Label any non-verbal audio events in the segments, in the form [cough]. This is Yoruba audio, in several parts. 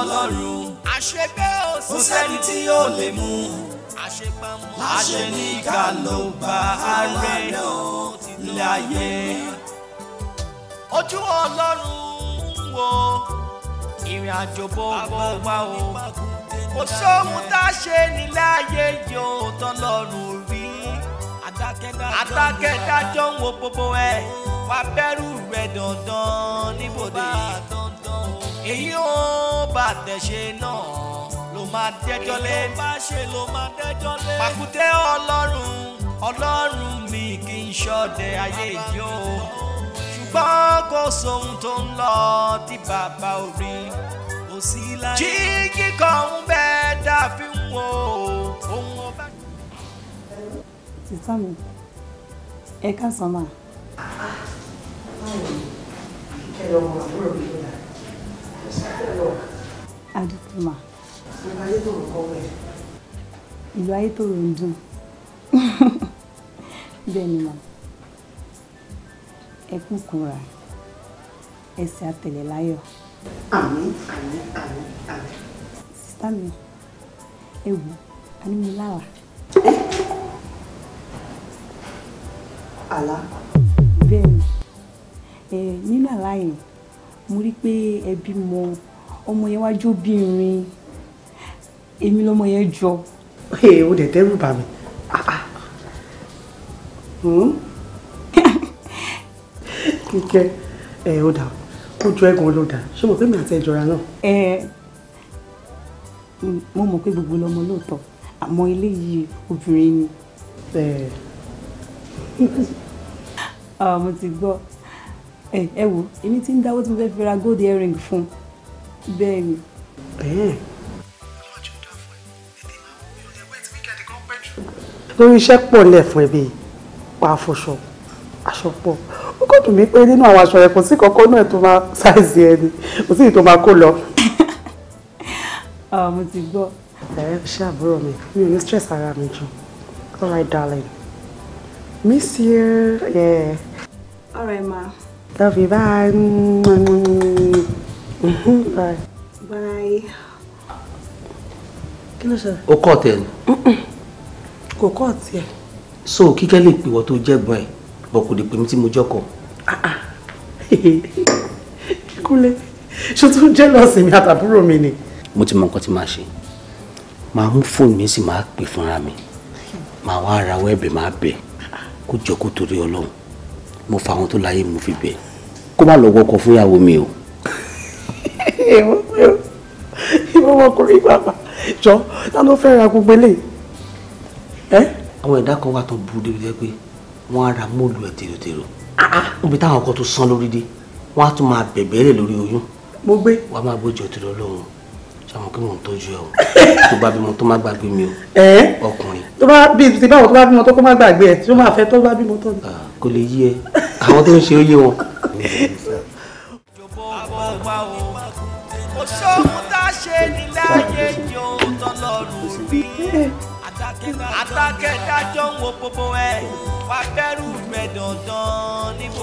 ọlọ́run àṣegbé kò sẹ́ni tí yóò lè mú láṣẹ ní ká ló bá ààrẹ láyé ojú ọlọ́run wo ìrìn àjò bó bó wá o kò sóhun tá a ṣe ní láàyè yóò tọ́lọ́run rí adákẹ́dájọ́ ń wo gbogbo ẹ̀ wá bẹ̀rù rẹ̀ dandan níbodè èyí ó bàtẹ̀ ṣe náà ló máa dẹjọ́ lé èyí ó bá ṣe ló máa dẹjọ́ lé pàkúté ọlọ́run ọlọ́run mi kì í ṣọdẹ ayé yìí ó ṣùgbọ́n kò sóhun tó ń lọ tí bàbá ò kò sí láyé jíjí kan ń bẹ dàbí ń wo ohun ọba. títà mi ẹ ká sọ máa. Ah, ẹ lọ àbúrò mi lọ́la adùnkùnmá. ìlú ayétòrò kọ́ wẹ̀. ìlú ayétòrò ń dùn [laughs] bẹ́ẹ̀ ni mà ẹ kú kúra ẹsẹ̀ àtẹ̀lẹ̀ láyọ̀. àmín àmín àmín àmín. sítá mi ẹ wò á ní mi lára. Eh? àlá. bẹ́ẹ̀ ni nínú àlá yẹn mo rí pé ẹ bímọ ọmọ yẹn wá jóbìnrin èmi lọmọ yẹn jọ. o dẹ̀ dẹ́rù bà mí. Ah, ah. Hmm? [laughs] kíkẹ́ ẹ ó dà ó jọ ẹ̀gbọ́n ló dà ṣé mo pé mi àti ẹ̀jọra náà. ẹ mo mọ̀ pé gbogbo lọmọ lóòótọ́ àmọ́ eléyìí obìnrin ni. [laughs] Ah, mo ti gbọ́ ẹ ẹ wo èmi ti ń dáwọ́ tí mo fẹ́ fi ra gold earring fún un bẹ́ẹ̀ ni. lórí iṣẹ́ pọ̀ lẹ́ẹ̀fún ẹbí pa afọṣọ aṣọ pọ̀ ó kò dùn mí pé nínú àwọn aṣọ yẹn kò sí kankan náà tó máa ṣáìsì ẹni kò sí tó máa kó lọ. [laughs] Ah, mo ti gbọ́. ẹ̀rẹ́ ṣe àbúrò mi mi ò ní stress ara mi jù all right darling miss you. Yeah. all right ma. Love you. Bye. Bye. Bye. Kí ló ṣe? O kọ́ tẹ̀ ni. Kò kọ́ tiẹ̀. So kíkẹ́ lè pè wọ́n tó jẹ́gbọ́n ẹ̀ bọ̀ kò lè pè mí tí mo jọ́kọ̀. [laughs] Kúnlé, ṣé tó jẹ́ lọ́sìn mi àtàbúrò mi ni? Mo ti mọ nǹkan tí màá ṣe. Màá mú fóònù mi sì máa pè fúnra mi. Màá wá ara wẹ́ẹ̀bì máa bẹ̀ kó jọ kó torí Ọlọ́run mo fa àwọn tó láyé mo fi bẹ̀ kó má lọ wọkọ̀ fúnyàwó mi o. ìwọ [laughs] ọkùnrin bàbá jọ ta ló fẹ́ ra gbogbo eléyìí. àwọn ẹ̀dá kan wà tó burú débi jẹ́ pé wọ́n á ra móòlù ẹ̀ tèrò-tèrò ah, ah. níbi táwọn ọkọ̀ tó sán lórí dé wọ́n á tún máa bẹ̀bẹ̀ lórí oyún. mo gbé wàá máa gbójú ọtí lọ lọ́rùn sọmọ kí mò ń ẹ o tó bá bímọ tó má gbàgbé mi o ọkùnrin. tó bá bí ti báwo tó bá bímọ tó kó má gbàgbé ẹ tó máa fẹ́ tó bá bímọ tó. Ah, kò lè yí ẹ àwọn tó ń ṣe ó yé wọn.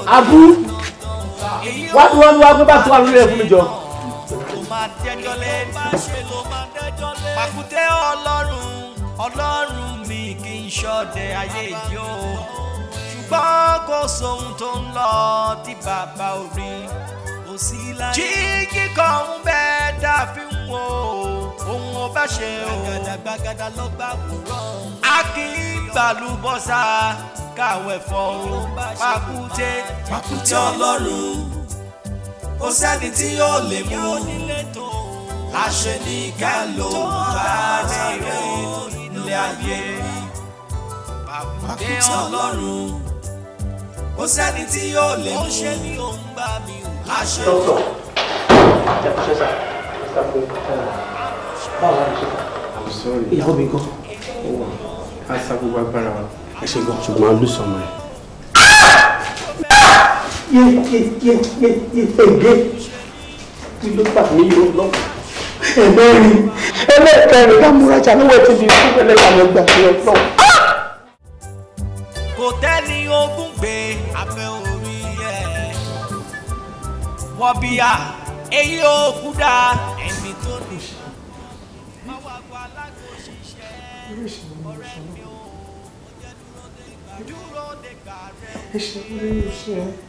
abu wá tí wọ́n wá gbé bá tó wà lórí ẹ̀ mi jọ máa dẹjọ́ lẹ́nu. bó bá ṣe ló máa dẹjọ́ lẹ́nu. pàkúté ọlọ́run ọlọ́run mi kì í ṣọdẹ ayé yìí o. ṣùgbọ́n kò sóhun tó ń lọ tí bàbá ò rí o ń bẹ dàbí ń wo ohun ọba ṣe o. gbàgàdàgbàgàdà ló gbà wúrọ̀. a kì í gbàlúbọ́sà káwé fọ́ o. pàkúté pàkúté ọlọ́run kò sẹ́ni tí yóò lè mú láṣẹ ní kẹ́lò bá rẹ̀ ilé ayé pàkúté ọlọ́run kò sẹ́ni tí yóò lè mú láṣẹ. dókítà jẹ́kọ̀ọ́ sẹ́sà ṣàpè báwo ni ṣe ìyàwó mi gan. ẹ ṣe gbọ́ ṣùgbọ́n a lù sọ̀rọ̀ rẹ̀ yé yé yé yé yé ẹgbẹ́ kí ló gbà mí yóò lọ. ẹ̀mẹ́rin ẹlẹ́ẹ̀kẹrin ká múra jà lọ́wọ́ ẹtí bíi fún ẹlẹ́yàwó gbà mí ọlọ́run. kò tẹ́ni ogún gbé abẹ́ orí ẹ̀ wọ́n bí a èyí ò kú dá ẹni tó nù. ẹ ṣe lórí iṣẹ́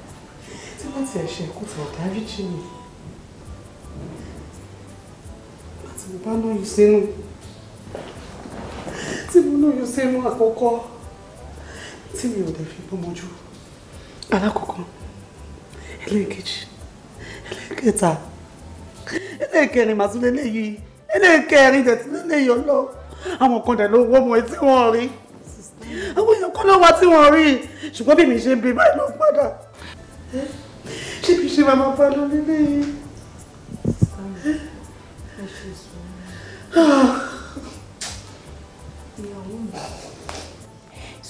tí bá ti ẹ̀ṣẹ̀ kó ti ọ̀dárí jì mí láti mo bá lóyún sínú tí mo lóyún sínú àkọ́kọ́ tí mi ò dẹ̀ fi gbọ́mọjú alákọ̀ọ́kọ́ ẹlẹ́ẹ̀kejì ẹlẹ́ẹ̀kẹta ẹlẹ́ẹ̀kẹrin màtúndé léyìí ẹlẹ́ẹ̀kẹrin tẹ̀sílẹ̀ léyìí ọlọ́ àwọn kan dẹ̀ ló wọ́ ọmọ etí wọn rí àwọn èèyàn kan ló wá tí wọ́n rí ṣùgbọ́n bí mi ṣe ń bí báyìí ló padà ṣé kìí ṣe màmá bá lọ nílé yìí.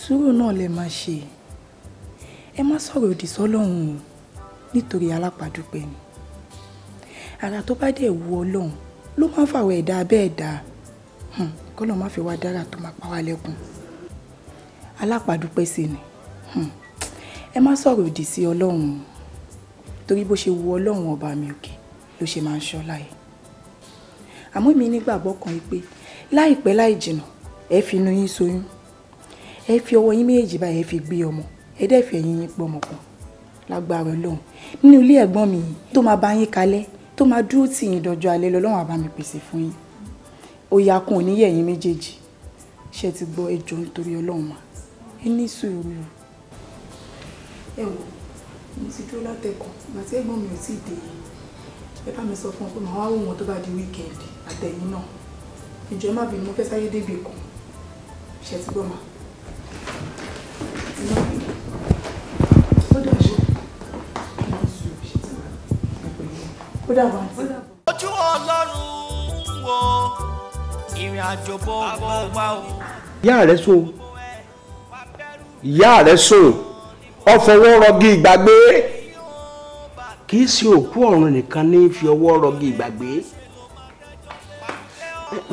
sùúrù náà lè máa ṣe ẹ má sọ̀rọ̀ òdì sọ́lọ́hún o nítorí alápàdúpẹ́ ni ara tó bá dẹ̀ wu ọlọ́run ló máa ń fàwọ̀ ẹ̀dá bẹ́ẹ̀ dá hmm, kọ́lọ̀ má fi wá dára tó máa pa wá lẹ́kùn alápàdúpẹ́ sí ni hmm, ẹ má sọ̀rọ̀ òdì sí torí bó ṣe wu ọlọ́run ọba mi òkè ló ṣe máa ń ṣọ́lá ẹ̀ àmọ́ mi nígbàgbọ́ kan yìí pé láìpẹ́ láì jìnà ẹ fi inú yín soyún ẹ fi ọwọ́ yín méjèèjì báyìí ẹ fi gbé ọmọ ẹ dẹ́ fi ẹ̀yìn yín pọmọ pọ̀ lágbára ọlọ́run nínú ilé ẹ̀gbọ́n mi yìí tó máa bá yín kalẹ̀ tó máa dúró tì yín dọjọ́ alẹ́ lọ́lọ́run àbá mi pèsè fún yín òye akun ò ní yẹ̀ yín méjèèjì ṣe ti gbọ́ ẹjọ́ nítorí ọlọ́run mà ẹ ní sùúrù ẹ wò ó mo ti dúró látẹ̀kọ̀ àti ẹ̀gbọ́n mi ò tí dé ẹ bá mi sọ fún ọ pé màá wá wò wọn tó bá di wíkẹ́ndì àtẹ̀yìn náà ìjọ má bínú mo fẹ́ sáré débi kan ṣe ti gbọ́ ma. ojú ọlọ́run wo ìrìn àjò bọ́ bọ́ wá o. ìyá rẹ̀ sùn ìyá rẹ̀ sùn ọfọwọ́ rọgí ìgbàgbé kì í ṣe òkú ọ̀run nìkan ní fi ọwọ́ rọgí ìgbàgbé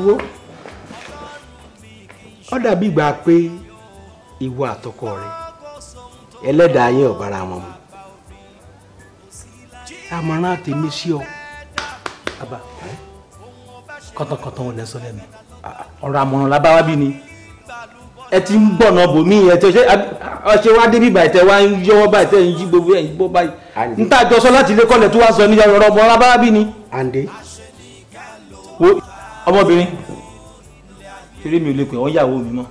wo ọ dàbí ìgbà pé ìwọ àtọkọ rẹ ẹlẹ́dàá yín ọ̀bára wọn mu àmọ̀ràn tèmi sí ọ. bàbá kọ́tọ̀kọ́tọ̀ wọn lẹ sọ lẹ́nu ọ̀rọ̀ àmọ̀ràn lábáwá bí ni. e ti ń bọ̀ náà bòmí ẹ tẹ ṣe wá débi báyìí tẹ wá ń báyìí ń yí gbogbo ẹ̀ ń báyìí n ta láti ilé kọ́lẹ̀ tó wá sọ níyàwó ọ̀rọ̀ ọmọ arábábí ni. wo ọmọbìnrin eré mi ò lè pè wọ́n yàwó mi mọ́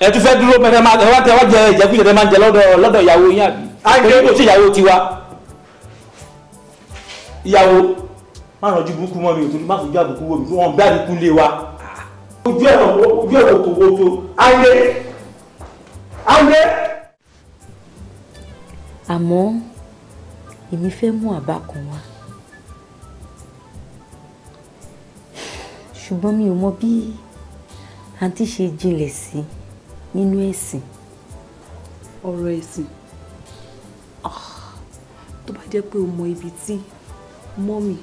ẹ tún fẹ́ dúró pẹ̀lẹ́ máa ẹ wá tẹ wá jẹ ìjẹkújẹ tẹ máa ń jẹ lọ́dọ̀ lọ́dọ̀ ìyàwó yín àbí orí kò sí ìyàwó tiwa ìyàwó má rànjú burúkú mọ́ mi òtún má fojú àbùkù wò mí fún wọn bí àbùkù lé wa ojú ẹ̀rọ ojú ẹ̀rọ kò wo tó ayé ayé. àmọ́ èmi fẹ́ mú àbá kan wá ṣùgbọ́n mi ò mọ bí àǹtí ṣe jinlẹ̀ sí i nínú ẹ̀sìn. ọ̀rọ̀ ẹ̀sìn ah, tó bá jẹ́ pé o mọ ibi tí mọ́mì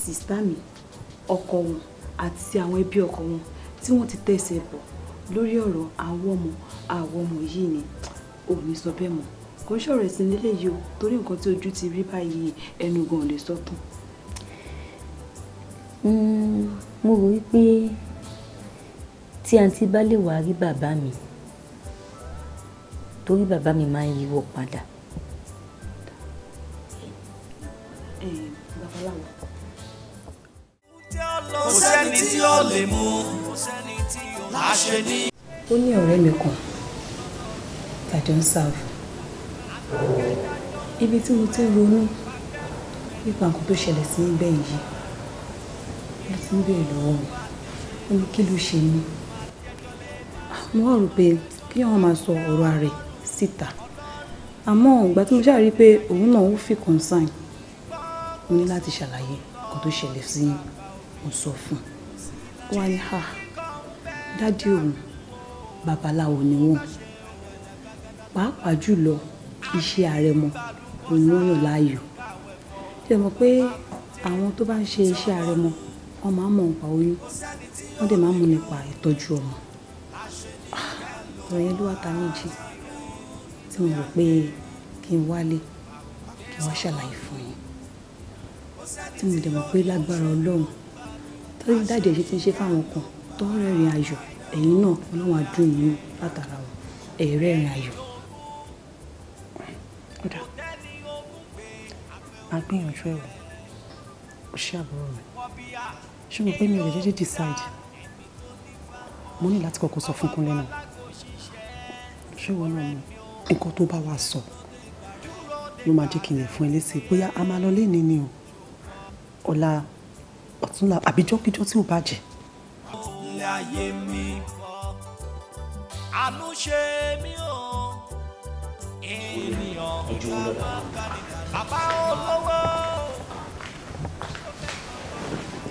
sìstá mi ọkọ wọn àti àwọn ẹbí ọkọ wọn tí wọ́n ti tẹ̀sẹ̀ bọ̀ lórí ọ̀rọ̀ àwọn ọmọ àwọn ọmọ yìí ni ò ní sọ bẹ́ẹ̀ mọ́ kò ń ṣọ̀rọ̀ ẹ̀sìn lélẹ́yìí o torí nǹkan tí ojú ti rí báyìí ẹnu gan-an lè sọ tán. Hmm, mo rò wípé tí àǹtí bá lè wá rí bàbá mi torí bàbá mi máa ń yíwọ́ padà. kò sẹ́ni tí ó lè mú láṣẹ ní. ó ní ọ̀rẹ́ mi kan tàjọ ń ṣàfù ibi tí mo ti ń ronú nípa nǹkan tó ṣẹlẹ̀ sí gbẹ̀yìn yìí mo ti ń béèrè lọ́wọ́ mi ó ní kí ló ṣe mí mo wá rò pé kí wọ́n máa sọ ọ̀rọ̀ rẹ̀ síta àmọ́ ìgbà tí mo ṣáà rí i pé òun náà ó fi concern mo ní láti ṣàlàyé nǹkan tó ṣẹlẹ̀ sí mo sọ fún un ó wá ní ha dádì òun babaláwo ni wọ́n pàápàá jùlọ iṣẹ́ àrẹ̀mọ òun ló yàn láàyò ṣe mọ̀ pé àwọn tó bá ń ṣe iṣẹ́ àrẹ̀mọ wọ́n máa ń mọ̀ nípa oyún wọ́n dẹ̀ máa ń mọ̀ nípa ìtọ́jú ọmọ ọ̀rọ̀ yẹn ló wá ta méjì tí mo rò pé kí n wálé kí n wá ṣàlàyé fún yín tí mo dẹ̀ mọ̀ pé lágbára ọlọ́run torí dáàdì ẹ̀ ṣe ti ń ṣe fáwọn kan tó ń rẹ́rìn ayọ̀ ẹ̀yin náà ọlọ́run àdúrà yín látara wọn ẹ̀ rẹ́rìn ayọ̀. kódà a gbìyànjú ẹ̀wọ̀ ó ṣe àbúrò mi ṣùgbọ́n pé mi ò lè dédé decide mo ní láti kọ́kọ́ sọ fún Kúnlé náà ṣé wọn náà mọ nǹkan tó bá wa sọ ló máa jẹ́ kí n lè fún ẹ lésì bóyá a máa lọ léni ni o ọ̀la ọ̀túnla àbíjọ́kíjọ́ tí ò bàjẹ́. ilé ayé mi àánú ṣe mí o ènìyàn bàbá olówó.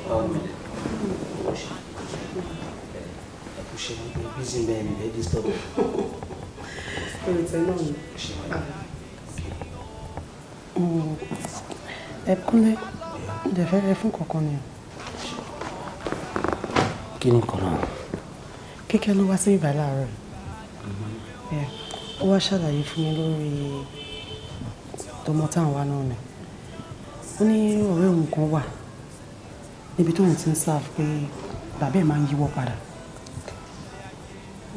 ṣe wọn bí bísí bẹ́ẹ̀ ni bẹ́ẹ̀ disturb. [laughs] spirit náà ni. ẹ kúnlẹ̀ ǹjẹ́ fẹ́ fẹ́ fún kankan ni. kí ni kan náà. kíkẹ́ ló wá sí ibà láàárọ̀ ó wá ṣàlàyé fún mi lórí tọmọ táwọn wá náà ni ó ní ọ̀rẹ́ òun kan wà níbi tóun ti ń sáà pé bàbá ẹ̀ máa ń yíwọ́ padà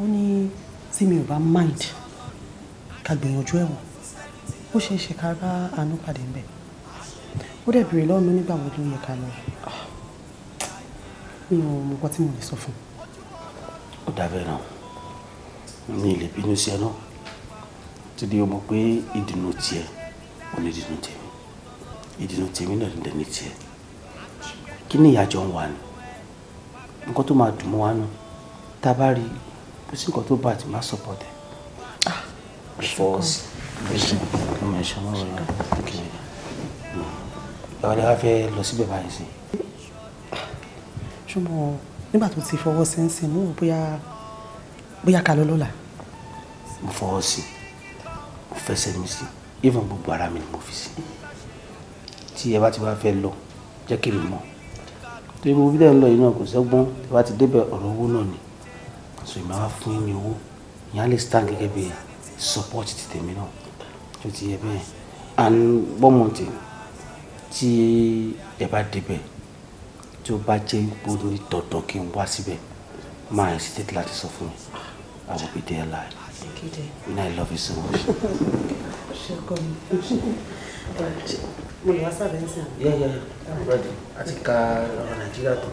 ó ní tí mi ò bá mind ká gbìyànjú ẹ̀wọ̀n ó ṣeé ṣe ká bá àánú pàdé ń bẹ̀ ó dẹ̀ béèrè lọ́wọ́ mi nígbà wo ló yẹ ká lọ ah, mi ò mọ nǹkan tí mo lè sọ fún un. ó dàbẹ̀ náà mi ì lè bínú sí ẹ náà tí di ọmọ pé ìdùnnú tiẹ̀ ò ní ìdùnnú tèmi ìdùnnú tèmi náà lè ní tiẹ̀ kí ni ìyàjọ ń wà ní nǹkan tó máa dùn mọ́ wa nù tá a bá rí i kò sí nǹkan tó bá àti má support ẹ. because ọmọ ẹ̀ṣọ́ mọ́ wọn kìí báwo ni wàá fẹ́ lọ síbẹ̀ báyìí sí. ṣùgbọ́n nígbà tó ti fọwọ́ sí ń sìn mú bóyá bóyá ká lọ lọ́la. mo fọwọ́ sí mo fẹsẹ̀ mi sí even gbogbo ara mi ni mo fi sí tí ẹ bá ti wá fẹ́ lọ jẹ́ kí mi mọ̀ torí gbogbo bí dẹ́n lọ yìí náà kò sẹ́gbọ́n tí wàá ti débẹ̀ ọ̀rọ̀ owó náà ni so ìmọ̀ wá fún yín ní owó ìyá lè stand gẹ́gẹ́ bí support ti tèmi náà tó ti yẹ bẹ́ẹ̀ and one month tí ẹ bá débẹ̀ tí ó bá jẹ́ gbogbo ní dandan kí n wá síbẹ̀ máa ẹ̀ sí tètè láti sọ fún mi I will be there live and I love you so much. mo lè wá sábẹ́ ń sìn. yẹ́yẹ́ àti ká ọ̀rọ̀ nàìjíríà tán.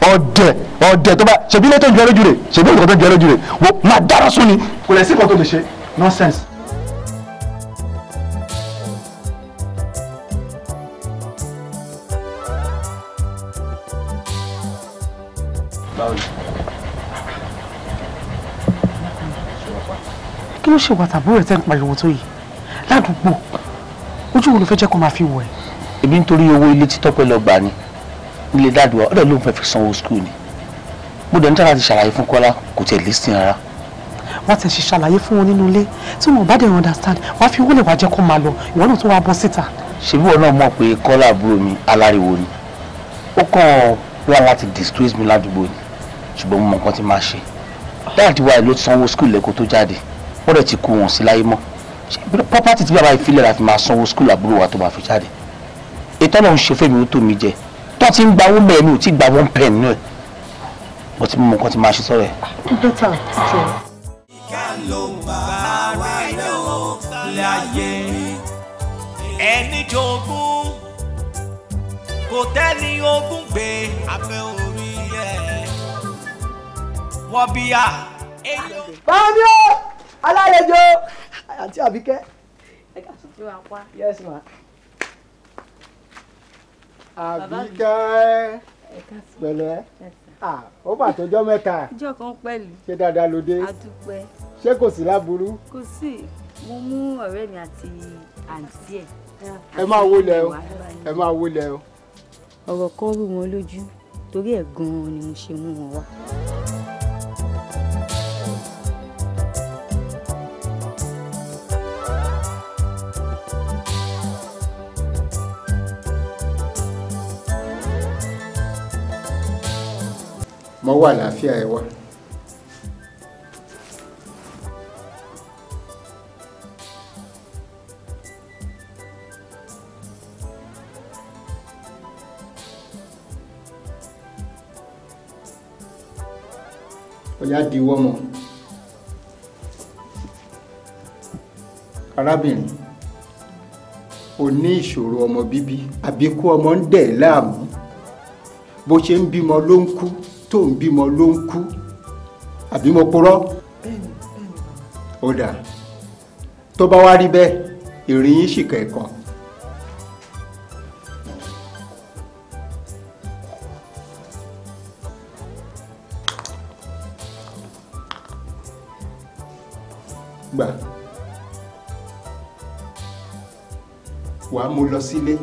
ọdẹ ọdẹ tó bá ṣèbí lẹ́tọ̀ ìjọ lójú rẹ̀ ṣèbí ìkọ̀tọ̀ ìjọ lójú rẹ̀ wọ́n máa dára sún ni kò lẹ̀ sí ìkọ̀tọ̀ lè ṣe nonsense. kí ló ṣe wàtàbó rẹ̀ tẹ́ ń pariwo tó yìí ládùúgbò ojú wo ló fẹ́ jẹ́ kó máa fi wọ̀ ẹ́. èmi nítorí owó ilé títọ́pẹ́ lọ gbà ni nílé dáàdùá ọ̀dọ̀ ló ń fẹ́ fi sanwó skul ni mo dẹ̀ ń tẹ́lá ti ṣàlàyé fún kọ́lá kò tẹ̀ lé sí ara. wọ́n ti ṣe ṣàlàyé fún wọn nínú ilé tí wọn bá dẹ̀ understand wàá fi owó lè wá jẹ́ kó máa lọ ìwọ náà tó wá bọ́ síta. ṣebí wọn náà mọ̀ pé kọ́lá àbúrò mi aláriwo ni ó kàn wá láti disgrace mi ládùúgbò ni ṣùgbọ́n mo mọ nǹkan tí máa ṣe dáàdùá ló sanwó skul lẹ́kọ̀ọ́ tó jáde wọ́n dẹ̀ ti kú wọn sí láyé mọ́ property tí bàbá ìfilẹ̀ la fi máa sanwó skul àbúrò wa tó máa fi jáde ètò ọ̀nà òun ṣe fẹ́mi ó tó mi jẹ́ tó ti ń gba owó mẹ́ẹ̀ẹ́nù tí gba one pen nù ẹ̀ mo ti mú mọ nǹkan tí máa ṣe sọ́rọ̀ ẹ̀. dókítà ṣe. kò tẹ́ni ogún gbé abẹ́ orí ẹ̀ wọ́n bí a. báyọ̀ alálejò àti àbíkẹ́. ẹ ká sọ fún wa pa. yes ma. Àbíkẹ́ pẹ̀lẹ́ ó bà tó jọ́ mẹ́ta. ìjọ kan pẹ̀lú. ṣé dáadáa ló dé. adúpẹ́. ṣé kò sí láburú. kò sí mo mú ọ̀rẹ́ mi àti àǹtí ẹ̀. ẹ máa wọlé o ẹ máa wọlé o. ọ̀rọ̀ kan rú wọn lójú torí ẹ̀ gan-an ni mo ṣe mú wọn wá. mọ́wọ́ àlàáfíà ẹ wá. ọ̀yá diwọ́ mọ́ arábìnrin o ní ìṣòro ọmọ bíbí àbíkú ọmọ ń dẹ̀ láàmú bó ṣe ń bímọ ló ń kú tó ń bímọ ló ń kú àbí mo purọ́ ó dà tó bá wá rí bẹ́ẹ̀ ìrìn yín ṣìkà ẹ̀kan gbà wàá mú lọ sílé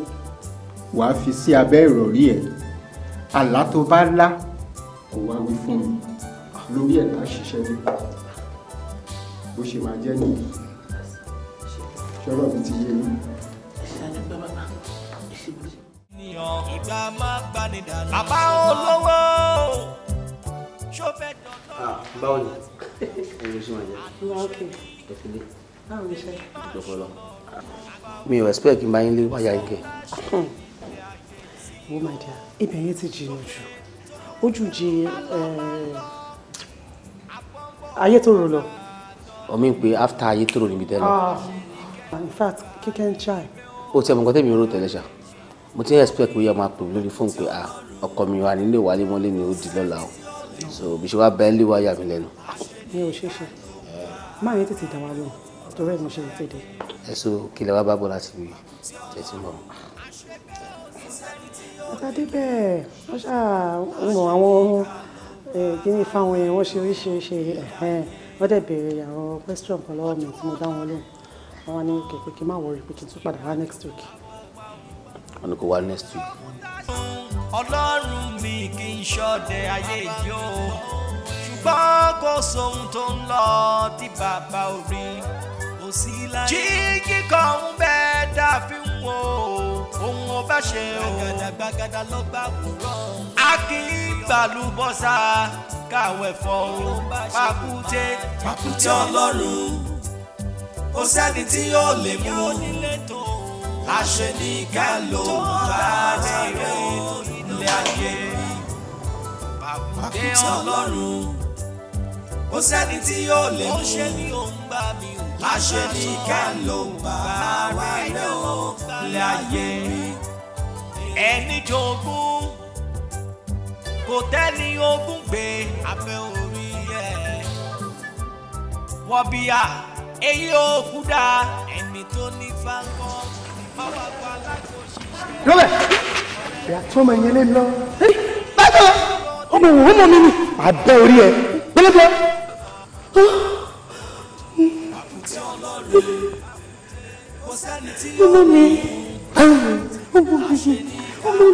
wàá fi sí abẹ́ ìrọ̀rí ẹ̀ àlá tó bá lá kó wá wí fún mi lórí ẹ̀ ká ṣiṣẹ́ dé bó ṣe máa jẹ́ nìyí ṣọ́rọ̀ mi ti yé mi. ìgbà máa gbani bàbá olówó ṣó fẹ́ ah, báwo ni ẹni ṣe máa jẹ. ìdọ̀kẹ́lẹ́ báwo ni mi ò expect kí n bá yín lé wáyà ike. Hmm. wo my dear ibẹ̀ yẹn ti jìnnà jù ó jù jí ayé tó rò lọ. omi ń pe after ayé tó rò níbi tẹ́lẹ̀. Ah, in fact kíkẹ́ ń chai. o ti ẹ̀ mọ̀ nǹkan tẹ́mi rò tẹ́lẹ̀ ṣá mo ti ń expect pé ọmọ àpò lórí fóònù pé ah, ọkọ mi wà nílé wálé mọ́lé ni ó di lọ́la o so bí ṣe wá bẹ́ẹ̀ lé wáyà mi lẹ́nu. mi ò ṣe é ṣe máa yẹn tètè dá wa lóhùn torí ẹ̀ mo ṣe ètè dé. ẹ so kí lè wá bá bọ́lá sí tẹ̀sí mọ́ bàtà débẹ̀ wọ́n ṣàmù àwọn kíní fáwọn yẹn wọ́n ṣe oríṣiríṣi wọ́n dẹ̀ béèrè àwọn question kan lọ́wọ́ mi tí mo dá wọn lóhùn wọ́n wá ní kẹ̀kẹ́ kí n má wọrí pé kí n tún padà wá next week. wọ́n ní kó wá next week. ọlọ́run mi kì í ṣọdẹ ayé yìí o ṣùgbọ́n kò sóhun tó ń lọ tí bàbá ò kò sí láyé. jí kíkọ́ ń bẹ́ dàbí ń wo ohun ọba ṣe o. gbàgàdàgbàgàdà ló gbà wúrọ̀. a kì í gbàlúbọ́sà káwé fọ́ o pàkúté pàkúté ọlọ́run kò sẹ́ni tí yóò lè mú láṣẹ ní ká ló bá rẹ̀ o ilé ayé pàkúté ọlọ́run kò sẹ́ni tí yóò lè mú. ó àṣẹ nìkan ló ń bá wa lọ láyé. ẹni jogún kò tẹ́ni ogún gbé abẹ́ orí ẹ̀. wọ́n bí a èyí ò kú dá ẹni tó ní fáńkọ́ báwa gba alákòóso. lọ́wẹ̀ ìyá tí wọ́n máa yẹn lé lọ. bàbá ọmọ òun mọ̀ mi ni àbẹ́ orí ẹ̀ gbẹ́lẹ́gbẹ́. Ah, ọmọ mi ọmọ mi ọmọ mi. ọmọ mi ọmọ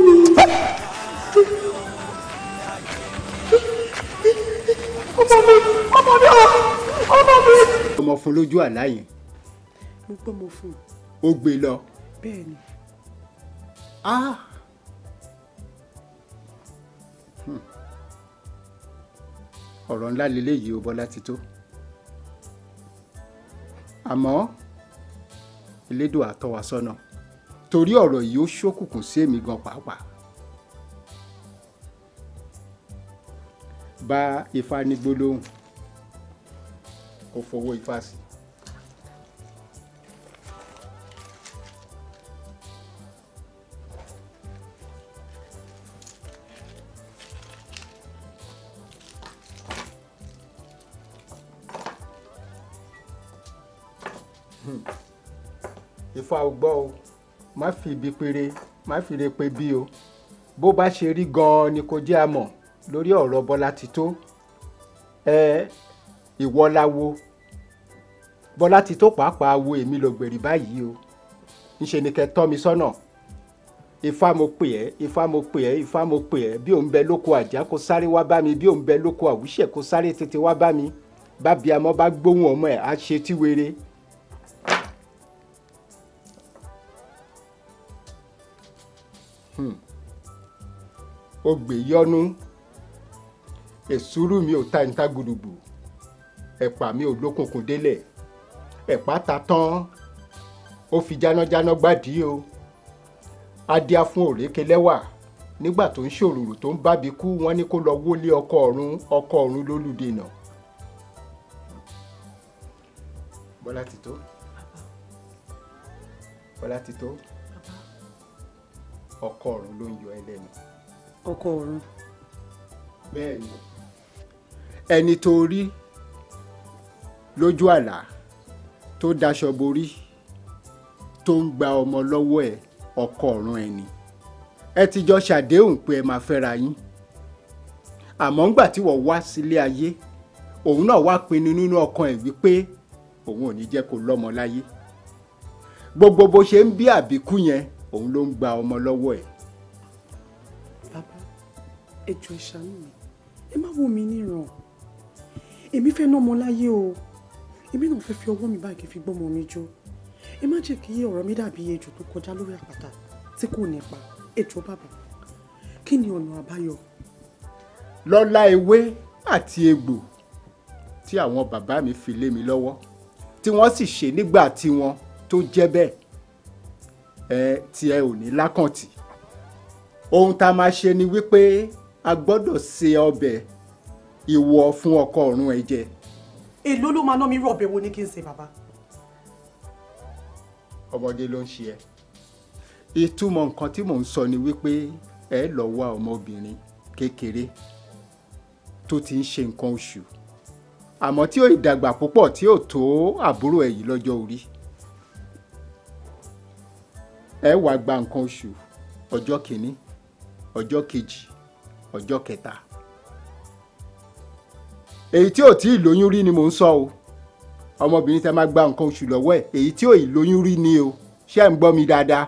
mi ọmọ mi. ọmọ fún lójú àlá yẹn. mo gbọ́ mo fún. ó gbé lọ. bẹ́ẹ̀ ni. ah. Hmm. ọ̀rọ̀ ńlá lélẹ́yìí ó bọ́lá ti tó àmọ́ Elédùà tọ́ wa sọ́nà torí ọ̀rọ̀ yìí ó ṣókùnkùn sí èmi gan pàápàá. ba ifá ní gbólóhùn kó fowó ifá sí fa ọgbọ́ o má fi ibi péré má fi re pé bí o bó bá ṣe rí gan-an ni kò jẹ́ a mọ̀ lórí ọ̀rọ̀ Bọ́lá Tító ẹ ìwọ la wo Bọ́lá Tító pàápàá wo èmi lògbèrè báyìí o ńṣe ni kẹ́ tọ́ mi sọ́nà ifá mo pè ẹ́ ifá mo pè ẹ́ ifá mo pè ẹ́ bí òun bẹ lóko àjá kó sáré wá bá mi bí òun bẹ lóko àwùṣẹ kó sáré tètè wá bá mi bábí amọ́ bá gbóhùn ọmọ ẹ̀ á ṣe tí wéré Hmm. ó gbè yọnu èsúrú mi ò ta níta gbùdùgbù ẹ̀pà mi ò lókùnkùn délẹ̀ ẹ̀pà ta tán ó fi jánájáná gbádìí o adíá fún òrékè lẹ́wà nígbà tó ń ṣòrùrù tó ń bábi kú wọ́n ní kó lọ wọlé ọkọ ọ̀run ọkọ ọ̀run lólùdènà. Bọ́lá ti tó Bọ́lá ti tó ọkọ ọ̀run ló ń yọ ẹ́ lẹ́nu. ọkọ ọ̀run. bẹ́ẹ̀ni ẹni tó rí lójú àlá tó daṣọ borí tó ń gba ọmọ lọ́wọ́ ẹ̀ ọkọ ọ̀run ẹni ẹ ti jọ ṣàdéhùn pé ẹ máa fẹ́ra yín àmọ́ ńgbà tí wọ́n wá sílé ayé òun náà wá pinnu nínú ọkàn ẹ̀ wípé òun ò ní jẹ́ kó lọ́mọ láyé gbogbo bó ṣe ń bí àbíkú yẹn òun ló ń gba ọmọ lọ́wọ́ ẹ̀. bàbá ẹ jọ̀ọ́ ẹ ṣàánú mi ẹ má wò mí níran èmi fẹ́ ná ọmọ láyé o èmi náà fẹ́ fi ọwọ́ mi báyìí kí n fi gbọ́mọ mi jó ẹ má jẹ́ kí ọ̀rọ̀ mi dàbí ejò tó kọjá lórí àpáta tí kò nípa ẹ jọ̀ọ́ bàbá kí ni ọ̀nà àbáyọ. lọ́lá ewé àti egbò tí àwọn bàbá mi fi lé mi lọ́wọ́ tí wọ́n sì ṣe nígbà tí wọ́n tó jẹ́ bẹ́ẹ̀ ẹ tí ẹ ò ní lákàntì ohun tá a máa ṣe ni wípé a gbọ́dọ̀ ṣe ọbẹ̀ ìwọ fún ọkọ ọ̀run ẹ jẹ. èló ló máa ná mi rú ọbẹ̀ wo ni kí n ṣe bàbá. ọmọdé ló ń ṣe ẹ ìtumọ̀ nǹkan tí mò ń sọ ni wípé ẹ lọ wá ọmọbìnrin kékeré tó ti ń ṣe nǹkan oṣù àmọ́ tí ó ìdàgbà púpọ̀ tí ó tó àbúrò ẹ̀ yìí lọ́jọ́ orí ẹ wàá gba nǹkan oṣù ọjọ́ kìíní ọjọ́ kejì ọjọ́ kẹta èyí tí ò tí ì lóyún rí ni mò ń sọ o ọmọbìnrin tẹ máa gba nǹkan oṣù lọ́wọ́ ẹ̀ èyí tí ò ì lóyún rí ni o ṣé ẹ̀ ń gbọ́ mi dáadáa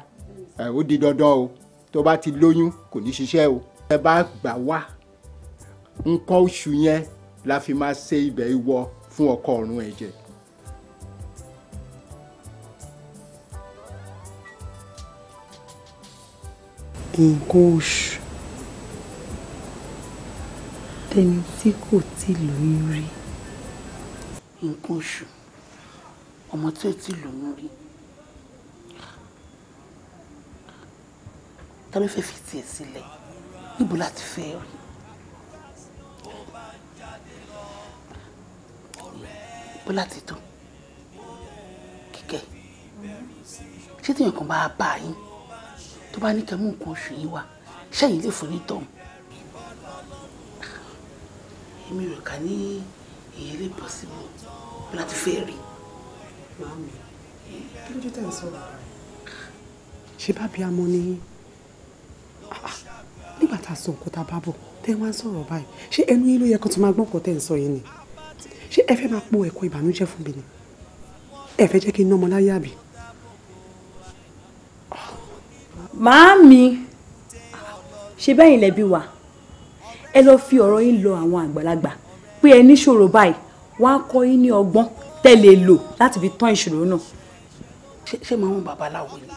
ó di dandan o tó bá ti lóyún kò ní ṣiṣẹ́ o ẹ bá gbà wá nǹkan oṣù yẹn la fi máa ṣe ibẹ̀ ìwọ fún ọkọ ọ̀run ẹ̀jẹ̀ nǹkan oṣù tẹni tí kò tí lóyún rí nǹkan oṣù ọmọ tí ò tí lóyún rí ta ló fẹ́ fi tiẹ̀ sílẹ̀ níbo láti fẹ́ rí bọ́lá ti tán kíkẹ́ ṣé tí nǹkan bá bá yín tó bá ní kẹmú nǹkan oṣù yìí wá ṣẹ́yìn lè fún ní tọ̀hún èmi rò ká ní ìyẹn lè bọ́ síbò bí láti fẹ́ rí. màámi kí ló dé tẹ̀ ń sọ̀rọ̀ ṣe bá bí amọ ni ah, ah, nígbà tá a sọ nǹkan tá a bá bọ̀ tẹ́ wá ń sọ̀rọ̀ báyìí ṣé ẹnu yín ló yẹ kó tó máa gbọ́n kó ń sọ yẹn ni ṣé ẹ fẹ́ máa po ẹ̀kọ́ ìbànújẹ́ fún mi ni ẹ fẹ́ jẹ́ kí n ná ọmọ láyé àbí màámi ṣe bẹ́yìn lẹ́bi wà ẹ lọ fi ọ̀rọ̀ yín lọ àwọn àgbàlagbà pé ẹ níṣòro báyìí wọ́n á kọ́ yín ní ọgbọ́n tẹ́ lè lò láti fi tán ìṣòro náà. ṣé màá wọn babaláwo ni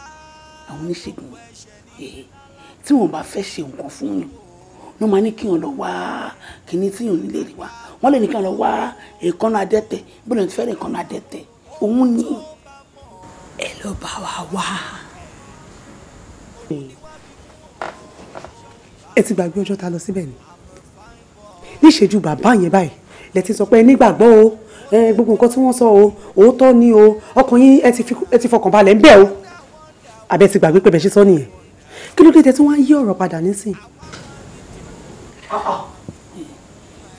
àwọn oníṣègùn yìí tí wọn bá fẹ́ ṣe nǹkan fún yàn wọn máa ní kí wọn lọ wá kíní tí yàn nílé rí wa wọn lè ní kí wọn lọ wá èkánná adẹ́tẹ̀ bí wọn ti fẹ́ èkánná adẹ́tẹ̀ òun ni. ẹ lọ bá wa wá ẹ ti gbàgbé ọjọ́ ta lọ síbẹ̀ ni níṣẹ́jú bàbá yẹn báyìí lẹ ti sọ pé nígbàgbọ́ o gbogbo nǹkan tí wọ́n sọ o òótọ́ ni o ọkàn yín ẹ ti fọkàn balẹ̀ ń bẹ̀ o àbẹ ti gbàgbé pé bẹ̀ ṣe sọ nìyẹn kí ló dé tẹ tí wọ́n á yí ọ̀rọ̀ padà nísìn.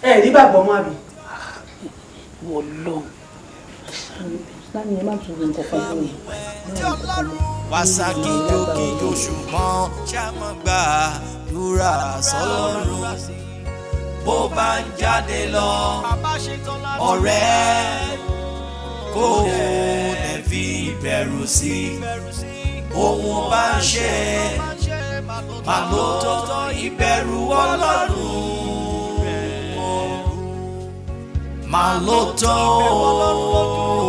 ẹ ẹ nígbàgbọ́ mọ́ àbí. wọ́n lọ́hùn-ún bámi ẹ má tún ní kọ̀ọ̀kan fún mi. Wàsàkì lókè ṣùgbọ́n ṣàmùgbà dúrà sọ́lọ́run bó bá ń jáde lọ ọ̀rẹ́ kó lè fi ìbẹ̀rù sí ohun bá ń ṣe pàtó ìbẹ̀rù Ọlọ́run màlótọ́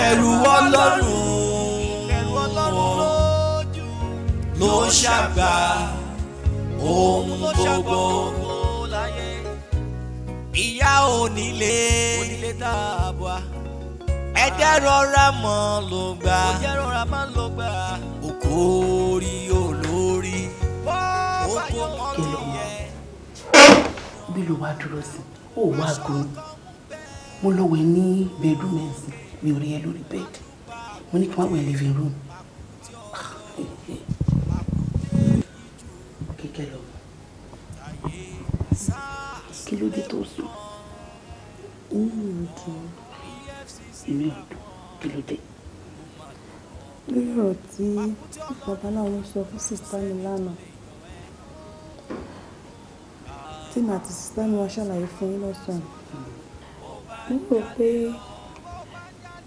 ìbẹ̀rù ọlọ́run ló ṣàgbà ohun gbogbo ìyá onílé ẹ̀jẹ̀ rọra mọ́ ló gbà òkú orí olórí òkú mọ́lẹ́yẹ. bí ló wá dúró sí ó wá mo lọ wẹ̀ ní bẹ́ẹ̀dúmẹ̀sì mi ò rí ẹ lórí bed mo ní kí wọ́n wẹ̀ living room. [laughs] kíkẹ́ lọ kí ló dé tó sùn inú mi dùn inú ẹ̀ dùn kí ló dé. lórí ọ̀rọ̀ tí babaláwo sọ fún sista mi lánàá tí màá ti sista mi wá ṣàlàyé fún yín lọ́sàn-án hmm. mo rò pé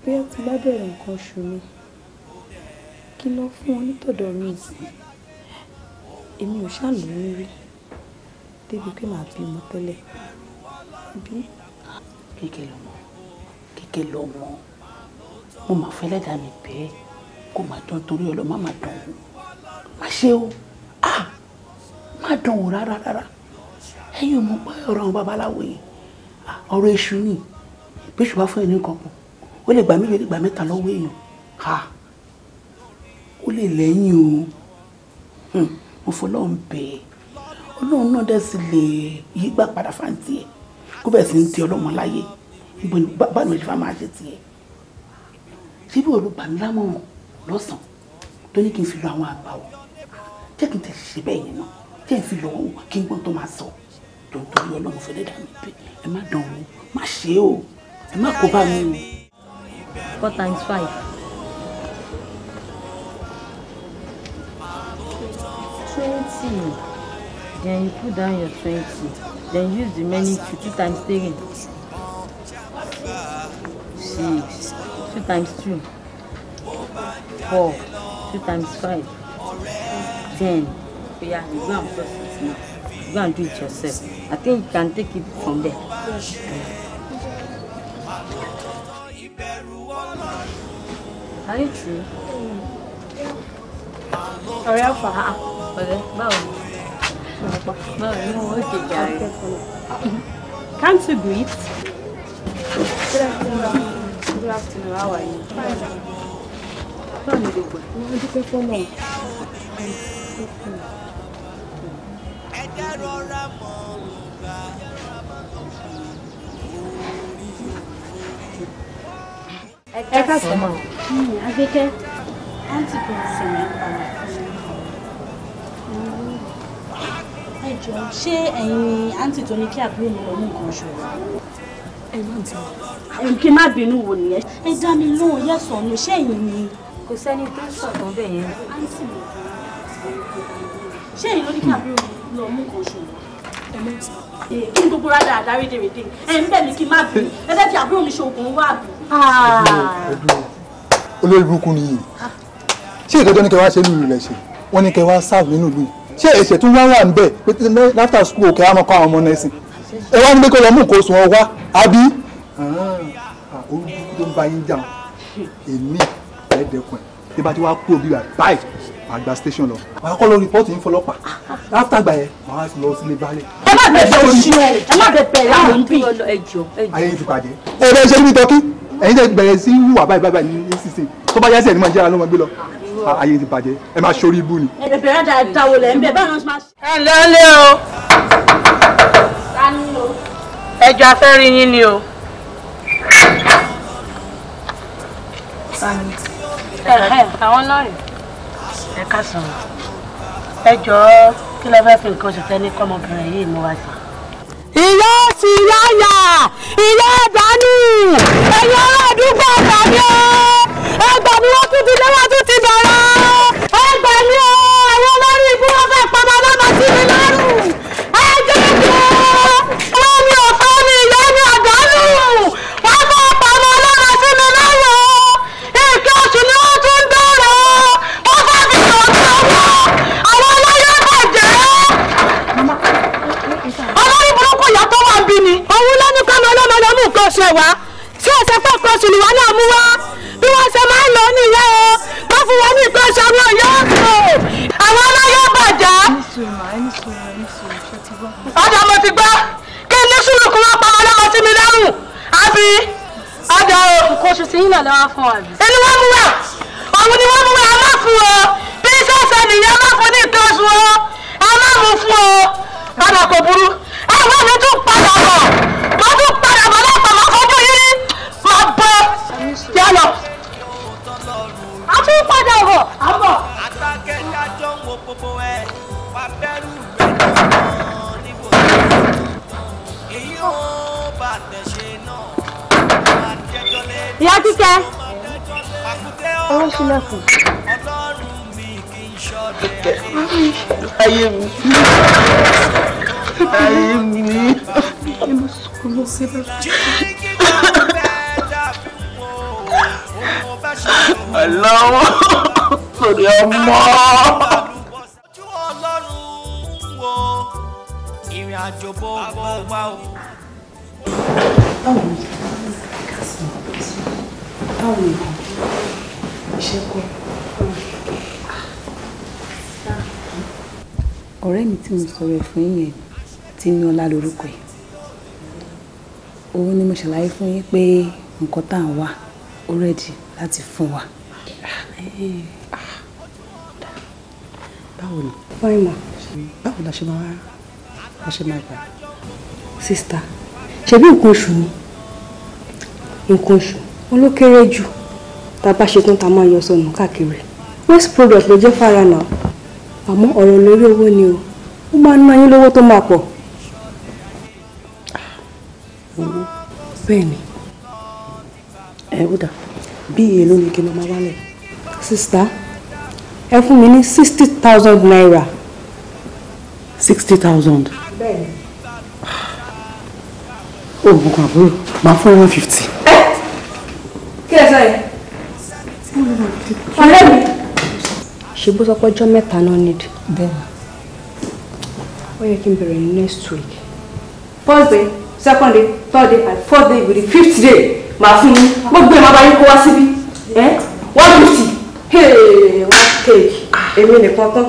bóyá tí bá bẹ̀rẹ̀ nǹkan oṣù mi kí ló fún onítọ̀dọ̀ mi sí èmi ò ṣàlóyún rí débi pé màá bímọ tẹ́lẹ̀ bí kíkẹ́ lọ́mọ kíkẹ́ lọ́mọ mo máa fẹ́ lẹ́dàá mi bẹ́ẹ̀ kó máa dán torí ọlọ́ má máa dán wò má ṣe o ah má dán wò rárá rárá ẹ̀yin ò mọ̀ pé ọ̀rọ̀ àwọn babaláwo yìí ọ̀rọ̀ èṣù ni bí èṣù bá fún ẹ̀ ní nǹkan O lè gbà méjì ó lè gbà mẹ́ta lọ́wọ́ èèyàn ha o lè lẹ́yìn o hmm, mo fọlọ́run bẹ́ẹ̀ ọlọ́run náà dẹ̀ sì lè yí gbà padà fáǹtì ẹ̀ kó bẹ̀rẹ̀ sí ń ti ọlọ́mọ láyé níbo ni báwo ni ìfá máa ṣe tiẹ̀ ṣé bí olùgbà mi lámọ̀ràn lọ́sàn-án tó ní kí n fi lo àwọn àgbà o jẹ́ kí n tẹ̀sí ṣe bẹ́ẹ̀ yẹn náà jẹ́ n fi lọ wọ́n kí n gbọ́n tó máa sọ tòótọ́ ọlọ́run fẹ́lẹ́ dà mí pé ẹ má dán o má ṣe é o ẹ má kó bá mi o four times five. twenty then you put down your twenty then use the remaining two two times three six two times two four two times five ten Yeah. you go and process now go and do it yourself i think you can take it from there. Yeah. Are you true? Ọ̀rẹ́ àfà. Ọ̀rẹ́ báwo ni? no. No, wọ́n kè jàre? Can't you greet? Good afternoon. Good afternoon. How are you? Fine. Báwo you gbogbo ẹ̀? Mo dúpẹ́ fọ́nà. Ẹ dá rọra mọ̀ ọ́n gbà ẹ́. ẹ ká sọ ma. Abíkẹ́ àǹtí kò sì rẹ̀ ń padà. ẹ jọ ṣé ẹ̀yin ni àǹtí tó ní kí àbúrò mi lọ mú nǹkan oṣù rẹ̀. ẹ má ti wọ. kí n má bínú wò nìyẹn. ẹ dá mi lóhùn yẹ́sọ̀ ọ̀nà ṣé ẹ̀yin ni. kò sẹ́ni tó sọ̀tàn bẹ́ẹ̀ yẹn. àǹtí ṣé ẹ̀yin ló ní kí àbúrò mi lọ mú nǹkan oṣù rẹ̀. ẹ má ti wọ. Eh, kí n gbogbo rádà àdárí dèrèdè ẹ̀ ń bẹ̀ mí kí n má bì í ẹlẹ́dì àbúrò mi ṣoògùn wà bì í. olórí burúkú ni yìí ṣé ìtọ́jọ́ ní kẹwàá ṣe lùlù rẹ̀ ṣe wọ́n ní kẹwàá sáàbù nínú ìlú ṣé ẹ̀ṣẹ̀ tún wá wà ń bẹ̀ pé after school kẹwàá mọ̀ kọ́ àwọn ọmọ nẹ́sìn ẹ wá ní pé kó lọ mú nǹkan oṣù wọn wá àbí. Ah, ah, olórí burúkú tó ń bá yín jà èmi ẹ̀ẹ́dẹ̀kùn ẹ̀ tí bá ti wá kú òbí rà báyìí wàá gba station lọ wàá kọ́ lọ rìpọ́ọ̀tì yín fọlọ́pàá ah. after gbà yẹn wàá lọ sílé balẹ̀. ẹ má bẹ̀rẹ̀ oṣù ẹ má bẹ̀rẹ̀ àwọn ah. bí ẹjọ́ ẹjọ́. ayé ti pàdé. ọ̀rọ̀ ẹ̀ṣẹ́ níbi tọ́kí ẹ̀yin tẹ́ bẹ̀rẹ̀ sí wà báyìí báyìí ní sísìn tó bá yẹ́sẹ̀ ní máa jẹ́ra ló máa gbé lọ ah, ayé ti bàjẹ́ ẹ máa ṣorí ibú ni. ẹ bẹ̀rẹ̀ dáa dáwọ́ lẹ̀ ń bẹ̀ báwọn máa. ẹ lọ́lẹ́ o ẹjọ́ afẹ́rí yín ni o. àwọn náà rèé ẹ káàsán ẹ jọ̀ọ́ kí lẹ fẹ́ fi nǹkan oṣù tẹ́ ní kọ́mọbìnrin yìí mú wa sí. ìyá òsì láyà ìyá àdánù ẹ̀yin ará àdúgbò ọ̀gá ni ó ẹgbẹ́ mi wọ́n tún ti lé wọ́n tún ti bẹ̀rẹ̀ ẹgbẹ́ mi ó àwọn olórí ibú wọn fẹ́ pamọ́ lọ́nà sí mi lọ. ṣẹ̀ṣẹ̀ wá tí ẹ̀sẹ̀ pọ̀ kan sùn wá náà mú wá bí wọ́n ṣe máa ń lò ó o wọ́n fún wọn ní ìpèsè àwọn yóò tó àwọn aláyọ̀ bàjá. ọ̀dà mo ti gbọ́ kí ní sùúrù kí wọ́n pa wọn sí mi lọ́rùn àbí ọ̀dà o. nǹkan oṣù tí yín lọ́wọ́ fún wa. ẹni wọ́n mú wá òun ni wọ́n mú wá a má fún o bí sẹ́sẹ̀ nìyẹn má fún ní nǹkan oṣù o a má mú fún o. ọ̀dà kò burú ẹ̀wọ́n mi tún padà bọ̀ mo tún kí á lọ. a tún padà bọ̀ a bọ̀. ìyá kíkẹ́. ọwọ́ sílẹ̀kùn. ọlọ́run mi kì í ayé mi ayé mi. sọ̀rọ̀ sí ẹ ọlọ́wọ́ sórí ọmọ. ojú ọlọ́run wo ìrìn àjò bó bó wá o. báwo ni báwo ni iṣẹ́ kọ́. ọ̀rẹ́ mi tí mo sọ̀rọ̀ fún yín yẹn ti ní ọlá lórúkọ ẹ̀ òun ni mo ṣàlàyé fún yín pé nǹkan tá à ń wá ó rẹ̀ dì í láti fún wa. báwo ni báyìí mọ̀ báwo la ṣe máa la ṣe máa gbà. sista ṣebí nǹkan oṣù ni nǹkan oṣù olókéré jù tá a bá ṣetán tá a máa yọ sọnù káàkiri waste product ló jẹ́ fara náà àmọ́ ọ̀rọ̀ lórí owó ni o ó máa ná yín lówó tó máa pọ̀. bẹ́ẹ̀ ni ẹ̀ ó bí èèlò ni kí n máa wálẹ̀ sista ẹ fún mi ní sixty thousand naira sixty thousand. bẹ́ẹ̀ni. Ah. oògùn kan àbúrò máa fún one fifty. ẹ kí ẹ sọ yìí. ọ̀rẹ́ mi. ṣe bó sọ pé ọjọ́ mẹ́ta náà nídìí. bẹ́ẹ̀ni. ó yẹ kí n bẹ̀rẹ̀ ní next week. first day second day third day and fourth day will be fifth day màá fún yín gbogbo ẹ̀ máa kó wá síbí one fifty one cake èmi nìkan tán.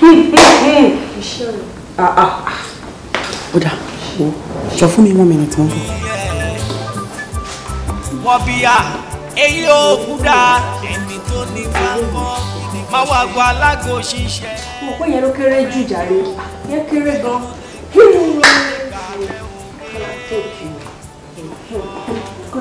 Hmm, hmm, hmm. ah, ah. ó dà ó jọ fún mi one minute mo ń bọ̀. wọ́n bí a èyí ò kúdà ẹni tó ní gbàgbọ́ má wá gba alágò ṣiṣẹ́. mo pé yẹn ló kéré jù jàre yẹn kéré gan-an.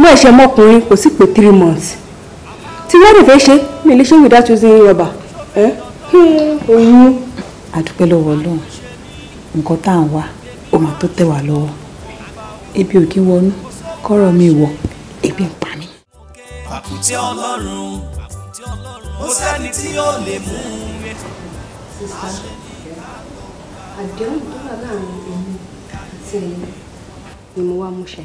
mú ẹ̀ṣẹ̀ mọ́kùnrin kò sí pé three months tí wọ́n lè fẹ́ ṣe mi lè ṣe without using rọ́bà eh? hmm, oyún àdúpẹ́ lọ́wọ́ ọlọ́run nǹkan tá à ń wá ó máa tó tẹ̀ wá lọ́wọ́ ebi ò kí wọnú kọ́rọ̀ mi wọ ebi ń pa mí. pàkúté ọlọ́run ó sẹ́ni tí yóò lè mú un rẹ̀. àdéhùn tó wà láàrin èmi àti ẹ̀yin ni mo wá mú ṣẹ.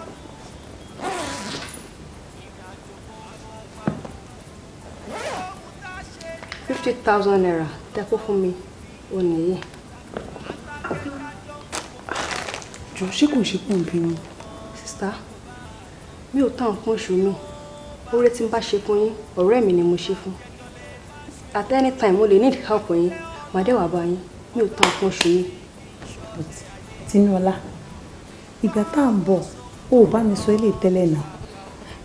fifty thousand naira Take kó fún mi ò nìyí. jọ ṣé kò ṣe kò ń bínú. sista mi ò tán nǹkan oṣù mi oore tí n bá ṣe fún yín ọ̀rẹ́ at any time mo need help yín My dear, wá bá yín mi ò tán nǹkan oṣù mi. tinúọlá ìgbà tá à ń bọ̀ o ò bá mi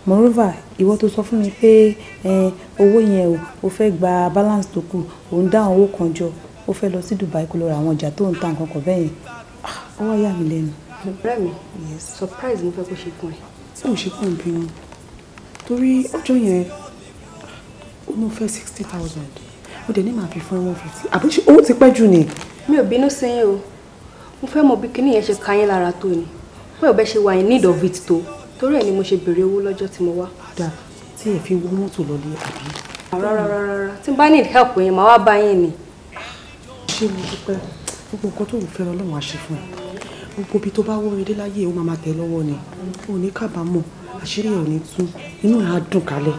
moreover ìwọ tó sọ fún mi pé owó yẹn o ò fẹ́ gba balance tó kù ò ń dá owó kan jọ ó fẹ́ lọ sí Dubai kó lọ ra àwọn ọjà tó ń ta nǹkan kan bẹ́ẹ̀ yẹn ah, ó yà mí lẹ́nu. ọ̀rẹ́ mi surprise mo fẹ́ kó ṣe fún ẹ. tí mo ṣe fún bí wọn torí ọjọ́ yẹn ó ní ó fẹ́ sixty thousand ó dẹ̀ ní màá fi fún ẹ one fifty àbí owó ti pẹ́ jù ni. mi ò bínú sí yín o mo fẹ́ mọ bí kinní yẹn ṣe ka yín lára tó ni pé ò ṣe wà in need of it tó torí ẹ̀ ni mo ṣe béèrè owó lọ́jọ́ tí mo wá. dà tí ẹ fi wọ mọ́tò lọlé àbí. rárá rárá tí n bá need help yẹn màá wá bá yín ni. ṣé mo dúpẹ́ gbogbo nǹkan tó ń fẹ́ ọlọ́run á ṣe fún ẹ gbogbo ibi tó bá wọ́n dé láyé ó máa tẹ̀ lọ́wọ́ ni ò ní kábàámọ̀ àṣírí ẹ̀ ò ní tú inú ẹ̀ á dùn kálẹ̀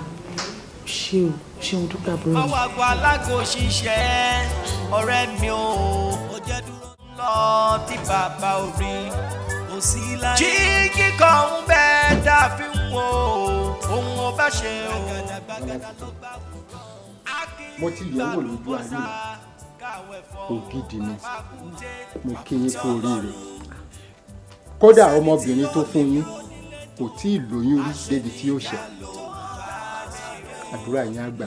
ṣé o ṣé o dúpẹ́ àbúrò mi. ọwọ́ àgọ́ kò sí láyé. jí kíkọ ń bẹ tá a fi ń wo ohun ọba ṣe o. mo ti yẹ̀ wò lójú ayé ògidì ni mo kí yín kú oríire kódà ọmọbìnrin tó fún yín kò tí ì lóyún rí débi tí ó ṣe àdúrà yín á gbà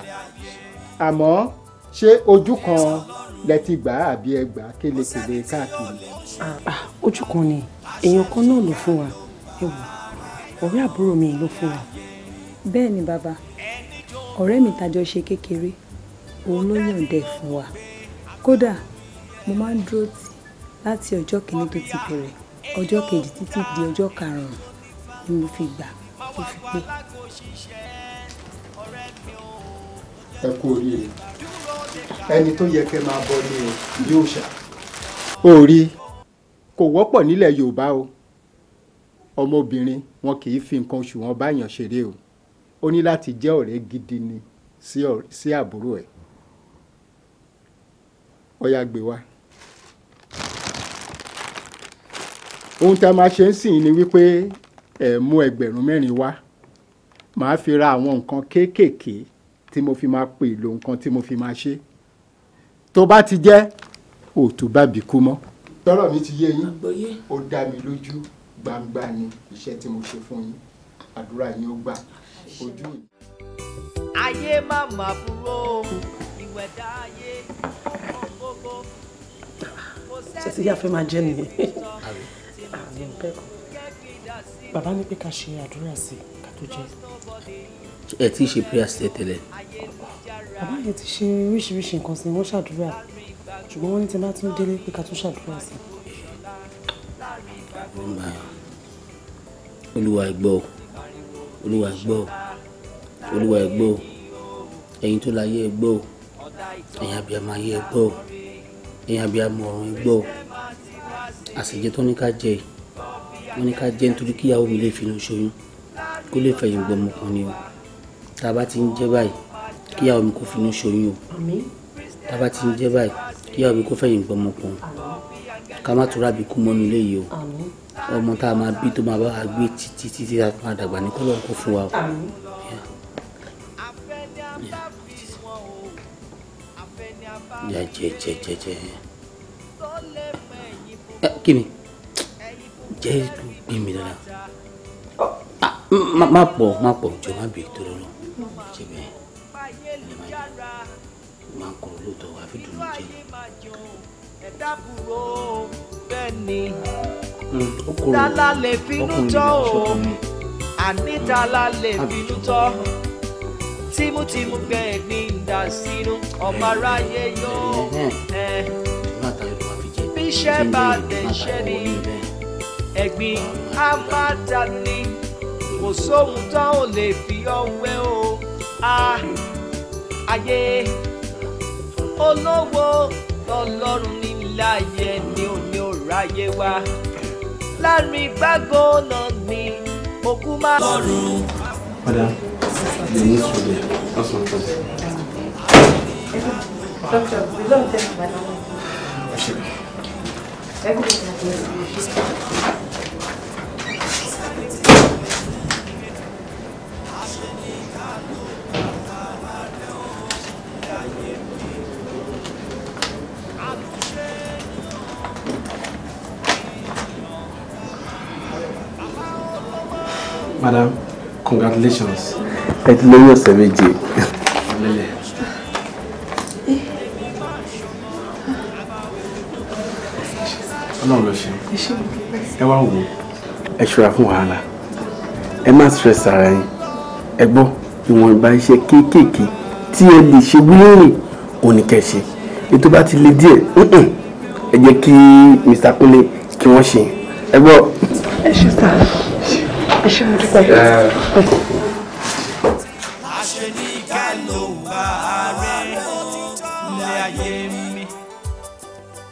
àmọ́ ṣé ojú kan lẹ ti gbà á àbí ẹ gbà á kélekèle káàkiri. Ah, ojú kan ni èèyàn kan náà ló fún wa ẹ wò ọ̀rẹ́ àbúrò mi ló fún wa. bẹ́ẹ̀ ni bàbá ọ̀rẹ́ mi tàjọ ṣe kékeré òun ló yànde fún wa kódà mo máa ń dúró tì láti ọjọ́ kìíní tó ti bẹ̀rẹ̀ ọjọ́ kejì títí di ọjọ́ karùn-ún ni mo fi gbà tó fi pé. ẹ kú oríire ẹni tó yẹ kẹ́ máa bọ ni yóò ṣá. ó kò wọ́pọ̀ nílẹ̀ Yorùbá o ọmọbìnrin wọn kì í fi nǹkan oṣù wọn báyàn ṣeré o ó ní láti jẹ́ ọ̀rẹ́ gidi ni sí àbúrò ẹ̀ ọ̀yà gbé wá. ohun tá a máa ṣe ń sìn ni wípé ẹ̀ mú ẹgbẹ̀rún mẹ́rin wá màá fi ra àwọn nǹkan kéékèèké tí mo fi máa pè lo nǹkan tí mo fi máa ṣe tó bá ti jẹ́ òtún bá bìkú mọ́ tọ́rọ̀ mi ti yé yín ó dá mi lójú gbangba ni iṣẹ́ tí mo ṣe fún yín àdúrà yín ó gbà ojú yìí. ayé má mà búrò ìwẹ̀dá ayé ọmọ gbogbo. títí yá fẹ́ máa jẹ́ nìyẹn àmì ìpẹ́kọ̀ bàbá ní pé ká ṣe àdúrà sí ká tó jẹ. ẹ ti ṣe prayer sílẹ̀ bàbá yẹn ti ṣe oríṣiríṣi nǹkan sí wọ́n ṣàdúrà ṣùgbọ́n wọ́n ní tí bá tún délé pé ká tún ṣàdúrà sí i. wọ́n bá olúwa gbọ́ olúwa gbọ́ olúwa gbọ́ ẹ̀yin tó láyé ẹ gbọ́ ẹ̀yin abiyamọ ayé ẹ gbọ́ ẹ̀yin abiyamọ ọ̀run ẹ àṣejẹ tó ní ká jẹ wọ́n ní ká jẹ nítorí kíyàwó mi lè finú ṣoyún kó lè fẹ̀yìn gbọ́ ọmọkùnrin o tá a bá ti ń jẹ báyìí kíyàwó mi kò finú ṣoyún o tá a bá ti ń jẹ báyìí kí àbí kó fẹ̀yìn gbọ́ ọmọkùnrin ká má tura àbí kú mọ́ mi léyìí o ọmọ tá a máa bí tó máa bá a gbé títí títí a máa dàgbà ní kọ́lọ́ kó fún wa o. yà jẹ jẹ jẹ ah, má pọ̀ má pọ̀ jọ má bèè tó lọ́rùn. ẹni tálá hmm, lè bínú tọ́ o àní tálá lè bínú hmm, tọ́ tímútímú bẹ́ẹ̀ ni ìdá sínú ọmọ eh, aráyé yó eh, eh. bí iṣẹ́ bá tẹ̀ṣẹ́ ni ẹ̀gbin á ah, má dání kò sóhun tán ò lè fi ọwẹ́ o a ayé hmm. olówó lọ́lọ́run níláyé ni ò ní ráyé wá láàrin gbágbó náà ni òkú má. lọ́rùn. padà you need to be that's my problem. doctor we don tell you about that ẹ kúrò kí n kúrò. madam congratulations. ẹ ti lóyún ọ̀sẹ̀ méje. ọlọ́run ló ṣe ẹ wá wò ó ẹ ṣọ́ra fún wàhálà ẹ má stress ara yín ẹ gbọ́ ìwọ̀nba iṣẹ́ kéékèèké tí ẹ lè ṣe gbúlẹ́yìn òní kẹ̀ṣe ètò bá ti le díẹ̀ ẹ jẹ́ kí Mr. Kúnlé kí wọ́n ṣe ẹ gbọ́. ẹ ṣe sáà iṣẹ́ mo dúpẹ́.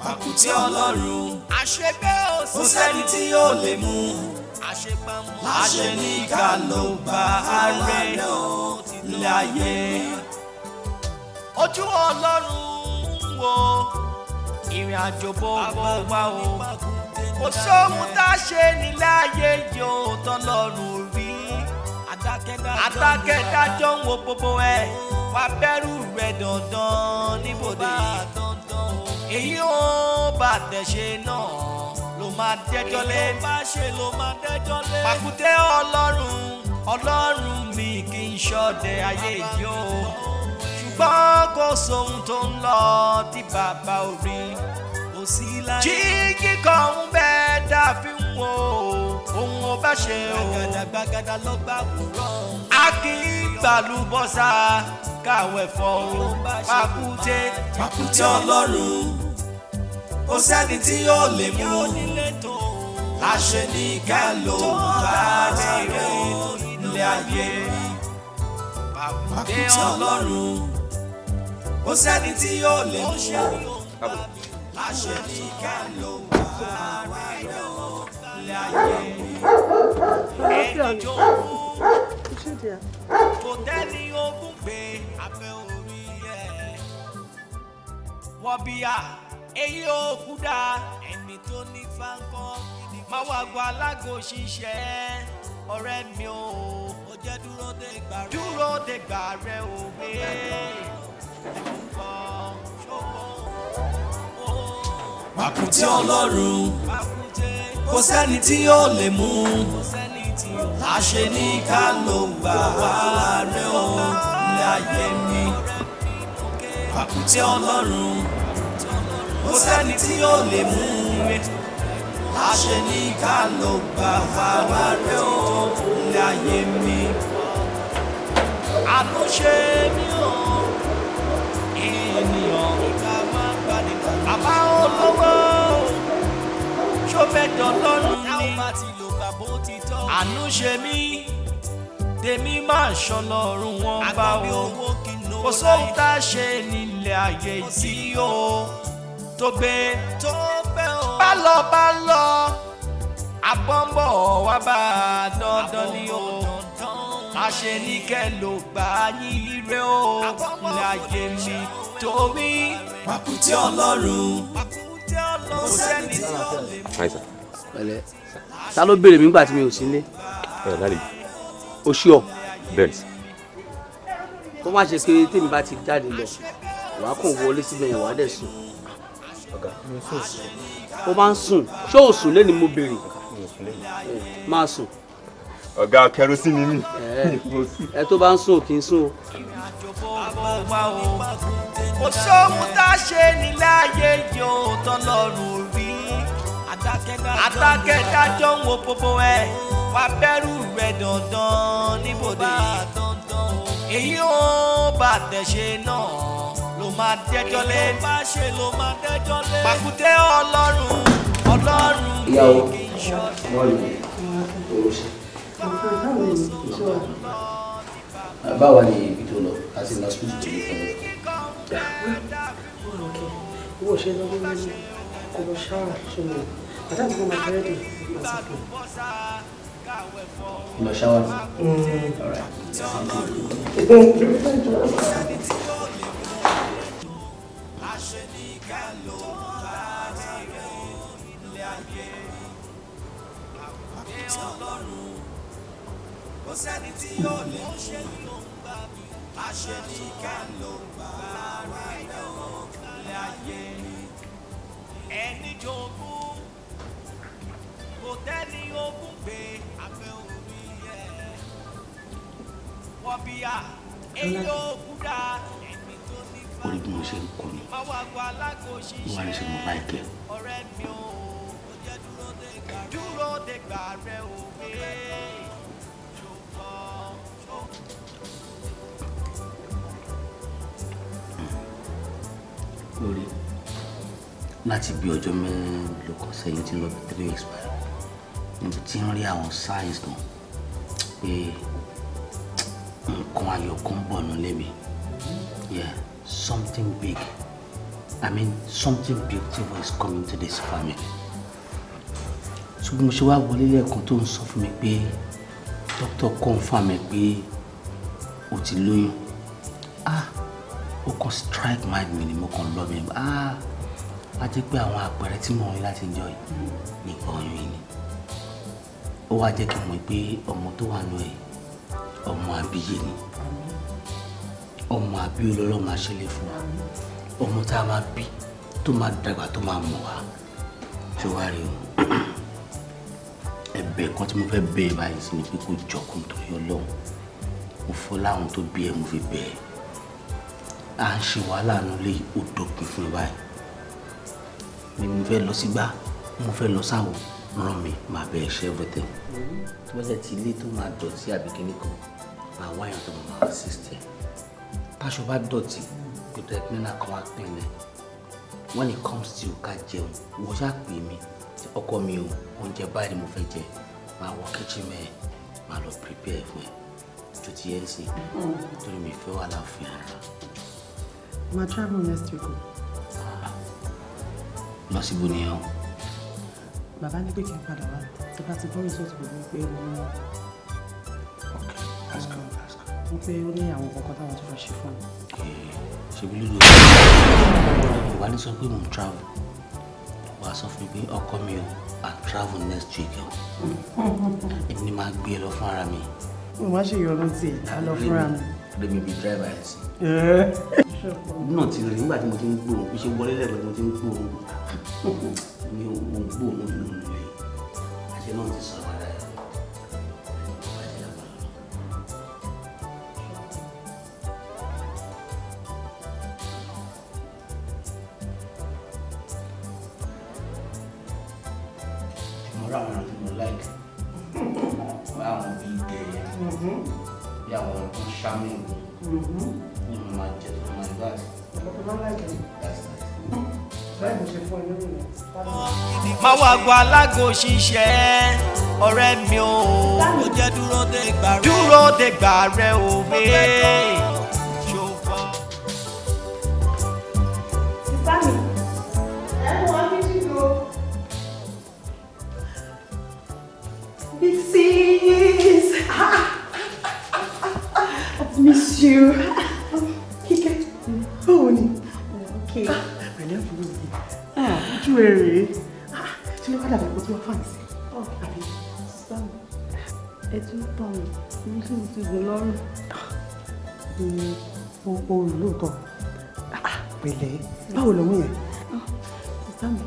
Pàkúté ọlọ́run, ó sẹ́ni tí yóò lè mú. Láṣẹ ní ká ló bá ààrẹ láyé. Ojú ọlọ́run wo ìrìn àjò bó bó wá o kò sóhun tá a ṣe nílé ayé yóò tọ́lọ́run rí adákẹ́dájọ́ ń wo gbogbo ẹ̀ wá bẹ̀rù rẹ̀ dandan níbòde èyí ò bá tẹ̀sẹ̀ náà ló máa dẹjọ́ lé pàkúté ọlọ́run ọlọ́run mi kì í ṣọdẹ ayé yìí o ṣùgbọ́n kò sóhun tó ń lọ tí bàbá ò rí kò sí láyé. jí kíkọ́ ń bẹ́ dàbí ń wo ohun ọba ṣe o. gbàgàdàgbàgàdà ló gbà wúrọ̀. a kì í gbàlúbọ́sà káwé fọ́ o pàkúté pàkúté ọlọ́run kò sẹ́ni tí yóò lè mú láṣẹ ní kẹ́lò bá ti rẹ̀ ilé ayé pàkúté ọlọ́run kò sẹ́ni tí yóò lè mú aṣèlíkà ló wà wáyọ láyé ẹni tó mi ò ó jẹ́ dúró de gbà rẹ dúró de gbà rẹ òwe ẹ̀ ń kọ́ ṣókòó àkùntí ọlọ́run kò sẹ́ni tí yóò lè mú àṣẹ ní ká ló gbà wá rẹ o ilé ayé mi àkùntí ọlọ́run kò sẹ́ni tí yóò lè mú àṣẹ ní ká ló gbà wá rẹ o ilé ayé mi àtúnṣe mi ò ènìyàn bàbá olówó ṣó fẹ́ dọ̀lọ́run ni àánú ṣe mí tèmi máa ṣọlọ́run wọn bá o kò sóhun tá a ṣe nílẹ̀ ayé yìí o tó gbé bá lọ bá lọ abọ́nbọ̀ wá bá a dandan ni o àṣẹ ní kẹ́ ló gbà á yín ire o láyé mi tó mi. pàkúté ọlọ́run kò sẹ́ni tí ó lè mú. pẹ̀lẹ́ ta ló béèrè mi nígbà tí mi ò sí ilé. ẹ lárí. o ṣí ọ. bẹ́ẹ̀ ni. tó má ṣe pé tèmi bá ti jáde lọ wàá kàn wọlé síbẹ̀ yẹn wàá dẹ̀ sùn. ó máa ń sùn ṣé ò sùn lẹ́ni mo béèrè máa sùn. ọ̀gá kẹrosínì mi. [laughs] ẹ tó bá ń sùn kì í sùn o kò sóhun tá a ṣe nílé ayé yóò tọ́lọ́run rí adákẹ́dájọ́ ń wo gbogbo ẹ̀ wá bẹ̀rù rẹ̀ dandan níbodè èyí ò bá tẹ̀sẹ̀ náà ló máa dẹjọ́ lé pàkúté ọlọ́run ọlọ́run kì í ṣọ́ọ̀ṣẹ́ báwa ni ibi tó lọ àti lọ síbi tó lọ Oh, okay owó ṣe lọ́wọ́ lẹ́nu kò lọ ṣáà ṣùgbọ́n bàtà tí mo máa fẹ́rẹ́ Ọlọ́run kò sẹ́ni tí yóò lè ṣe é lọ àṣẹ nìkan ló bá wà lọ́wọ́ kúlẹ̀ ayé ẹni jogún kò tẹ́ni ogún pé abẹ́ orí ẹ̀ wọ́n bí a èyí ogún dá ẹni tó ní fáwọn orí bí mo ṣe ń kọ ni wọ́n wá gba alágò ṣiṣẹ́ wọ́n á ṣe mo láìpẹ́ ọ̀rẹ́ mi ò ó jẹ́ dúró de gbà rẹ̀ òwe ṣùgbọ́n ṣùgbọ́n. lórí láti bí ọjọ́ mẹ́rin kan sẹ́yìn tí lọ́bì three weeks báyìí níbi tí ń rí àwọn signs náà pé nǹkan ayọ̀ kan bọ̀ nílé mi yeah something big I mean something beautiful is coming to this family ṣùgbọ́n mo ṣe wá wọlé lẹ́ẹ̀kan tó ń sọ fún mi pé dókítà confirm mi pé o ti lóyún ah ó kàn strike mind mi ni mo kàn lọ bẹ̀rẹ̀ ah a jẹ́ pé àwọn àpẹẹrẹ tí mo rí láti jọ yìí nípa oyún yìí ni ó wá jẹ́ kí n mọ̀ pé ọmọ tó wà lóye ọmọ àbíyé ni ọmọ àbí olólọ́ máa ṣẹlẹ̀ fún wa ọmọ tá a máa bí tó máa dàgbà tó máa mọ̀ wá ṣé wàá rí o ẹ̀bẹ̀ kan tí mo fẹ́ bẹ̀ẹ́ báyìí sí ni pé kó jọkùn torí Ọlọ́run mo fọ́ láwọn tó bí ẹ mo fi bẹ̀ẹ́ à ń ṣe wàhálà nílé òdòkun fún ẹ báyìí mi mo fẹ́ lọ sígbà mo fẹ́ lọ sáwọ ràn mí màá bẹ ẹṣẹ bọtẹ tí wọ́n ṣe ti ilé tó máa dọ̀tí àbí kíní kan máa wáyàn tó máa assist ẹ táṣọ bá dọ̀tí gbọdọ̀ ẹ̀gbẹ́nà kan wá pín lẹ̀ when it comes to ká jẹun wọ́n ṣáà mí ọkọ mi o oúnjẹ báyìí ni mo fẹ́ jẹ máa wọ kíchìn mẹ́ẹ̀ máa lọ prepare fún ẹ tó ti ẹ́ ń sìn hmm. torí mi fẹ́ wà láàfin ara. My travel next week o. lọ síbo nìyẹn o. to go to kí n padà wá tí bá ti bọ́ resort gbogbo let's go let's go. mo pé ó ní àwọn kankan táwọn tó fẹ́ ṣe fún mi. Eh, ṣebí lílo ìwà ní travel wàá sọ fún mi pé ọkọ i travel next week o èmi ni màá gbé e lọ fún ara mi. mo máa be ìyọnu tí a lọ fúnra mi. lèmi bí driver ẹ̀ sí. Eh náà ti rìn nígbà tí mo ti ń gbòòrùn bí ṣe wọlé lẹ́gbẹ̀ẹ́ mo ti ń gbòòrùn [laughs] mi ò ń gbòòrùn nínú ilé àṣẹ náà ti sọ̀rọ̀ padà yẹn. [laughs] ọwọ́ àgọ́ alágò ṣiṣẹ́ ọ̀rẹ́ mi ò ó jẹ́ dúró de gbà rẹ dúró de gbà rẹ o. Bisis! I [laughs] you. Kíkẹ́, Okay. Ah, Pẹ̀lú ẹ̀fọ́ mi. Ah, ojú rẹ̀ rèé kí ló fẹ́ dàbí gbogbo ọ̀fà ní sí ọ̀ àbí sáàmù ẹtú tán mi sì ti gùn lọ́rùn. o ò lóòótọ́ ah, pẹ̀lẹ́ báwo lọ́wọ́ yẹn. Oh, sáàmù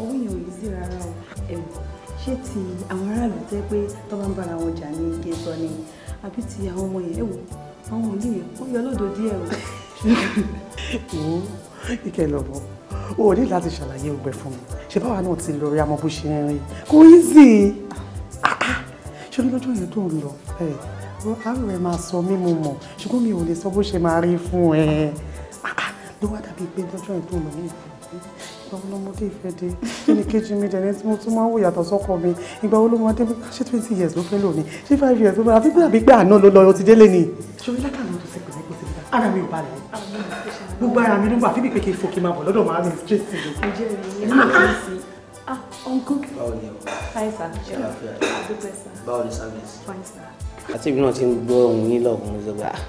owó yẹn ò yí sí rárá o ẹ̀wọ̀ ṣé ti àwọn aráàlú jẹ́ pé tó bá ń bára wọn jà ní ike sọ ni àbí ti àwọn ọmọ yẹn ẹ̀wọ̀ àwọn òbí yẹn ó yọ lódò díẹ̀ o. [laughs] wo ike o ò ní láti ṣàlàyé ọgbẹ fún mi ṣe báwa náà ti lọ rí àmọ́ bó ṣe ń rìn kò easy ah, ah. ṣé lójú yìí tó ń lọ àárò ẹ máa sọ mí mo mọ̀ ṣùgbọ́n mi ò lè sọ bó ṣe máa rí fún ẹ ah, ló wá dàbí pé lọ́jọ́ yìí tó ń lọ ní ìfún ìgbà wo lọmọdé ìfẹ́ dé kí kejì mi dẹ̀ ní tí mo tún máa ń wò yàtọ̀ sọ́kọ mi ìgbà wo lọmọdé ṣé twenty years ló fẹ́ lò ní ṣé five years ló fẹ́ àfi gbàgbé pé àná ló lọ ọtí délé ni ṣòwò látàlú tó ti pè ara mi ò balẹ̀ gbogbo ara mi ló wà fíbi pé fòkè máa bọ̀ lọ́dọ̀ màá mi straight sí i. ǹjẹ́ ìlú ní ìlú sí ah uncle. báwo ni o. fine sir. ṣé àlàáfíà ni. àdúgbò sir. báwo ni service. fine sir. àti ìbí náà ti ń gbọ́ ohun yín lọ́kùnrin ló gbà ah,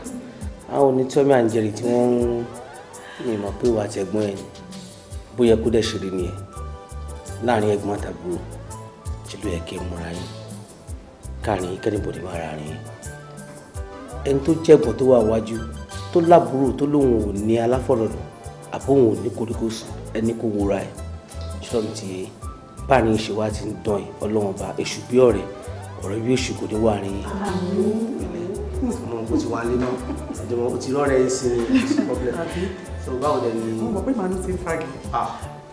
àwọn onítọ́mí àǹjẹ̀rì tí wọ́n ń ní pé ìwà àtẹ̀gbọ́n ẹ̀ bóyá kó dẹ̀ ṣeré nìyẹn láàrin ẹ̀gbọ́n àtàbúrò tí ló yẹ kí n tó wà wájú tó lábúrò tó lóun ò ní aláfọ̀rọ̀dọ̀ àbóun ò ní koríko ẹni kò wúra ẹ̀ ṣọ́ ti yé báàrin ìṣe ti ń dán ẹ̀ ọlọ́run ọba èṣù bí ọ̀rẹ́ ọ̀rẹ́ bí èṣù kò ní wà rìn yín ọmọ nǹkan ti wà lé mọ́ o ti rọ́ọ̀rẹ́ yín sí ní problem so báwo dẹ̀ ni. mo mọ̀ pé màánú ti ń fagi ah.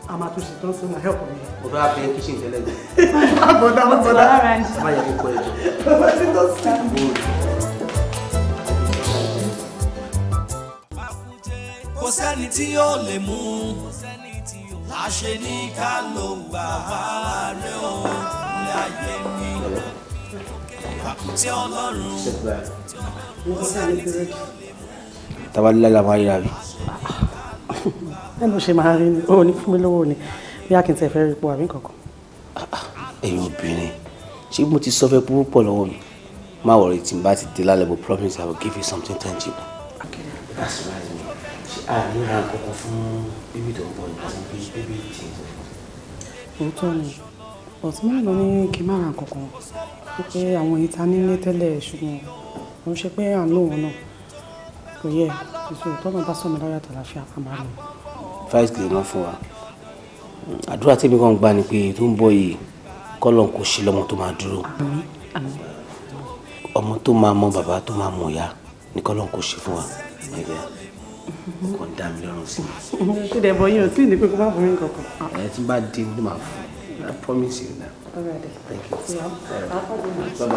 a máa tún ṣe tán so na help me. mo fẹ́ bẹ kitchen tẹ́lẹ̀ jù. àbọ̀dá [laughs] àbọ̀dá. àbáyọ̀ kò kọ ẹ̀jọ̀. bàbá ti tó kò sẹ́ni tí yóò lè mú láṣẹ ní ká ló gbà bá rẹ o ní ayé mi àkùtì ọlọ́run kò sẹ́ni tí yóò lè mú. tabalila la máa yára bi. ẹnu ṣe máa rí ni òní fún mi lówó ni bí a kì í tẹ̀ fẹ́ rí ipò àbí kankan. ẹ̀yin obìnrin ṣé mo ti sọ fẹ́ púpọ̀ lọ́wọ́ mi má wọ̀rẹ̀ tí n bá ti dé lálẹ́ bó promise I will give you something tangible àìríra kankan fún bíbí tó ń bọ̀ ní àti bí bíbí tí ń bọ̀. òótọ́ ni ọ̀túnmọ̀ ló ní kí n má ra kankan wípé àwọn ìta nílé tẹ́lẹ̀ ṣùgbọ́n mo ṣe pé à ń lò wọn náà kò yẹ èso ìtọ́nà bá sọ̀mí láyà tàlàfíà ká máa lò. five kìlì náà fún wa àdúrà tèmi kan gbà ni pé tó ń bọ̀ yìí kọ́lọ̀ kò sí lọ́mọ tó máa dúró ọmọ tó máa mọ bàbá tó máa mọ̀ ya ni kọ́lọ̀ kò sí fún wa. Amen kàn dá mi lọ́rùn sí mi. kí lè bọ yín o tí ì ní pé kó má fún mi kankan. ẹ ti bá dé ní màá fún ẹ i promise you na. thank you. bye bye.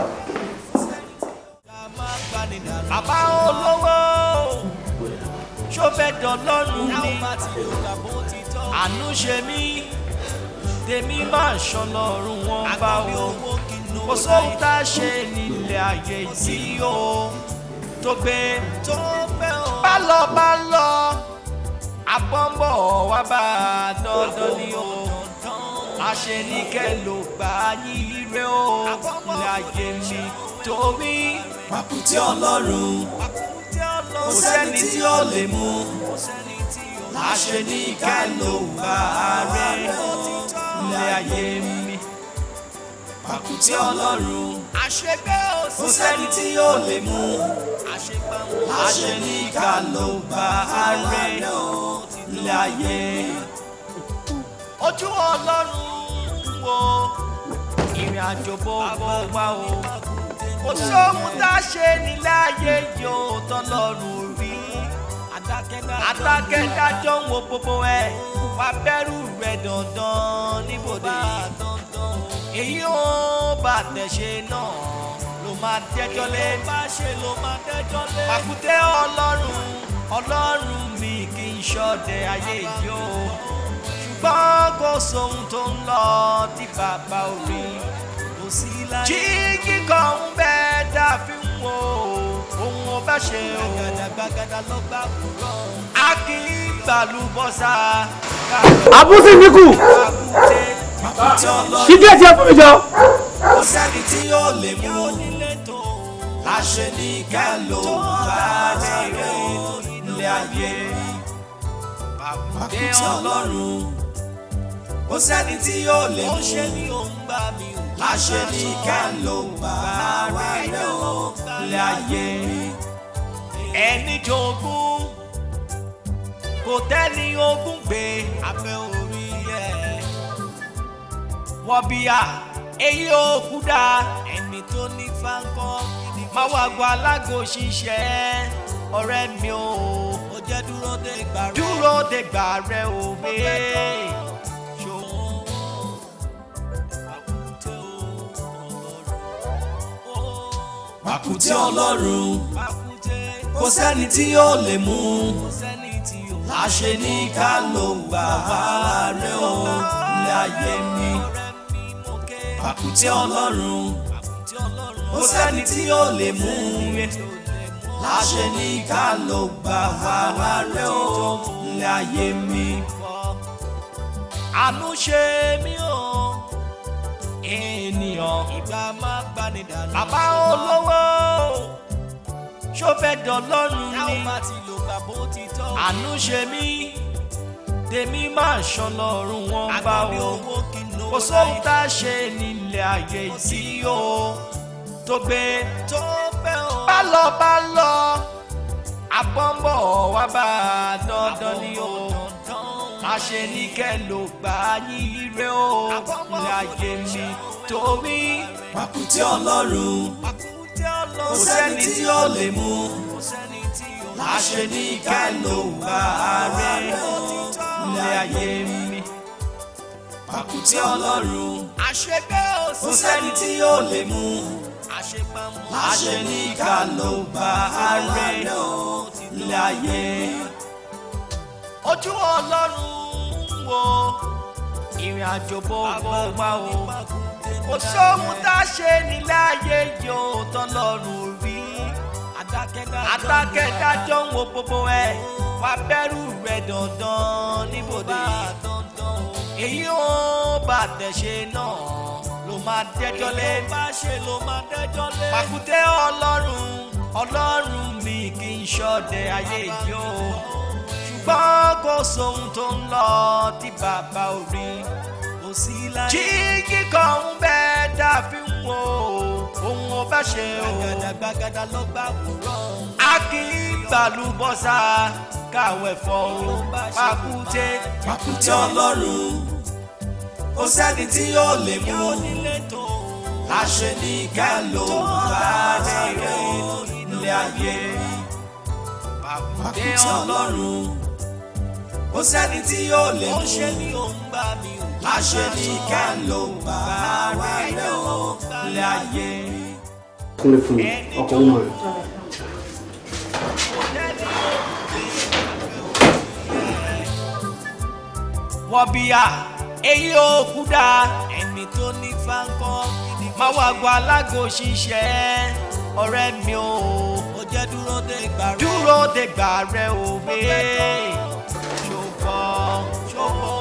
bàbá olówó ṣó fẹ́ ni àánú ṣe mí tèmi máa ṣọlọ́run wọn bá o kò sóhun tá a ṣe nílẹ̀ ayé yìí o tó gbé tó fẹ́ o. bá lọ bá lọ àbọ̀nbọ̀ wá bá a dandan ni o àṣeníkẹ́ ló gbà yí ire o ìlàjẹ mi torí. pàkúté ọlọ́run kò sẹ́ni tí ó lè mú àṣeníkẹ́ ló gbà rẹ̀ ilé ayé mi pàkúté ọlọ́run àṣegbé kò sẹ́ni tí yóò lè mú láṣẹ ní ká ló bá a ojú ọlọ́run wo ìrìn àjò bó wá o kò sóhun tá a ṣe ní láàyè yóò tọ́lọ́run rí adákẹ́dájọ́ ń wo gbogbo ẹ̀ wá bẹ̀rù rẹ̀ dandan níbodè èyí ó bàtẹ̀ ṣe náà ló máa dẹjọ́ lé bá ṣe ló máa dẹjọ́ lé pàkúté ọlọ́run ọlọ́run mi kì í ṣọdẹ ayé yìí ó ṣùgbọ́n kò sóhun tó ń lọ tí bàbá orí kò sí láyé. jí kíkọ́ ń bẹ dàbí ń wo ohun ọba ṣe o. gbàgàdàgbàgàdà lọ gbà wúrọ̀. a kì í gbàlúbọ́sà. àbúsí níkù. àbúté ṣíbí ẹ̀ tí ẹ fún mi jọ. kò sẹ́ni tí ó lè mú láṣẹ ní kẹ́lò bá ti rẹ̀ ilé ayé pàpàdé ọlọ́run kò sẹ́ni tí ó lè mú láṣẹ ní kẹ́lò bá wà ilé ayé ẹni jogún kò tẹ́ni ogún gbé abẹ́ orí ẹ̀ wọ́bíà èyí ò kú ẹni tó ní fáńkọ́ má wá gba alágò ṣiṣẹ́ ọ̀rẹ́ mi ò ó jẹ́ dúró de gbà rẹ dúró de gbà rẹ ò mé ṣòwò. pàkúté ọlọ́run kò sẹ́ni tí yóò lè mú láṣẹ ní ká ló gbà wá rẹ ó láyé mi pàkúté ọlọ́run ó sẹ́ni tí yóò lè mú un yẹ láṣẹ ní ká ló gbà wàrà rẹ ó ní ayé mi. àánú ṣe mí ènìyàn ìgbà máa gbani dànù. bàbá olówó ṣó fẹ́ dán lọ́rùn ni àánú ṣe tèmi máa ṣọlọ́run wọn bá o kò sóhun tá a ṣe nílẹ̀ ayé yìí o tó gbé tó bẹ́ o bá lọ bá lọ abọ́nbọ̀ wá bá a dandan ni o má ṣe ní kẹ́ ló yín rẹ o ilé ayé mi torí pàkúté ọlọ́run kò sẹ́ni tí ó lè mú àṣẹ ní ká ló bá rẹ ilé ayé mi pàkúté ọlọ́run àṣegbé ó sẹ́ni tí yóò lè mú àṣẹ ní ká ló bá rẹ ilé ojú ọlọ́run wo ìrìn àjò bó bó wá o kò sóhun tá a ṣe nílẹ̀ ayé yóò tán lọ́rùn rí adákẹ́dájọ́ ń wo gbogbo ẹ̀ wá bẹ̀rù rẹ̀ dandan níbodè èyí ó bàtẹ̀ ṣe náà ló máa dẹjọ́ lé pàkúté ọlọ́run ọlọ́run mi kì í ṣọdẹ ayé yìí o ṣùgbọ́n kò sóhun tó ń lọ tí bàbá ò kò sí láyé jí kíkọ́ ń bẹ́ẹ̀ dàbí wọ́n o ohun ọba ṣe o. gbàgàdàgbàgàdà ló gbà wúrọ̀. a kì í gbàlú bọ́sà káwé fọ́ o pàkúté pàkúté ọlọ́run kò sẹ́ni tí yóò lè mú láṣẹ ní kẹ́lò bàtẹ́rẹ́ ilé ayé pàkúté ọlọ́run kò sẹ́ni tí yóò lè mú. ó ṣe ní òun gbà mí aṣẹ́nìkẹ́ ló bá wà lọ́wọ́ láyé. kúnlẹ̀ fún mi ọkọ̀ ń mọ̀ ẹ́. wọ́n bí a èyí ò kú dá ẹni tó ní fáńkọ́ máa wá gba alágò ṣiṣẹ́ ọ̀rẹ́ mi ò ó dúró de gbà rẹ dúró de gbà rẹ òwe ṣògbọ́n ṣògbọ́n.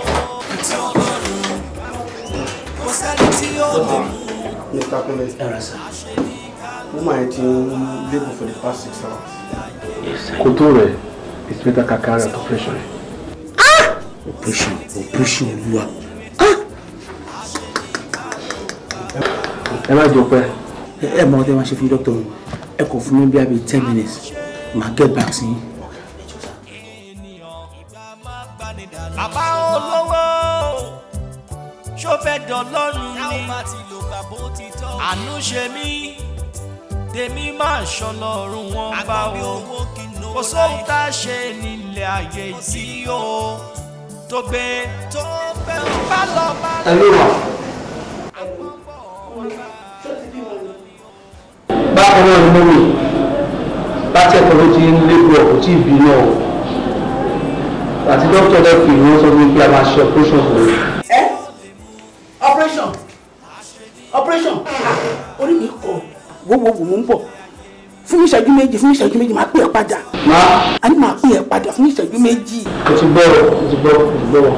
Mr. Kunle. Ẹ̀rọ sá. Woman yẹn ti ń for the past six hours. Yes, sir. rẹ̀ it's better ká carry out operation rẹ̀. Operation operation olúwa. Ah! má jọ pẹ́. Ẹ mọ̀ ọ́ tẹ́ máa ṣe fún dókítà òun. Ẹ kò fún mi bí i ten minutes. Màá get back sí yín. Bàbá ṣó fẹ́ dọ̀lọ́run ni àánú ṣe mí tèmi máa ṣọlọ́run wọn bá o kò sóhun tá a ṣe nílẹ̀ ayé yìí o tó gbé tó fẹ́ bá lọ bá lọ. bákan náà ni mo rò láti ẹ̀kọ́ ló ti ń lébu ọ̀kú tí ì náà àti dókítà dẹ́kun ìwé sọ fún mi pé a máa ṣe operation fún mi. operation ah, orí mi kọ wowowo mo ń bọ̀ fún ìṣẹ́jú méjì fún ìṣẹ́jú méjì máa pè é padà. máa. a ní máa pè é padà fún ìṣẹ́jú méjì. o ti gbọ́ o ti gbọ́ o ti gbọ́.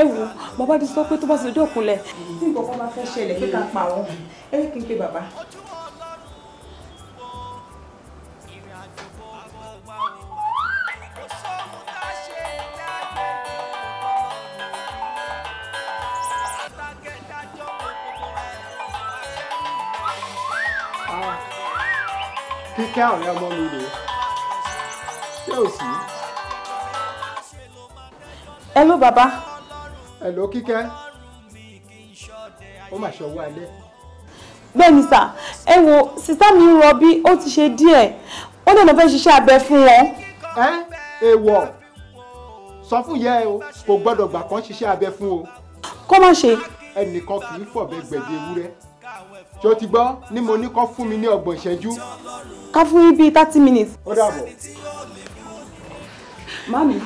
ẹ wo bàbá ti sọ pé tó bá ti dọ̀kunlẹ̀. tí nǹkan kan bá fẹ́ ṣẹlẹ̀ pé ká pa àwọn ẹ kí n pe bàbá kíkẹ́ ọ̀rẹ́ ọmọ mi rèé ṣé hello bàbá. hello kíkẹ́ ó mà ṣe ọwọ́ alẹ́. bẹ́ẹ̀ni sà ẹ wo sísá mi ń rọbí ó ti ṣe díẹ̀ ó dẹ̀ lọ fẹ́ ṣiṣẹ́ abẹ fún wọn. ẹ èèwọ̀ sọ fún ìyá ẹ o kò gbọ́dọ̀ gbà kán ṣiṣẹ́ abẹ fún o. kó má ṣe. ẹnìkan kì í fọ̀bẹ gbẹ̀dẹ̀ ewúrẹ́ ṣé o ti gbọ́ ni mo ní kó fún mi ní ọgbọ̀n ìṣẹ́jú. ká fún yín bíi thirty minutes. ó dàbọ̀. mami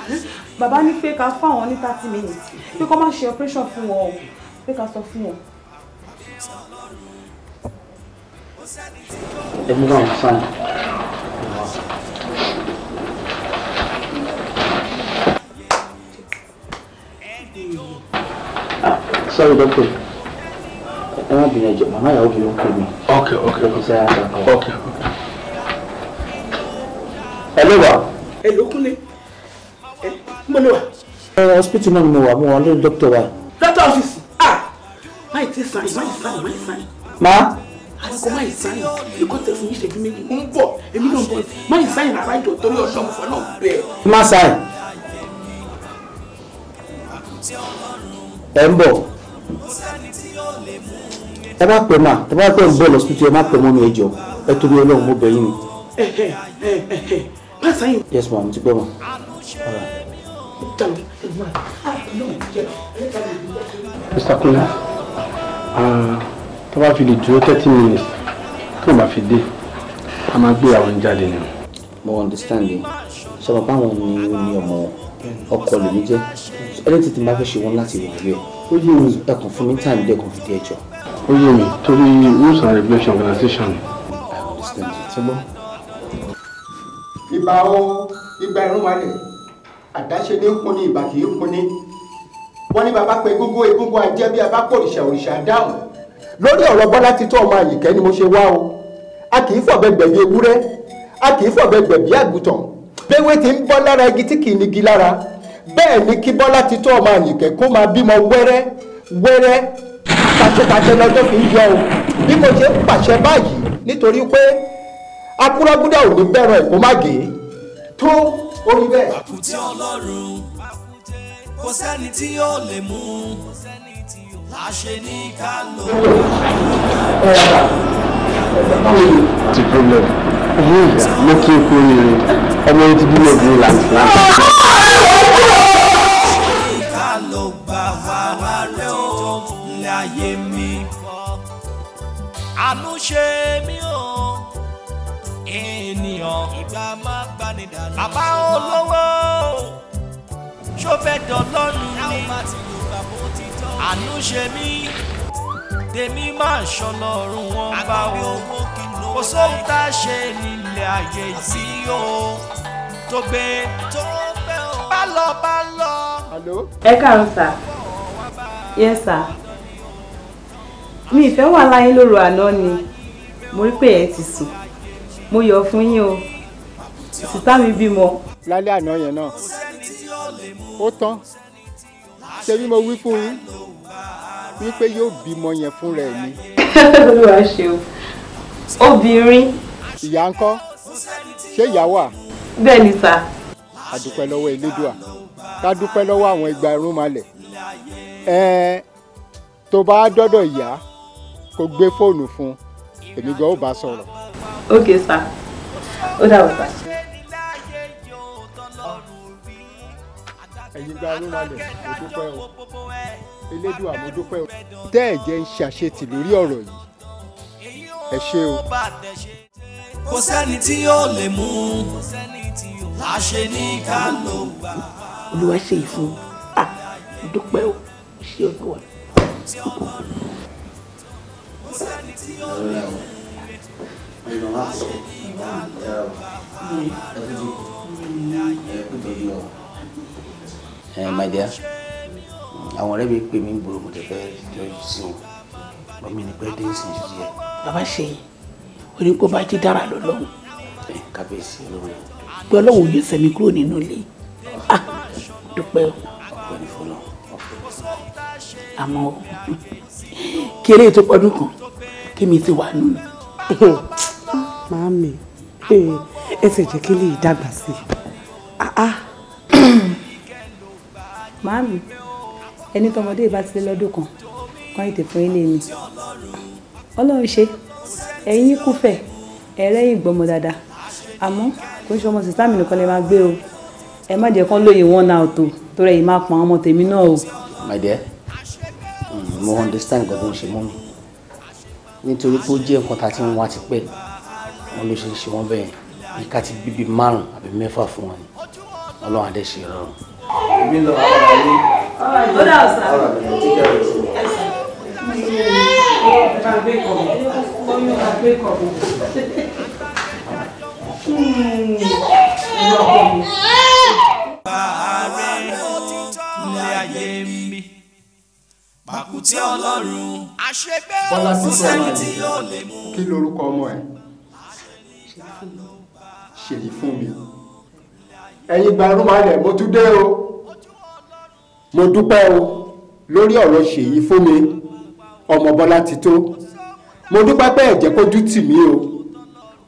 bàbá ní pé ká fún àwọn ní thirty minutes pé kó má ṣe operation fún wọn o pé ká sọ fún wọn. ẹ mú báwọn ah, Sorry, doctor ẹ má bìnrin ẹ̀jẹ̀ màmá ìyàwó mi ló ń pè mí. ok ok ok ok. ẹ ló wà. ẹ ló kúnlé ẹ mo ló wà. ẹ hospital náà ni mo wà mo wà doctor wa. doctor office ah má yìí ti sàn yìí má yìí sàn yìí má yìí sàn yìí. má. àsìkò má yìí sàn yìí ikọ̀ tẹ̀ fún yìí ṣẹ́jú méjì mo ń bọ̀ èmi náà ń bọ̀ má yìí sàn yìí nàbá ìjọ torí ọ̀ṣọ́ mo fọ́ náà bẹ́ẹ̀. má sàn ẹ bá pẹ mà ẹ bá pẹ ń bọ̀ lọ sí ẹ má pẹ mọ́ mi ẹ jọ̀ọ́ ẹ torí Ọlọ́run mo bẹ̀ yín ni. má sáyìn. yes ma mo ti gbọ́ ma. Mr. Kola ah, tó bá fi lè dúró thirty minutes tó bá fi dé a máa gbé àwọn jáde ni. mo understand yìí sọ̀rọ̀ báwọn ni ó ní ọmọ ọkọ lèmi jẹ́ ẹni tètè máa fẹ́ ṣe wọn láti wọ̀ ọ́ ó yẹ ẹkùn fún mi time dẹ́kun fi dé ẹjọ́ ó yé mi torí rules and regulation organization. ìbà o ìgbà ẹ̀rùn wa rẹ̀ àdáṣe ní kún ní ìbà kì í kún ní wọ́n ní bàbá pé egungun egungun ajẹ́ bí abá pọ̀ òrìṣà òrìṣà dáhùn lórí ọ̀rọ̀ bọ́lá títọ́ ọmọ àyíkẹ́ ni mo ṣe wá o a kì í fọ̀bẹ gbẹ̀bí ewúrẹ́ a kì í fọ̀bẹ gbẹ̀bí àgùntàn béwé ti ń bọ́ lára igi tí kì í nigi lára bẹ́ẹ̀ ni kí bọ́lá títọ́ ọmọ àyíkẹ́ kó máa bímọ wẹ́rẹ́ wẹ́rẹ́ tàṣetàṣe lọ́jọ́ fi ń yọ o bí mo ṣe ń pàṣẹ báyìí nítorí pé akúrágúdà ò ní bẹ̀rẹ̀ kó má gé tó orí bẹ́ẹ̀. àkùtì ọlọ́run kò sẹ́ni tí yóò lè mú láṣẹ ní ká lò. ti problem mo kí n kú oríire ọmọ yẹn ti bí mi ò bí mi láti àánú ṣe mí o ènìyàn ìgbà máa gbani dànù. bàbá olówó ṣó fẹ́ dọ̀lọ́nu ni àánú ṣe mí tèmi máa ṣọlọ́run wọn bá o kò sóhun tá a ṣe nílẹ̀ ayé yìí o tó gbé tó bá lọ bá lọ. ẹ káàárọ̀ sà yes sà mi ìfẹ́ wà láyé lóru àná ni mo rí pé ẹ ti sùn mo yọ̀ fún yín o sìtá mi bímọ. lálẹ́ àná yẹn náà ó tán ṣé bí mo wí fún yín wípé yóò bímọ yẹn fún rẹ̀ ni. [laughs] olúwa ṣeun obìnrin. ìyá ń kọ́ ṣé ìyá wà. bẹ́ẹ̀ ni sà. a dúpẹ́ lọ́wọ́ elédùà ká dúpẹ́ lọ́wọ́ àwọn igba irun malẹ̀ ẹ̀ẹ́n tó bá dọ́dọ̀ ìyá kó gbé fóònù fún èmi gan ó bá sọ̀rọ̀. ok sir ó dàbọ̀ sir. ẹ̀yin gba ló wà lẹ̀ mo dúpẹ́ o elédùà mo dúpẹ́ o. tẹ́ ẹ̀ jẹ́ ń ṣàṣetì lórí ọ̀rọ̀ yìí ẹ ṣé o. kò sẹ́ni tí yóò lè mú láṣẹ ní ká gbà. olúwa ṣe ìfún a ah, dúpẹ́ o ṣé olúwa ìrànlá sọ ẹkújú ẹkújọjú ọ. ẹ my dear àwọn ọ̀rẹ́ mi pè mí gbòòrò mo tẹ̀fẹ́ yọjú sí wọn bá mi ní pẹ́ dé sí ìṣú yẹ. bàbá ṣe oníkóbá jí dára lọ́lọ́run. ẹ eh, kábíyèsí lórí. pé ọlọ́run yóò sẹ́mi kúrò nínú ilé ah, dúpẹ́ o. ọ̀pẹ̀ ní fọlọ́. àmọ́ kí eléyìí tó pọ́dún kan kémi ti wà nù mí. Oh, màámi eh, ẹsẹ̀ jẹ́ kí lè dàgbà sí i. Ah, ah. [coughs] màámi ẹni tọmọdé bá ti lé lọ́dún kan kan ètè fún ilé mi ọlọ́run ṣe ẹ̀yin kúfẹ̀ ẹ̀rẹ́ ìgbọ́mọ dáadáa àmọ́ kò ń ṣe ọmọ sísá mi nìkan lè máa gbé o ẹ má jẹ́ kán lóye wọn náà tó torí ẹ̀yin máa pa ọmọ tèmi náà o. my dear mm, mo understand gbogbo ṣe mọ́ mi nítorí pé ó jẹ́ nǹkan tá a ti ń wá tipẹ́ wọn ló ṣe ń ṣe wọn bẹ́ẹ̀ bí ká ti bíbí márùn àbí mẹ́fà fún wọn ni ọlọ́run adé ṣe rọrùn. èmi lọ àwọn ọmọ yìí ó dà ọ̀sán ọ̀rọ̀ mi ti jẹ́ ọ̀rọ̀ sí mi. Hmm. Bye. pàkúté ọlọ́run àṣegbé òkú sẹ́ni tí yóò lè mú. kí lorúkọ ọmọ ẹ ṣèyí fún mi ẹ̀yin gbarumọlẹ̀ mo tún dé o mo dúpẹ́ o lórí ọ̀rọ̀ ṣèyí fún mi ọmọ bọ́lá ti tó mo dúpẹ́ pé ẹ̀jẹ̀ kójú tì mí o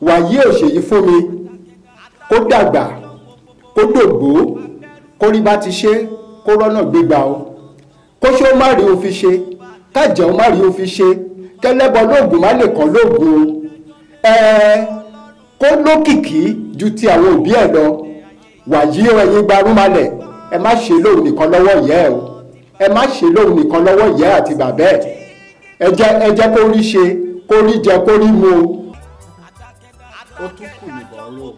wàyí ò ṣèyí fún mi kó dàgbà kó dògbò kó rí bá ti ṣe kó rọ́nà gbégbá o kóṣó má rí o fi ṣe kájẹun má rí o fi ṣe kẹlẹ́bọ lóògùn má lè kàn lóògùn o kó lókìkí ju ti àwọn òbí ẹ̀ lọ wàyí ẹ̀yin gbarúmalẹ̀ ẹ má ṣe lóhùn nìkan lọ́wọ́ ìyá ẹ̀ o ẹ má ṣe lóhùn nìkan lọ́wọ́ ìyá àti bàbá ẹ̀ ẹ jẹ́ ẹ jẹ́ kó rí ṣe kó rí jẹ kó rí mu o. ó tún kù nìbọn ró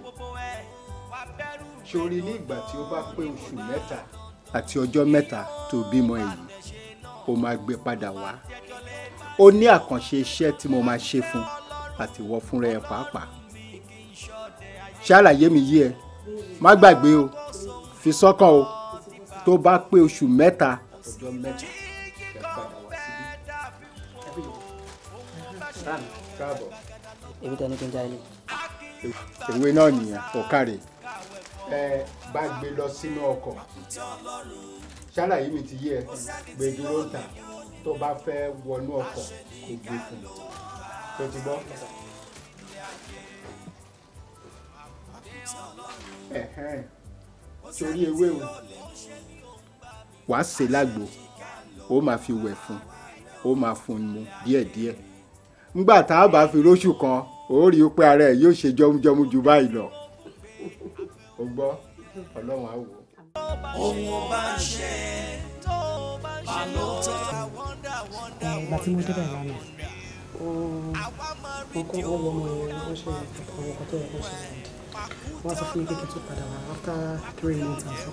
ṣorí ní ìgbà tí ó bá pé oṣù mẹ́ta àti ọjọ́ mẹ́ta tó bímọ èyí ó máa gbé padà wá ó ní àkànṣe iṣẹ́ tí mo máa ṣe fún àti wọ́ fúnra ẹ pàápàá ṣàlàyé mi yí ẹ má gbàgbé o fi sọ́kàn o tó bá pé oṣù mẹ́ta ọjọ́ mẹ́ta ẹ padà wá síbí. káàbọ̀ èmi tẹ́ ní kí n jáde. ìwé náà nìyẹn kò ẹ bá gbé lọ sínú ọkọ̀ ṣàlàyé mi ti yé ẹ gbẹdúró ta tó bá fẹ́ wọnú ọkọ̀ kò gbé fún un tó ti gbọ́. torí ewé o wàá ṣe lágbo ó máa fi wẹ̀ fún ó máa fún un mu díẹ̀díẹ̀ ńgbà tá a bá fi róṣù kan ó rí i pé ara ẹ̀ yóò ṣe jọmújọmú ju báyìí lọ. o gbọ́ ọlọ́run á wò ó ohun ọba ń ṣe pàlọ́ tán. ìgbà tí mo kọ́ wọ́n wọ́n mọ̀ ẹ̀ wọ́n ṣe àwọn ọkọ̀ tó yẹ kó ṣe wọ́n sọ fún mi kékeré tó padà wá after three months and so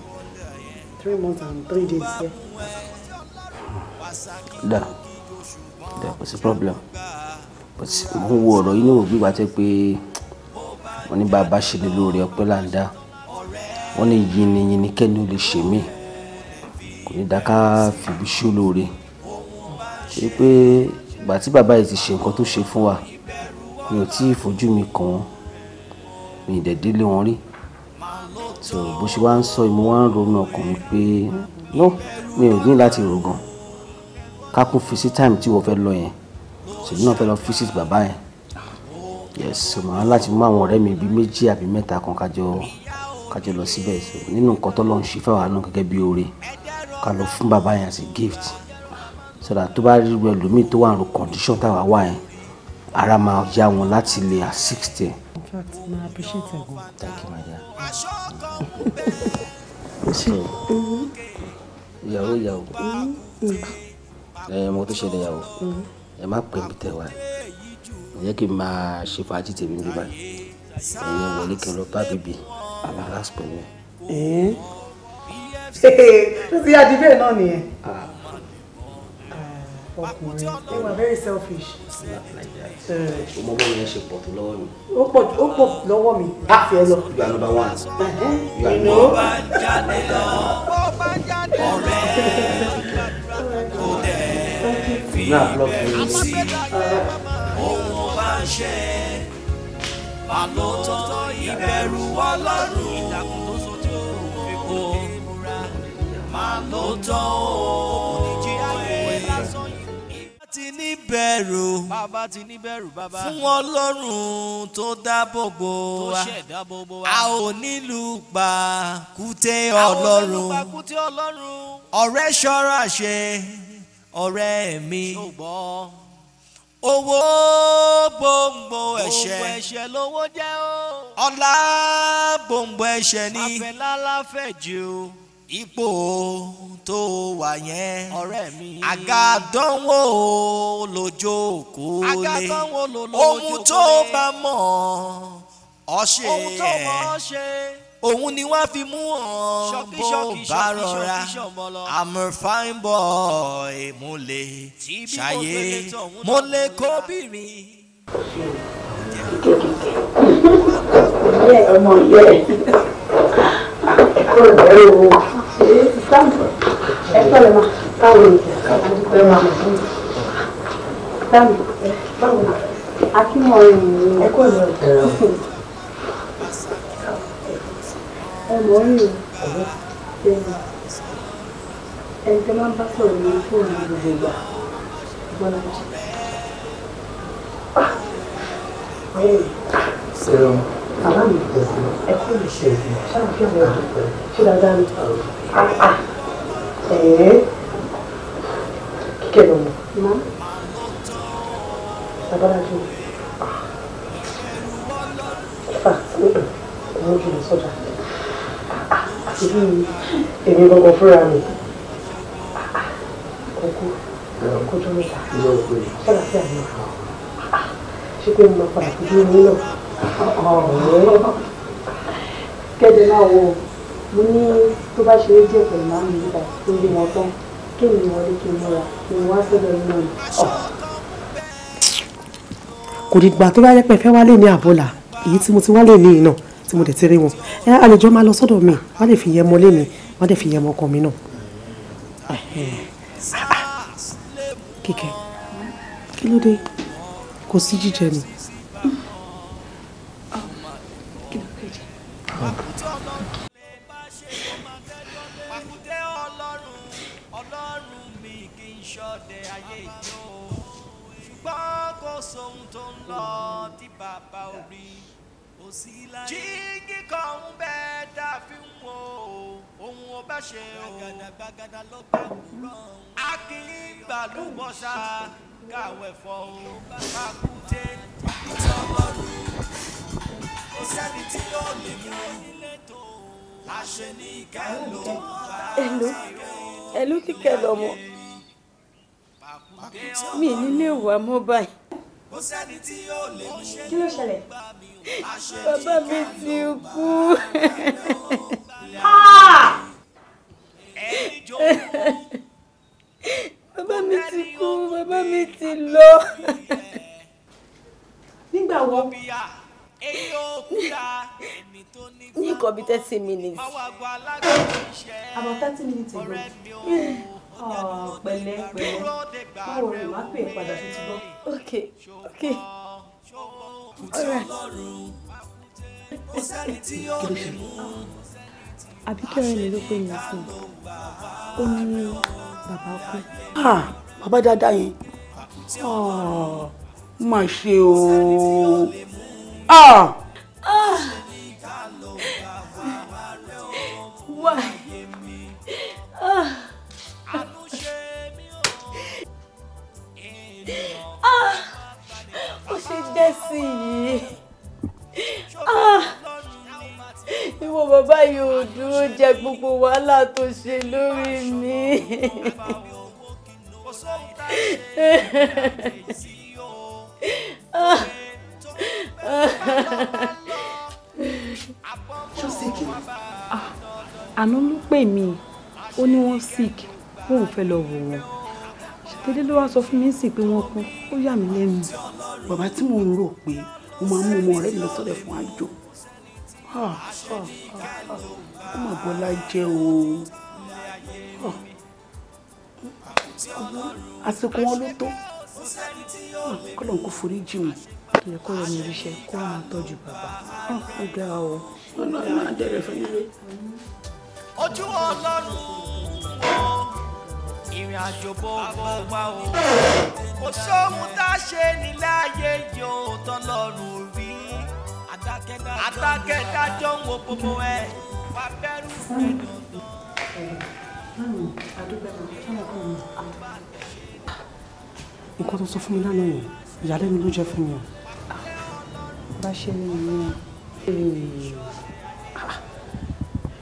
three months and three days yẹ. dà dà kò sí problem but mo ń wo ọ̀rọ̀ yìí ní òbí wa tẹ́ pé wọ́n ní bàbá ṣe ni lóore ọpẹ́ là ń dá wọ́n ní yìnyínyìn kẹ́ni ó lè ṣe mí kò ní dáká fìbí ṣólóore ṣe pé ìgbà tí bàbá yìí ti ṣe nǹkan tó ṣe fún wa mi ò tí ì fojú mi kàn wọ́n mi ì dẹ̀dé lé wọn rí so bó ṣe wá ń sọ ìmú wá ń ronú ọkàn mi pé no mi ò ní láti rò gan ká kún fi sí táìmù tí wọ́n fẹ́ lọ yẹn ṣèlú náà fẹ́ lọ visit bàbá yẹn yes so màá láti mú àwọn ọ̀rẹ́ mi bíi méjì àbí mẹ́ta kan kájọ kájọ lọ síbẹ̀ so nínú nǹkan tó lọ́n ṣe fẹ́ wà nù gẹ́gẹ́ bí oore ká lọ fún bàbá yẹn as a gift so that tó bá rí rẹ lómi tó wà ní condition táwa wà yẹn ara máa yá wọn láti lè assist ẹ. in fact ma appreciate ẹ gan. thank you my dear. Mm. ìyàwó ìyàwó mm-hmm. ẹ mo tó ṣẹlẹ̀ ìyàwó mm-hmm. ẹ má pè mí tẹ̀ wá ẹ jẹ́ kí n máa ṣe fàájì tèmi bí báyìí ẹ̀yin wọlé kẹlọ bá bíbí alaras pẹ̀lú ẹ̀. ṣé àti bẹ́ẹ̀ náà nìyẹn. Ah. Ah, ọkùnrin you are very selfish. o ah. mọ bóyá ṣe pọ̀ tó lọ́wọ́ mi. ó pọ̀ ó pọ̀ lọ́wọ́ mi. a fi ẹ lọ. you are number one. you are number one. ọ̀rẹ́ mi náà lọ́ọ́ fi mi. ọ̀hún bá ṣe àlótọ́ ìbẹ̀rù ọlọ́run ìdàkùn tó sọ tí ó fi kó máa lóòótọ́ òkùnrin jí ayé lásán yìí. bàbá ti ní bẹ̀rù bàbá ti ní bẹ̀rù bàbá fún ọlọ́run tó dáàbò bò wa a ò nílùú gbàkúté ọlọ́run ọ̀rẹ́ ṣọ́ra ṣe ọ̀rẹ́ mi. ṣùgbọ́n owó gbòǹgbò ẹ̀ṣẹ̀ gbòǹgbò ẹ̀ṣẹ̀ lówó jẹ́ o. ọlá gbòǹgbò ẹ̀ṣẹ̀ ni. àfẹ́lá láfẹ̀ jù o. ipò tó wà yẹn. ọ̀rẹ́ mi. àga dánwò lójó kó lè. àga dánwò lójó kó lè. ohun tó bá mọ̀ ọ́ ṣe. ohun tó mọ̀ ọ́ ṣe òun ni wọ́n fi mú hàn bó I'm a fine boy mo lè ṣàyè mo lè kóbìnrin. ọmọ báwo ni ẹ̀kọ́ má báwo ni akínmọ̀ ẹ̀kọ́ lè ọmọ yìí ẹni ẹni tó máa ń bá sọ̀rọ̀ ní fóònù gbogbo ìgbà Bọ́lájí. Ṣéun. Bàbá mi ẹ kú lè ṣe ìgbà ṣáàbí ọ̀rẹ́ ọ̀dọ́ ṣé dáadáa ni. Kíkẹ́ lọ́mọ. Babalaji. Kí fà? Mo jù lọ sọ́jà èmi gbọ́ngàn fúnra mi kókó kó tó mẹ́ta sọ́dà sí àná ṣé pé mo máa padà fojú mi náà kẹ́dẹ̀ máa wọ̀ mo ní tó bá ṣe é díẹ̀ pẹ̀lú máa ń yíra tó lé wọn tán kí èmi wọlé kí n múra kí n wá sọ́dọ̀ iná mi. kò dìgbà tó bá yẹ pé fẹ́ wálé ní àbọ̀là èyí tí mo ti wálé ní iná tí mo dẹ̀ ti rí wọn ẹ àlejò máa lọ sọ́dọ̀ mi wọ́n lè fi yẹ ọmọ lé mi wọ́n lè fi yẹ ọmọ ọkọ mi náà. kíkẹ́ kí ló dé kò sí jíjẹ ni. kí ló sí láyé. jíǹgì kan ń bẹ tá a fi ohun ọba ṣe o. gbàgàdà gbàgàdà ló bá kúrọ̀ ń. a kì í gbàlúbọ̀sà káwẹ̀ fọ́ o. pàkúté ìtọ́lọ́rù kò sẹ́ni tí ó lè mú láṣẹ ní ìkẹlò ẹlò ẹlò kíkẹ lọmọ mi nílé ìwà mọ báyìí kí ló ṣẹlẹ̀ bàbá mi ti kú. bàbá mi ti kú bàbá mi ti lọ. nígbà wo ní nǹkan bíi thirty minutes about thirty minutes ago ah, pẹ̀lẹ́ pẹ̀lẹ́ báwo ni màá pè é padà tó ti gbọ́. ok ok àbíkẹ́rẹ́ mi ló pè mí fún un ó ní bàbá kú. bàbá dáadáa yẹn má ṣe o. why. Ah ṣe jẹ́ sí yìí ah, ìwọ dúró jẹ gbogbo wàhálà tó ṣe lórí mi. Ah, ṣọ́sìkì ah, ló pè mí ó ní wọ́n sick fóun fẹ́ lọ wò wọ́n dédé ló wá sọ fún mi ń sìn pé wọ́n kú ó yà mí lẹ́nu. bàbá tí mò ń rò pé mo máa mú ọmọ ọ̀rẹ́ mi lọ sọ́dọ̀ fún àjò ó mà bọ́lá jẹ́ o àsìkò wọn ló tó kọ́lọ̀ ń kó foríjì wọn. ilé kọ́ lọ ní oríṣẹ́ kó wọn máa bàbá ó ga o. ọlọ́run á dẹ̀rẹ̀ fún ilé. ojú ọlọ́run wọ́n ìrìn àjò bó bó wá o. kò sóhun tá a ṣe nílé yìí ó tán lọ́rùn rí. adákẹ́dájọ́ ń wo gbogbo ẹ̀ wá bẹ̀rù rẹ̀ dandan. nǹkan tó sọ fún mi lánàá yẹn ìyàlẹ́nu ló jẹ́ fún mi o. bá ṣe ní ìyẹn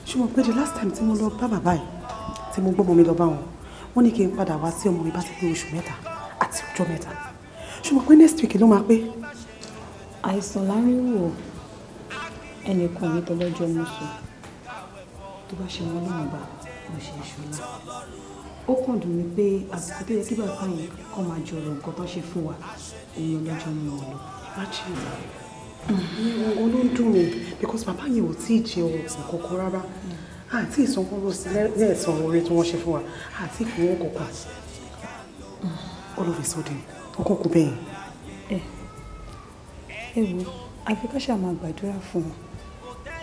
ṣé wọn pé the last time tí mo lọ bá bàbá yìí tí mo gbọ́ mọ́ mi lọ bá wọn wọ́n ní kí n padà wá sí ọmọ mi bá ti pé oṣù mẹ́ta àti ọjọ́ mẹ́ta ṣùgbọ́n pé next week ló máa pé. àìsàn láríwò ẹnìkan mi tọ́lọ́jọ́ mú sùn tó bá ṣe wọn lóun gbà mo ṣe ìṣúná ó kàn dùn mí pé àsìkò tó yẹ kí bàbá yẹn kọ́ máa jọrọ nǹkan tó ṣe fún wa òun ọlọ́jọ́ mi ò lò. ìyẹn olóńdùn mi because bàbá yẹn ò tí ì jẹun ọ̀sán kọ̀ọ̀kan rárá àti ìsanwó sílẹ̀ ní ẹ̀sán oore tí wọ́n ṣe fún wa àti ìfowó kọ̀ọ̀kan all of a sudden ọkọ̀ kò bẹ́yìn. ẹ ẹ wo àfikọ́ṣà máa gbàdúrà fún wọn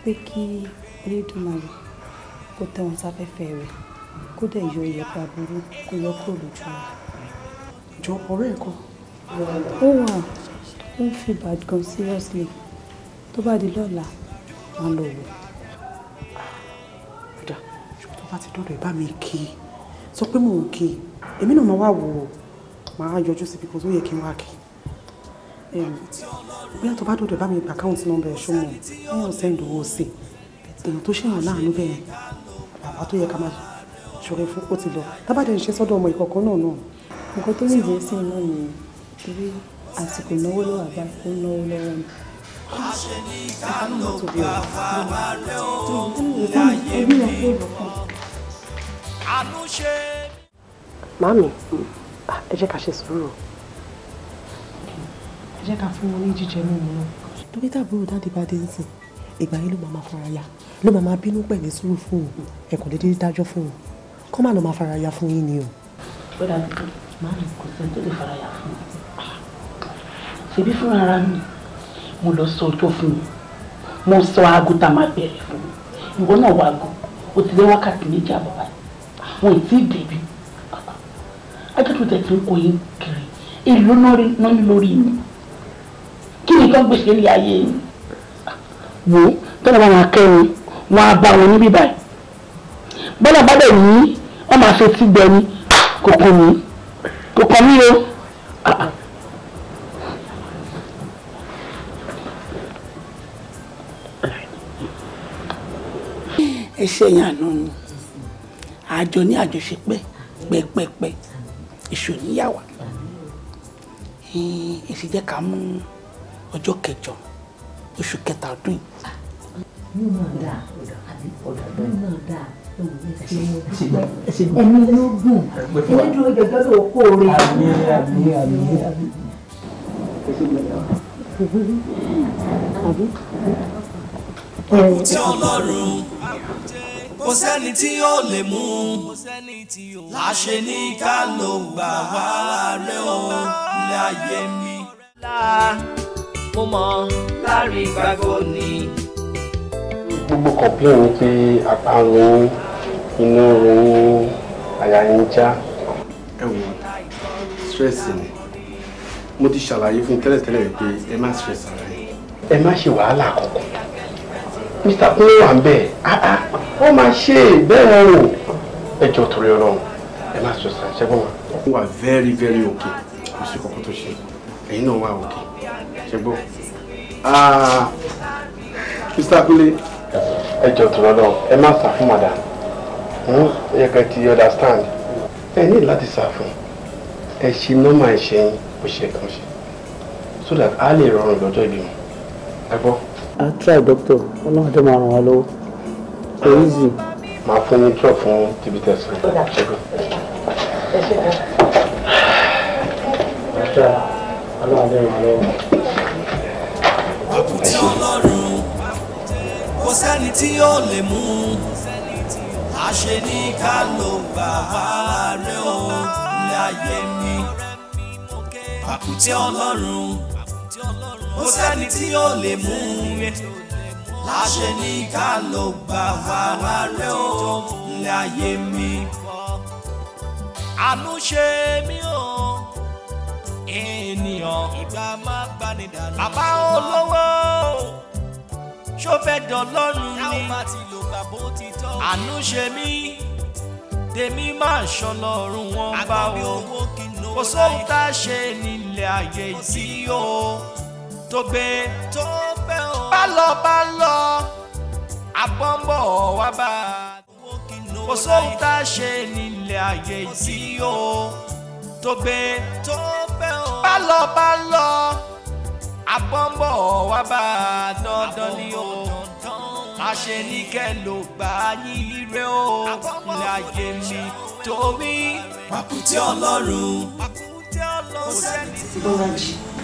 pé kí Elédùmarè kó tẹ́ wọn sáfẹ́fẹ́ rẹ̀ kó dẹ̀ yọ ìyẹ̀pẹ̀ aburú kó yọ kúrò lójú wọn. jọ ọ̀rẹ́ ẹ̀ kan. ó wà ó ń fi bad gan seriously tó bá di lọ́la máa lọ wò bá ti dọ́dọ̀ ẹ̀ bá mi kí i sọ pé mò ń kí i èmi náà máa wá wò ó máa yọjú síbi kan tó yẹ kí n wá kí i bí àtọ́ bá dọ́dọ̀ ẹ̀ bá mi gba account number ẹ̀ ṣọ́mọ ẹ̀ yàn send owó sí i èèyàn tó ṣèyàn láàánú bẹ́ẹ̀ bàbá tó yẹ ká máa ṣọ̀rẹ́ fún ó ti lọ tábàdẹ̀ ń ṣe sọ́dọ̀ ọmọ ìkọ̀kan náà náà. nǹkan tó lè jẹ́ sí iná nìyẹn torí àsìkò ìnáwó ló wà báyìí ó náwó lọ́wọ́ mi àṣẹ ní kánò bàbá rẹ ó mú láyé mi. àánú ṣe. màmí ẹ jẹ́ ká ṣe sùúrù ẹ jẹ́ ká fún wọn ní jíjẹ mímu náà. dókítà àbúrò dáàdì bá dé nsìn ìgbà yẹn ló máa máa fara ya ló máa máa bínú pẹ̀lú sùúrù fún òun ẹ̀kọ́ déédéé dájọ́ fún òun kọ́ máa lọ máa fara ya fún yín ni o. bọ́dà màmí kò sẹ́ni tó lè fara ya fún mi ṣèbí fún ara mi mo lọ sọ ọjọ́ fún mi mo sọ aago tá a máa bẹ̀rẹ̀ fún mi ìwọ náà wá aago o ti lé wákàtí méjì àbọ̀ wọn ò tí ì débi ajẹ́tùtẹ̀ tí ń kó yín kiri ìlú náà ní lórí mi kí ni kán gbèsè ilé ayé yìí wò ó tọ́lá bá wọn kẹ́ni wọn á bá wọn níbí báyìí bọ́lá bá dẹ̀ ní wọ́n máa ṣe tí gbẹ̀ni kò kàn mí kò o. ẹ ṣe yàn nù ni àjọ ní àjọṣe pẹ́ pẹ́pẹ́pẹ́ èṣù níyàwó èsì jẹ́ ká mú ọjọ́ kẹjọ oṣù kẹta ọdún yìí. ló gùn ilé dúró jọjọ́ ló kó o rẹ̀. àmì kò sẹ́ni tí yóò lè mú un láṣẹ ní ká ló gbà wá rẹ o ilé ayé mi. mo mọ lárí gbàgbọ́ ni. gbogbo complain ni pé apá inú ro àyà ń já. ẹ wo stress ni mo ti ṣàlàyé fún tẹ́lẹ̀tẹ́lẹ̀ pé ẹ má stress ara yín ẹ má ṣe wàhálà kankan. Mr. kúnlé wà ń bẹ̀ ah, ah, wọ́n máa ṣe bẹ́ẹ̀ o ẹ jọ torí ọlọ́run ẹ má sọ sàn ṣẹ́gun wa. ó wà very very okay kò sí kankan tó ṣe ẹ̀yin náà wà okay ṣẹ́gun. Ah, Mr. kúnlé ẹ jọ torí ọlọ́run ẹ má sà fún madam hmm, yẹ kẹ́ ti understand ẹ ní láti sà fún ẹ ṣe nọ́mà ẹ̀ṣẹ̀ yín bó ṣe kàn ṣe so that a lè rọrùn lọ́jọ́ ìbímọ ẹ gbọ́ a try doctor ọlọ́run tó máa ràn wá lọ́wọ́ kò easy. máa fún yín drop fún tb test rẹ. ọ̀pọ̀ tí ọlọ́run kò sẹ́ni tí yóò lè mú àṣẹ ní ká ló gbà á rẹ ó láyé mi pàkúté ọlọ́run kò sẹ́ni tí ó lè mú rẹ̀ láṣẹ ní ká ló gbà wá rárẹ̀ ó lè ayé mi. àánú ṣe mí o ènìyàn ìgbà máa bá ní dànù. bàbá olówó ṣó fẹ́ dọ̀lọ́run ni àánú ṣe tèmi máa ṣọlọ́run wọn bá o kò sóhun tá a ṣe nílẹ̀ ayé yìí o tó bẹ́ tó bẹ́ ọ̀ bá lọ bá lọ abọ́nbọ̀ wá bá kò sóhun tá a ṣe nílẹ̀ ayé yìí o tó bẹ́ tó bẹ́ ọ̀ bá lọ bá lọ abọ́nbọ̀ wá bá dandan ni o àṣẹ ní kẹ́ ló gbà yín rẹ o ilé ayé mi torí pàkúté ọlọ́run kò sẹ́ni tó lọ́ra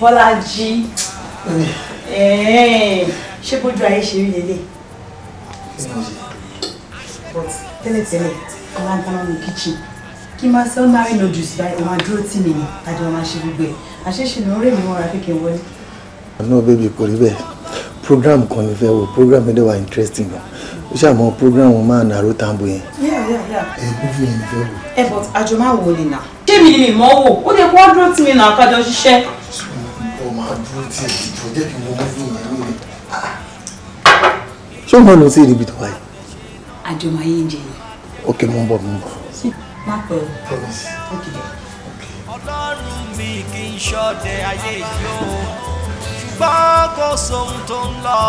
Bọ́lájí ṣé bójú ayé ṣe rí lélẹ̀ tẹ́lẹ̀tẹ́lẹ̀ ọ̀la ń dáná ní kíchìn kí máa sọ márùn ní ojú sí báyìí ọmọ dúró tì mí ni àjọ máa ṣe gbogbo ẹ̀ àṣeṣe ló ń rè mí kékeré wọlé. àná bébí kò rí bẹ́ẹ̀ program kan ni fẹ́ wo program yẹn dẹ̀ wà interesting gan ó ṣàmọ́ program máa nàró tambo yẹn. ẹ kún fún yẹn ni fẹ́ wò. ẹ bọ̀ àjọ máa wò ó lè nà. ṣé mi ni mi mọ́ wò ó lè kó wá dúró tì nà kájọ ṣiṣẹ́ máa dúró tí èyí tó jẹ́ kí wọ́n mú ìyẹn ní. ṣé o máa lọ sí ìrìbí tó wáyé. àjọ máa yé jẹ yìí. ok mo ń bọ̀ mo ń bọ̀. ọlọ́run mi kì í ṣọdẹ ayé yìí o ṣùgbọ́n kò sóhun tó ń lọ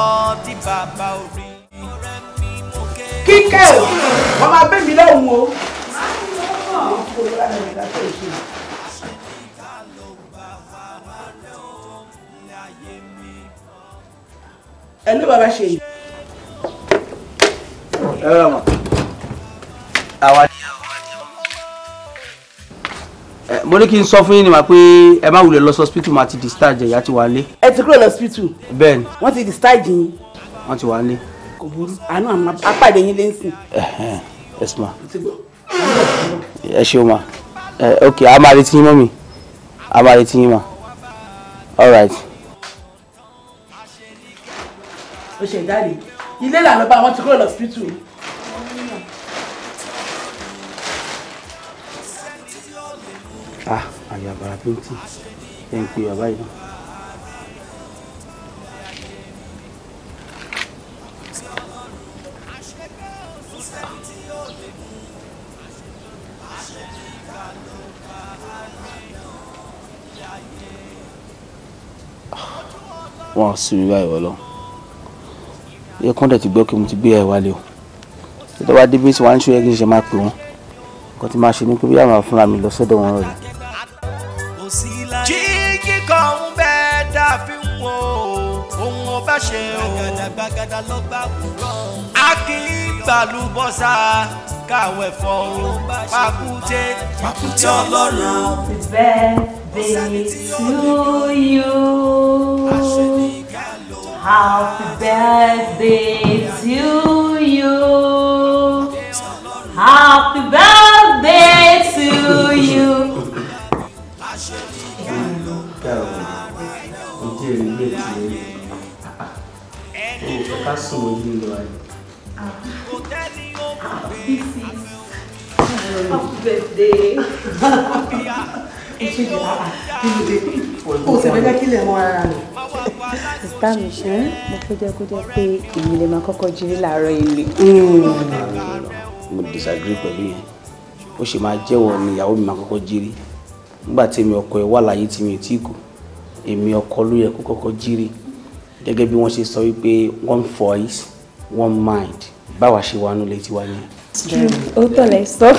tí bàbá orí. kíkẹ́ o wọ́n máa bẹ́ mi lẹ́hùn o. ẹ ló bàbá ṣe yìí. ẹ rẹ mọ àwa. mo ní kí n sọ fún yín ni mà pé ẹ má wulẹ̀ lọ sí hospital máa ti discharge ìyá ti wà lé. ẹ ti kúrò lọ hospital. bẹ́ẹ̀ni. wọ́n ti discharge yín. wọ́n ti wà lé. kò burú àánú àmọ́ apàdé yín lé ń sìn. yes ma. ẹ ṣeun ma ok a máa retí yín mọ́ mi a máa retí yín ma all right. ó ṣe ìdáre ilé ìlànà bá wọn ti kúrò lọ ah àyà bàrà pínpín ẹ ń pè bàbá yìí náà. wọn sì ń báyìí wọlọ ẹkún dẹ̀ ti gbọ́ kí mo ti gbé ẹ wálé o ìjọba bá débi sí wàá ń ṣe ẹgbẹ́ ṣe máa pè wọ́n nǹkan tí máa ṣe ni pé bí àwọn afúnra mi lọ sọ́dọ̀ wọn rẹ̀. jíjí kan ń bẹ dàbí wọn o òun ò ṣe o gbàgàdàgbàgàdà ló bá a kì í gbàlúbọ́sà káwé fọ́ o pàkúté pàkúté ọlọ́run. happy birthday to you. Happy birthday to you. Happy birthday to you. Happy birthday. Happy birthday. Kò sí fẹ́ jẹ́ sísá mi mo fẹ́ jẹ́ kó jẹ́ pé èmi lè máa kọ́kọ́ jírí láàárọ̀ ilé. Hmm. mo disagree pẹ̀lú yẹn ó ṣe máa jẹ́wọ́ ni ìyàwó mi máa kọ́kọ́ jírí nígbà tí èmi ọkọ ẹ̀ wà láyé tí mi ò tí kù èmi ọkọ ló yẹ kó kọ́kọ́ jírí gẹ́gẹ́ bí wọ́n ṣe sọ wípé one voice one mind báwa ṣe wà nílé tiwa yẹn. ó tọ̀lẹ̀ sọ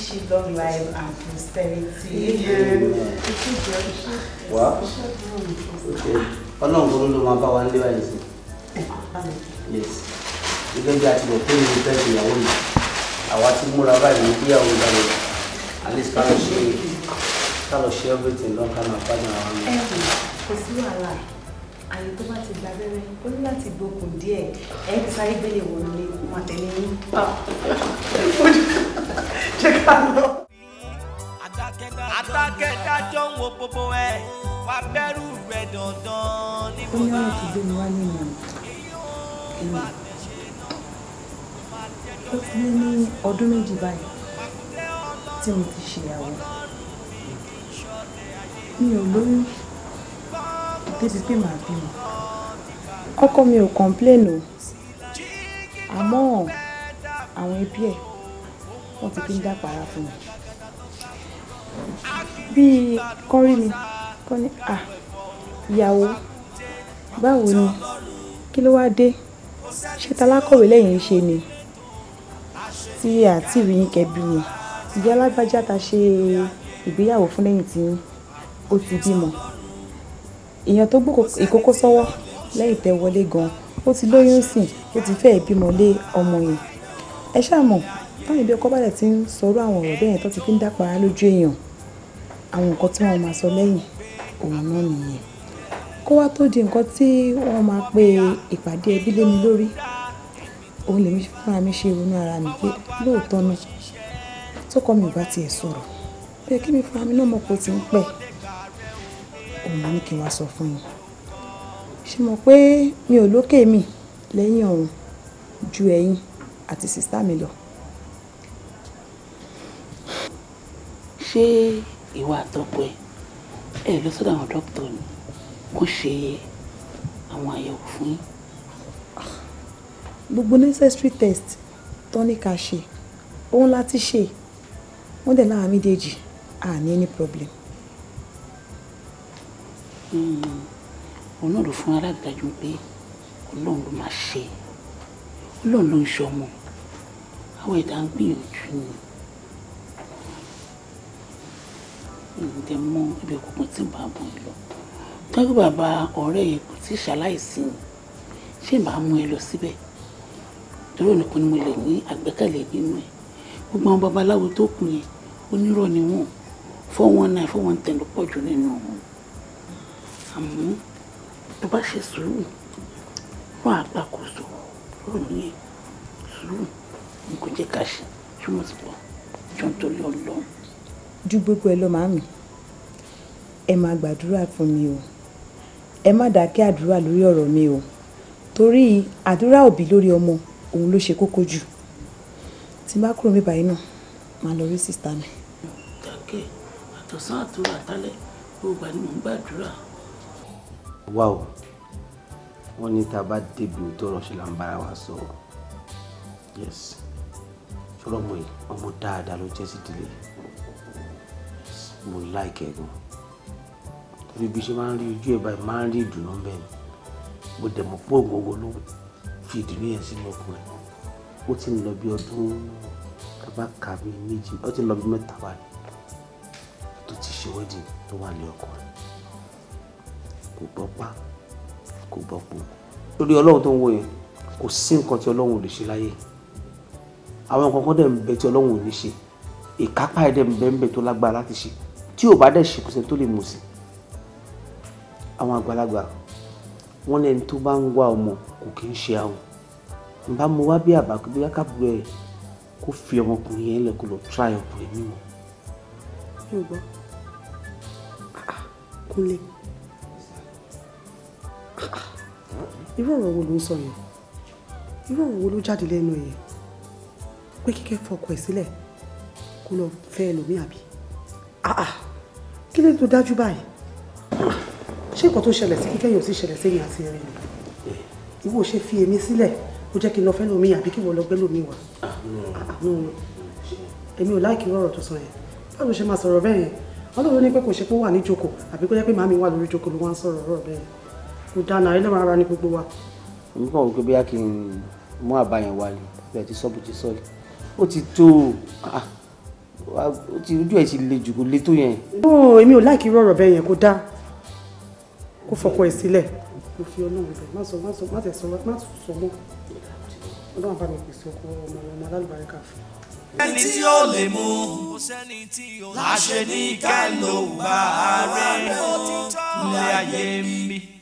wish you long life and prosperity. wá okay ọlọ́run kọ́ ló máa bá wa nílé wáyé sí yes gẹ́gẹ́ bí a ti mọ̀ pé mi fẹ́ ṣe ìyàwó mi àwa ti múra báyìí ní ìyàwó ìyàwó at least ká lọ ṣe ká lọ ṣe everything lọ́kàn náà fájà àwọn mi. ẹ kò sí wàhálà àyè tó bá ti gba abẹ́rẹ́ ó ní láti gbókun díẹ̀ ẹ̀ ń sáré gbélé wọ̀ lórí ọmọ àtẹ̀lé yín. ṣé ah. ká lọ. adákẹ́dájọ́ ń wo gbogbo ẹ̀ wá bẹ́rù rẹ̀ dandan níbo náà. ó ní ọ̀rọ̀ tó gbé mi wá ní ìlànà ó ti lé ní ọdún méjì báyìí tí mo ti ṣèyàwó mi ò lóyún débi pé màá bímọ kọ́kọ́ mi ò complain o àmọ́ àwọn ẹbí ẹ̀ wọ́n ti fi ń dápara fún mi bíi kọ́rí mi kọ́ ni à ìyàwó báwo ni kí ló wá dé ṣé talákọ̀wé lẹ́yìn ń ṣe ni tí àti ìrìn kẹbi yẹn ìyá alágbájá ta ṣe ìgbéyàwó fún lẹ́yìn tí ó ti bímọ èèyàn tó gbé ìkókó sọ́wọ́ lẹ́yìn tẹ́ wọlé gan-an ó ti lóyún sìn ó ti fẹ́ẹ́ bímọ lé ọmọ yẹn ẹ ṣáà mọ̀ táwọn ìbí ọkọ balẹ̀ ti ń sọ̀rọ̀ àwọn ọ̀rọ̀ bẹ́ẹ̀ yẹn tó ti fi ń dápara lójú èèyàn àwọn nǹkan tí wọ́n máa sọ lẹ́yìn òun náà nìyẹn kó wá tó di nǹkan tí wọ́n máa pe ìpàdé ẹbí lé mi lórí òun lèmi fúnra mi ṣe ronú ara mi pé lóòótọ́ náà tọkọ mi ò bá tiẹ̀ sọ̀rọ̀ bẹ́ẹ̀ kí mi fúnra mi náà mọ̀ pé ó ti ń pẹ́ òun mo ní kí n wá sọ fún yín ṣé mo pé mi ò lókè mi lẹ́yìn ọ̀run ju ẹ̀yin àti sìstá mi lọ. ṣé ìwà àtọkọ ẹ ẹ lọ sọ́dọ̀ àwọn dókítà ni kò ṣe àwọn àyẹ̀wò fún yín. gbogbo necessary test tó ní ká ṣe òun láti ṣe wọ́n dẹ̀ láwọn méjèèjì àní any problem òun náà ló fún alágbájú pé ọlọ́run ló máa ṣe ọlọ́run ló ń ṣe ọmọ àwọn ẹ̀dá ń gbìyànjú ni ǹdẹ mọ ibi òkùnkùn tí bàbá ẹ lọ tọ́jú bàbá ọ̀rẹ́ yẹn kò tí ì ṣaláìsí ni ṣé màá mú ẹ lọ síbẹ̀ torí òun kò ní mo lè ní àgbẹ́kẹ̀lé nínú ẹ̀ gbogbo àwọn babaláwo tó kù yẹn onírọ̀ ni wọ́n fọ́ wọn náà fọ́ wọn tẹ̀ ló pọ̀ jù nínú wọn àmọ́ tó bá ṣe sùúrù fún àgbàkóso lọ́rọ̀ yẹn sùúrù n kò jẹ́ ká ṣe tí mo ti pọ̀ jọ nítorí ọlọ́run. ju gbogbo ẹ lọ màámi ẹ máa gbàdúrà fún mi o ẹ má dákẹ́ àdúrà lórí ọ̀rọ̀ mi o torí àdúrà òbí lórí ọmọ òun ló ṣe kókó jù tí n bá kúrò mi báyìí náà máa lọ rí sísá mi. dákẹ́ àtọ̀sán àtúrà tálẹ̀ gbogbo àni mò ń gbàdúrà wá o wọ́n ní tá a bá débi òótọ́ ọ̀rọ̀ ṣe là ń bára wa sọ ọ́ yes ṣọlọ́ ọmọ yìí ọmọ dáadáa ló jẹ́ sí ìdílé mo láìkẹ́ gan torí bí ṣe máa ń rí ojú ẹ̀ báyìí máa ń rí ìdùnnú bẹ́ẹ̀ ni mo dẹ̀ mọ̀ pé òun owó ló fi ìdùnnú yẹn sínú ọkùnrin ó ti ń lọ bí ọdún bá méjì ó ti lọ bí mẹ́ta báyìí tó ti ṣe wedding tó wà ní ọkọ kò gbọ́ pa kò gbọ́ po lórí ọlọ́run tó ń wò yẹn kò sí nǹkan tí ọlọ́run ò lè ṣe láyé àwọn nǹkan kan dẹ̀ ń bẹ tí ọlọ́run ò ní ṣe ìkápá ẹ̀ dẹ̀ ń bẹ ń bẹ tó lágbára láti ṣe tí ò bá dẹ̀ ṣe kò sẹ́ni tó lè mọ̀ sí àwọn àgbàlagbà wọ́n lẹ́ni tó bá ń wá ọmọ kò kí ń ṣe àwọn nbá mo wá bí àbá bí akábùrú ẹ kó fi ọmọkùnrin yẹn lẹ kó lọ try ọkùnrin mímọ. Kúnlẹ̀ irú ọ̀rọ̀ wo ló ń sọ yẹn irú ọ̀rọ̀ wo ló jáde lẹ́nu yẹn pé kíkẹ́ fọkọ ẹ̀ sílẹ̀ kó lọ fẹ́ ẹlòmíì àbí kí ló tó dájú báyìí ṣé nǹkan tó ṣẹlẹ̀ sí kíkẹ́ yóò sì ṣẹlẹ̀ sẹ́yìn àti ẹ̀rín ni ìwọ ṣe fi èmi sílẹ̀ ó jẹ́ kí n lọ fẹ́ lómi àbí kí wọ́n lọ gbé lómi wá èmi ò láìkí ọ̀rọ̀ tó sọ yẹn báwo ló ṣe máa sọ̀rọ̀ bẹ́ẹ̀ yẹn ọlọ́run ní pé kò ṣe pé ó wà ní jókòó àbí kó jẹ́ pé màmí wà lórí jókòó ló wá ń sọ̀rọ̀ ọ̀rọ̀ bẹ́ẹ̀ kò dáná ayé náà ra ní gbogbo wa. èmi kàn wò pé bóyá kí mú àbáyẹn wálé bẹ́ẹ̀ ti sọ́ọ̀bù ti sọ́ọ̀lì ó ti tó ah, ah, ó ti ojú ẹ̀ ti le jù kó le tó yẹn. ó èmi ò láìkí rọ̀rọ̀ bẹ́ẹ̀ yẹn kó dáa kó fọkọ ẹ̀ sílẹ̀ mo fi ọlọ́run bẹ̀ má sọ má sọ má tẹ̀ sọ má sọ mọ́ ọlọ́run bá mi pèsè ọkọ ọmọ ọmọ alálùbáríkà fún ẹni tí ó lè mú láṣẹ ní ká ló ilé ayé mi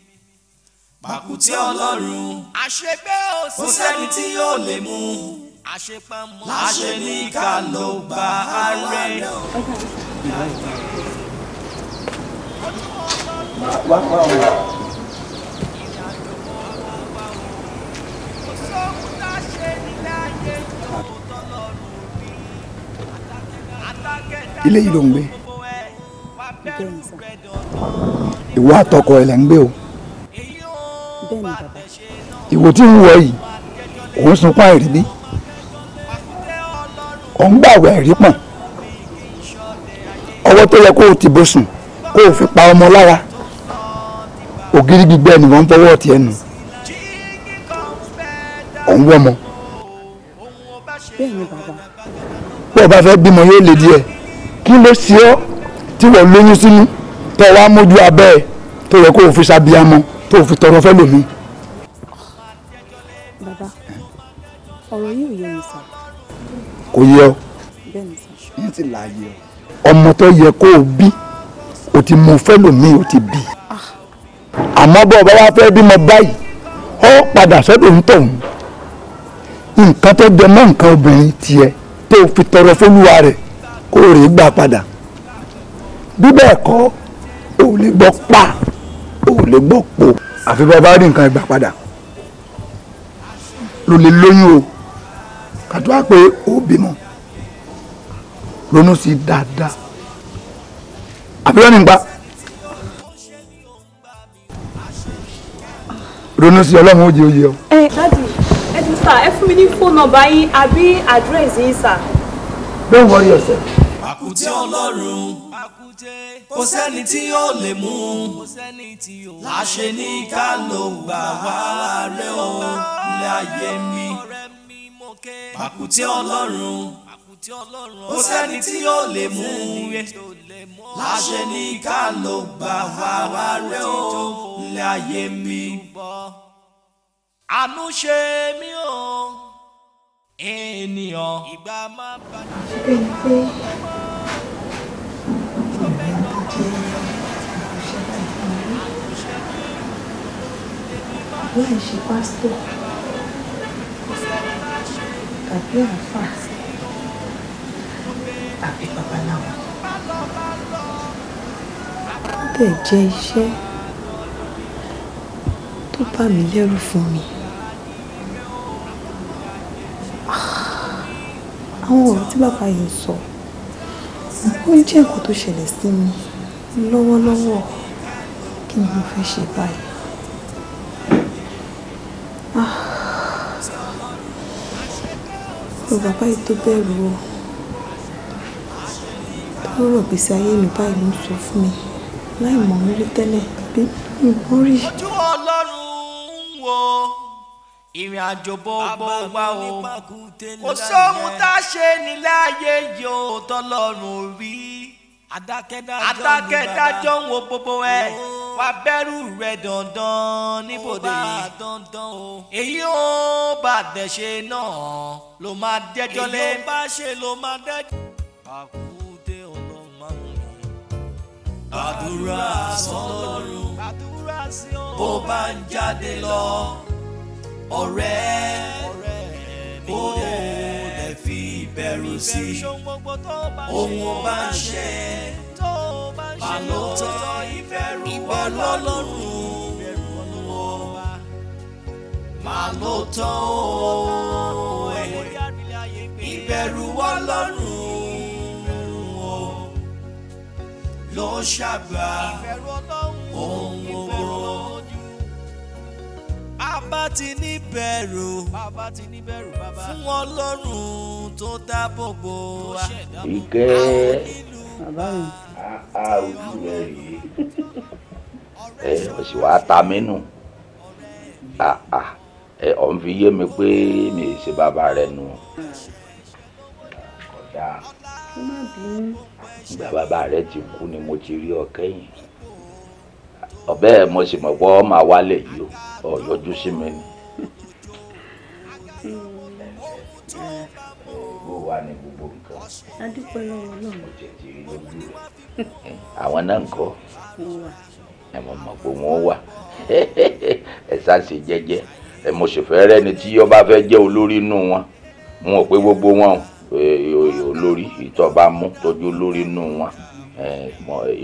pàkúté ọlọ́run àṣegbé ò sẹ́ni tí yóò lè mú láṣẹ ní ká ló gba ààrẹ. ilé yìí ló ń gbé ìwọ àtọkọ ẹ lẹ ń gbé o bẹ́ẹ̀ ni bàbá. ìwò tí ń wọ yìí òun sunkún àìrí bí òun gbàwé àìrí pọ̀n ọwọ́ tó yẹ kó o ti bó sùn kó o fi pa ọmọ lára ògiri gbígbẹ ni wọ́n ń fọwọ́ tiẹ̀ nù òun wọ́ ọmọ. bẹ́ẹ̀ ọba fẹ́ bímọ yóò lè díẹ̀ kí ló ṣe ọ́ tí wọ́n lóyún sínú tọ́ wa mójú abẹ́ ẹ̀ tó yẹ kó o fi ṣàbíyá mọ́ tó fi tọrọ fẹ́ lòmí. bàbá ọ̀rọ̀ yìí ò yé mi sà. kò yẹ ọ yín ti là yẹ ọ ọmọ tó yẹ kó o bí o ti mú fẹ́ lòmí o ti bí ah. àmọ́ bọ́ ọba wa fẹ́ bímọ báyìí ọ padà sọ́dọ̀ ń tọ̀hún nǹkan tó dẹ mọ́ nǹkan obìnrin tiẹ̀ tó fi tọrọ fólúwa rẹ̀ kó o rè é gbà padà bí bẹ́ẹ̀ kọ́ ò lè gbọ́ pa ò lè gbòpò àfi bá bá rí nǹkan ìgbà padà ló lè lóyún o kàtó wá pé ó bímọ ronú sí dáadáa àbí lọ́nìí pa ronú sí ọlọ́run ó jẹ oyè ọ. ẹ dáàdì ẹ ti sà ẹ fún mi ní fóònù nọ́mbà yín àbí àdírẹ́sì yín sà. don't worry yourself. àkùtì ọlọ́run kò sẹ́ni tí ó lè mú láṣẹ ní ká ló gbà wá rẹ̀ ó lé ayé mi pàkúté ọlọ́run kò sẹ́ni tí ó lè mú láṣẹ ní ká ló gbà wá rẹ̀ ó lé ayé mi. àánú ṣe mí o ènìyàn. ìgbà máa bá a. àbí ẹ̀ ń ṣe pásítọ̀ tàbí àáfà àbí babaláwo ó dẹ̀ jẹ́ iṣẹ́ tó bà mí lẹ́rù fún mi. àwọn ọ̀rọ̀ tí bàbá yìí sọ ó ń jẹ́ nǹkan tó ṣẹlẹ̀ sí mi lọ́wọ́lọ́wọ́ kí ni mo fẹ́ ṣe báyìí mo ah. bàbá yìí tó bẹ̀rù o tó rọ̀ gbèsè ayé mi báyìí ló sọ fún mi láì mọ̀ mí rí bí mi ò rí. ojú ọlọ́run wo ìrìn àjò bọ́ọ̀bọ́ wa o kò sóhun tá a ṣe nílé ayé yìí ó tọ́lọ́run rí adákẹ́dájọ́ ń wo gbogbo ẹ̀ wá bẹ̀rù rẹ̀ dandan níbòde yìí èyí ó bá dẹ̀ ṣe náà ló máa dẹ́jọ́ lé. èyí ó bá ṣe ló máa dẹ́jọ́. àkúté ọlọ́run máa ń mi. àdúrà sọlọ́run bó bá ń jáde lọ ọ̀rẹ́ bó lè fi bẹ̀rù sí ohun ọba ń ṣe pàlọ́tọ̀ ìbẹ̀rù ọlọ́run pàlọ́tọ̀ ìbẹ̀rù ọlọ́run ló ṣàbà ohun gbogbo bàbá ti ní bẹ̀rù bàbá ti ní bẹ̀rù bàbá fún ọlọ́run tó dáàbò bò wá. ìkẹ́ bàbá mi. a ojú rẹ rèé ẹ ọ̀sì wàá ta mí ẹ ọ̀ fi yé mi pé mi ì ṣe bàbá rẹ nù kódà bàbá rẹ ti kú ni mo ti rí ọ kẹ́yìn ọbẹ̀ ẹ̀ mo sì mọ̀ pé ọ máa wálé yìí o ọ̀yọ́jú sí mi ni. bó wà ní gbogbo nǹkan. adúpẹ́ lọ́wọ́ náà. mo jẹ ti rí lójú rẹ̀. àwọn náà ń kọ́. ẹ mọ̀ mọ̀ pé wọ́n wà ẹ sáàsì jẹ́jẹ́ ẹ mo sì fẹ́ rẹ́ni tí ọba fẹ́ jẹ́ olórí inú wọn mo mọ̀ pé gbogbo wọn olórí ìtọ́ bá mú tọ́jú olórí inú wọn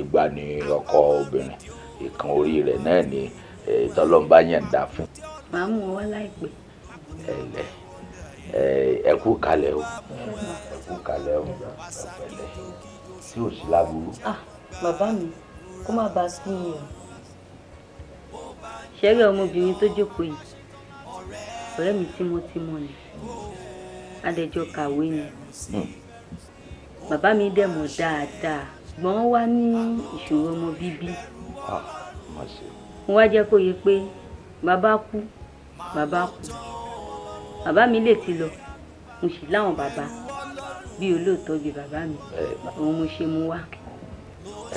ìgbà ni ọkọ obìnrin ìkan orí rẹ̀ náà ni ìtọ́lọ́mbá eh, yàn dá fún. màá mú wọn láìpẹ́. ẹ lẹ eh, ẹ kú kalẹ̀ o ẹ kú kalẹ̀ o ọ̀pẹ̀lẹ̀ tí ò sí láburú. ah bàbá mi kó má bàa sí mi o ṣẹ́rẹ́ ọmọbìnrin tó jókòó yìí ọ̀rẹ́ mi tímọ́tímọ́ ni adẹjọ kàwé ni hmm. bàbá mi dẹ̀ mọ̀ dáadáa gbọ́n wá ní ìṣòro ọmọ bíbí. Ah mo wá jẹ́ kó yé pé bàbá kú bàbá kú bàbá mi lè ti lọ mo sì láwọn bàbá bí olóòótọ́ bíi bàbá mi òun mo ṣe mú wá.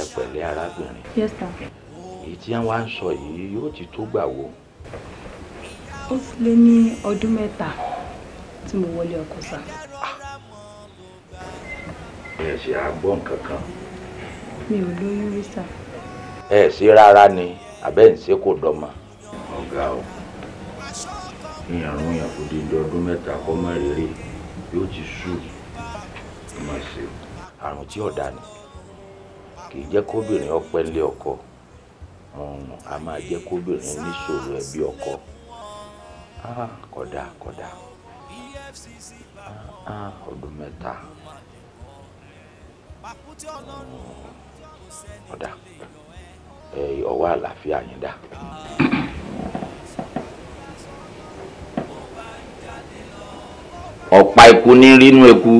ẹ pẹ̀lẹ́ arábìnrin èyí tí wọ́n wá ń sọ yìí yóò ti tó gbà wo. ó ti lé ní ọdún mẹ́ta tí mo wọlé ọkọ sá. ẹ ah! ṣe àgbọn kankan. mi ò lóyún rí sáà. ẹ sí rárá ni àbẹ́ ǹṣe kò dọ́mọ. ọ̀gá o ìyàrún yàn kò di ọdún mẹ́ta kọ́ yóò ti sú ọmọ ṣe. àrùn tí ọ̀dà ni kì í jẹ́ kóbìnrin ọkọ a máa jẹ́ kóbìnrin níṣòro ẹbí ọkọ a ah, kódà ah, ah, ọdún mẹ́ta ọwọ́ àlàáfíà yín dà. ọ̀pá ikú ní rínú eku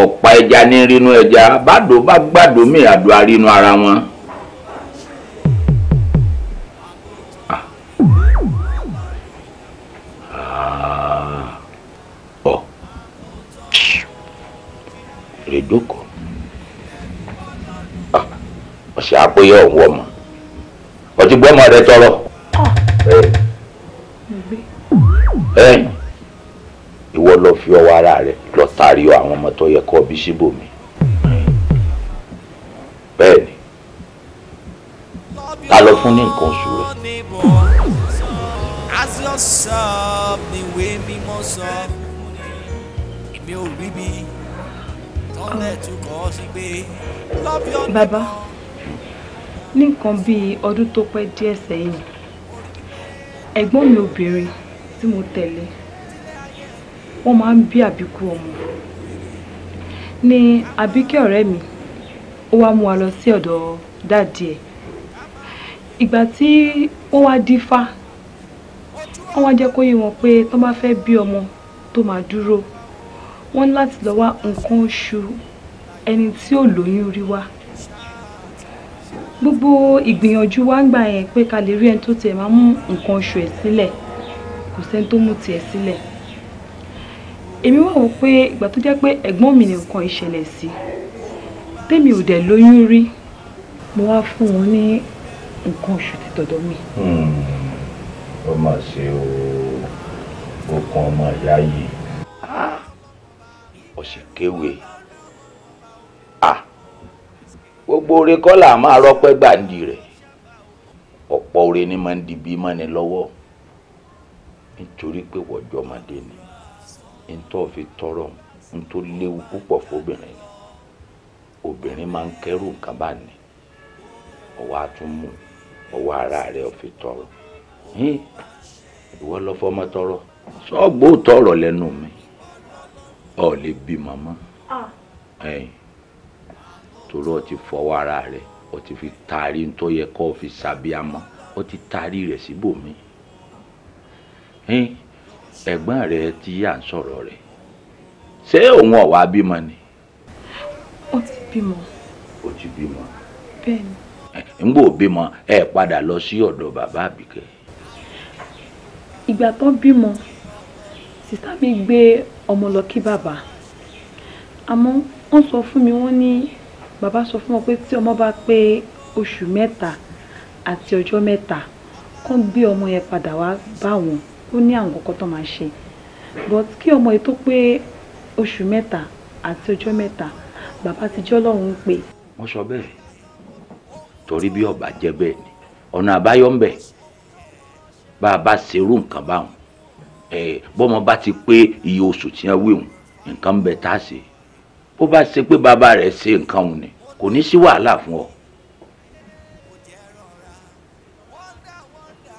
ọ̀pá ẹja ní rínú ẹja bàdó bá gbàdó mi àdó arínú ara wọn. Ah. Ah. rèjoko ọ̀sẹ̀ àpéyẹ ọ̀hún ọmọ ọtí gbọ́mọ rẹ tọrọ. ìwọ lọ fi ọwọ́ ara rẹ lọ tàrí àwọn ọmọ tó yẹ kó bí síbòmí bẹ́ẹ̀ ta ló fún ní nǹkan oṣù rẹ. Bàbá ní nǹkan bíi ọdún tó pẹ́ díẹ̀ sẹ́yìn ẹ̀gbọ́n mi obìnrin tí mo tẹ̀lé wọ́n máa ń bí àbíkú ọmọ ní àbíkẹ́ ọ̀rẹ́ mi ó wá mú wa lọ sí ọ̀dọ̀ dáàdì ẹ̀ ìgbà tí wọ́n wá dífá wọ́n wá jẹ́ kó yé wọn pé tó bá fẹ́ bí ọmọ tó máa dúró wọ́n láti lọ wá nǹkan oṣù ẹni tí ò lóyún rí wá gbogbo ìgbìyànjú wa ń gbà yẹn pé ká lè rí ẹni tó tiẹ̀ máa mú nǹkan oṣù ẹ̀ sílẹ̀ kò sẹ́ni tó mú tiẹ̀ sílẹ̀ èmi wà wò pé ìgbà tó jẹ́ pé ẹ̀gbọ́n mi ni nǹkan ìṣẹ̀lẹ̀ sí tèmi ò dẹ̀ lóyún rí mo wá fún wọn ní nǹkan oṣù ti dọ̀dọ̀ mi. Hmm, ó mà ṣe o ó kan ọmọ ìyá yìí ah, ó sì kéwèé. gbogbo oore kọ́ là máa rọ́pẹ́ gbàǹdì rẹ̀ ọ̀pọ̀ oore ni máa ń di bí mọ́ni lọ́wọ́ nítorí pé wọ́jọ́ ọmọdé ni ntọ́ fi tọrọ ntọ́ léwu púpọ̀ fóbìnrin ni obìnrin máa ń kẹ́rù nǹkan bá ní ọwọ́ àtúmù ọwọ́ ara rẹ̀ ọ̀fi tọrọ ìwọ lọ́fọ́ ọmọ tọrọ sọ́ọ̀gbó tọrọ lẹ́nu mi ọ̀ lè bí màmá. torí ọ ti fọwọ́ ara rẹ̀ ọ ti fi taari tó yẹ kó fi ṣàbíamọ́ ó ti taari rẹ̀ síbòmí. ẹ̀gbọ́n rẹ̀ ti yà ń sọ̀rọ̀ rẹ̀ ṣé òun ọ̀wá bímọ ni. o ti bímọ. ó ti bímọ. bẹ́ẹ̀ni. ń gbọ́ bímọ ẹ padà lọ sí ọ̀dọ̀ bàbá àbíkẹ́. ìgbà tó bímọ sìtá mi gbé ọmọ lọ kí bàbá àmọ́ wọ́n sọ fún mi wọ́n ní. Ni bàbá sọ fún wọn pé tí ọmọ bá pé oṣù mẹ́ta àti ọjọ́ mẹ́ta kán gbé ọmọ yẹn padà wá bá wọn ó ní àwọn kọ̀ọ̀kan tó máa ṣe but kí ọmọ yẹn tó pé oṣù mẹ́ta àti ọjọ́ mẹ́ta bàbá ti jọ́ lọ́hùn ún pé. wọ́n sọ bẹ́ẹ̀ torí bí ọba jẹ́ bẹ́ẹ̀ ni ọ̀nà àbáyọ ń bẹ bá a bá ṣerú nǹkan báwọn bọ́mọ bá ti pé iye oṣù tí wọ́n wí òun nǹkan ń bẹ tá a ṣe bó bá ṣe pé bàbá rẹ̀ ṣe nǹkan òun ni kò ní sí wàhálà fún ọ.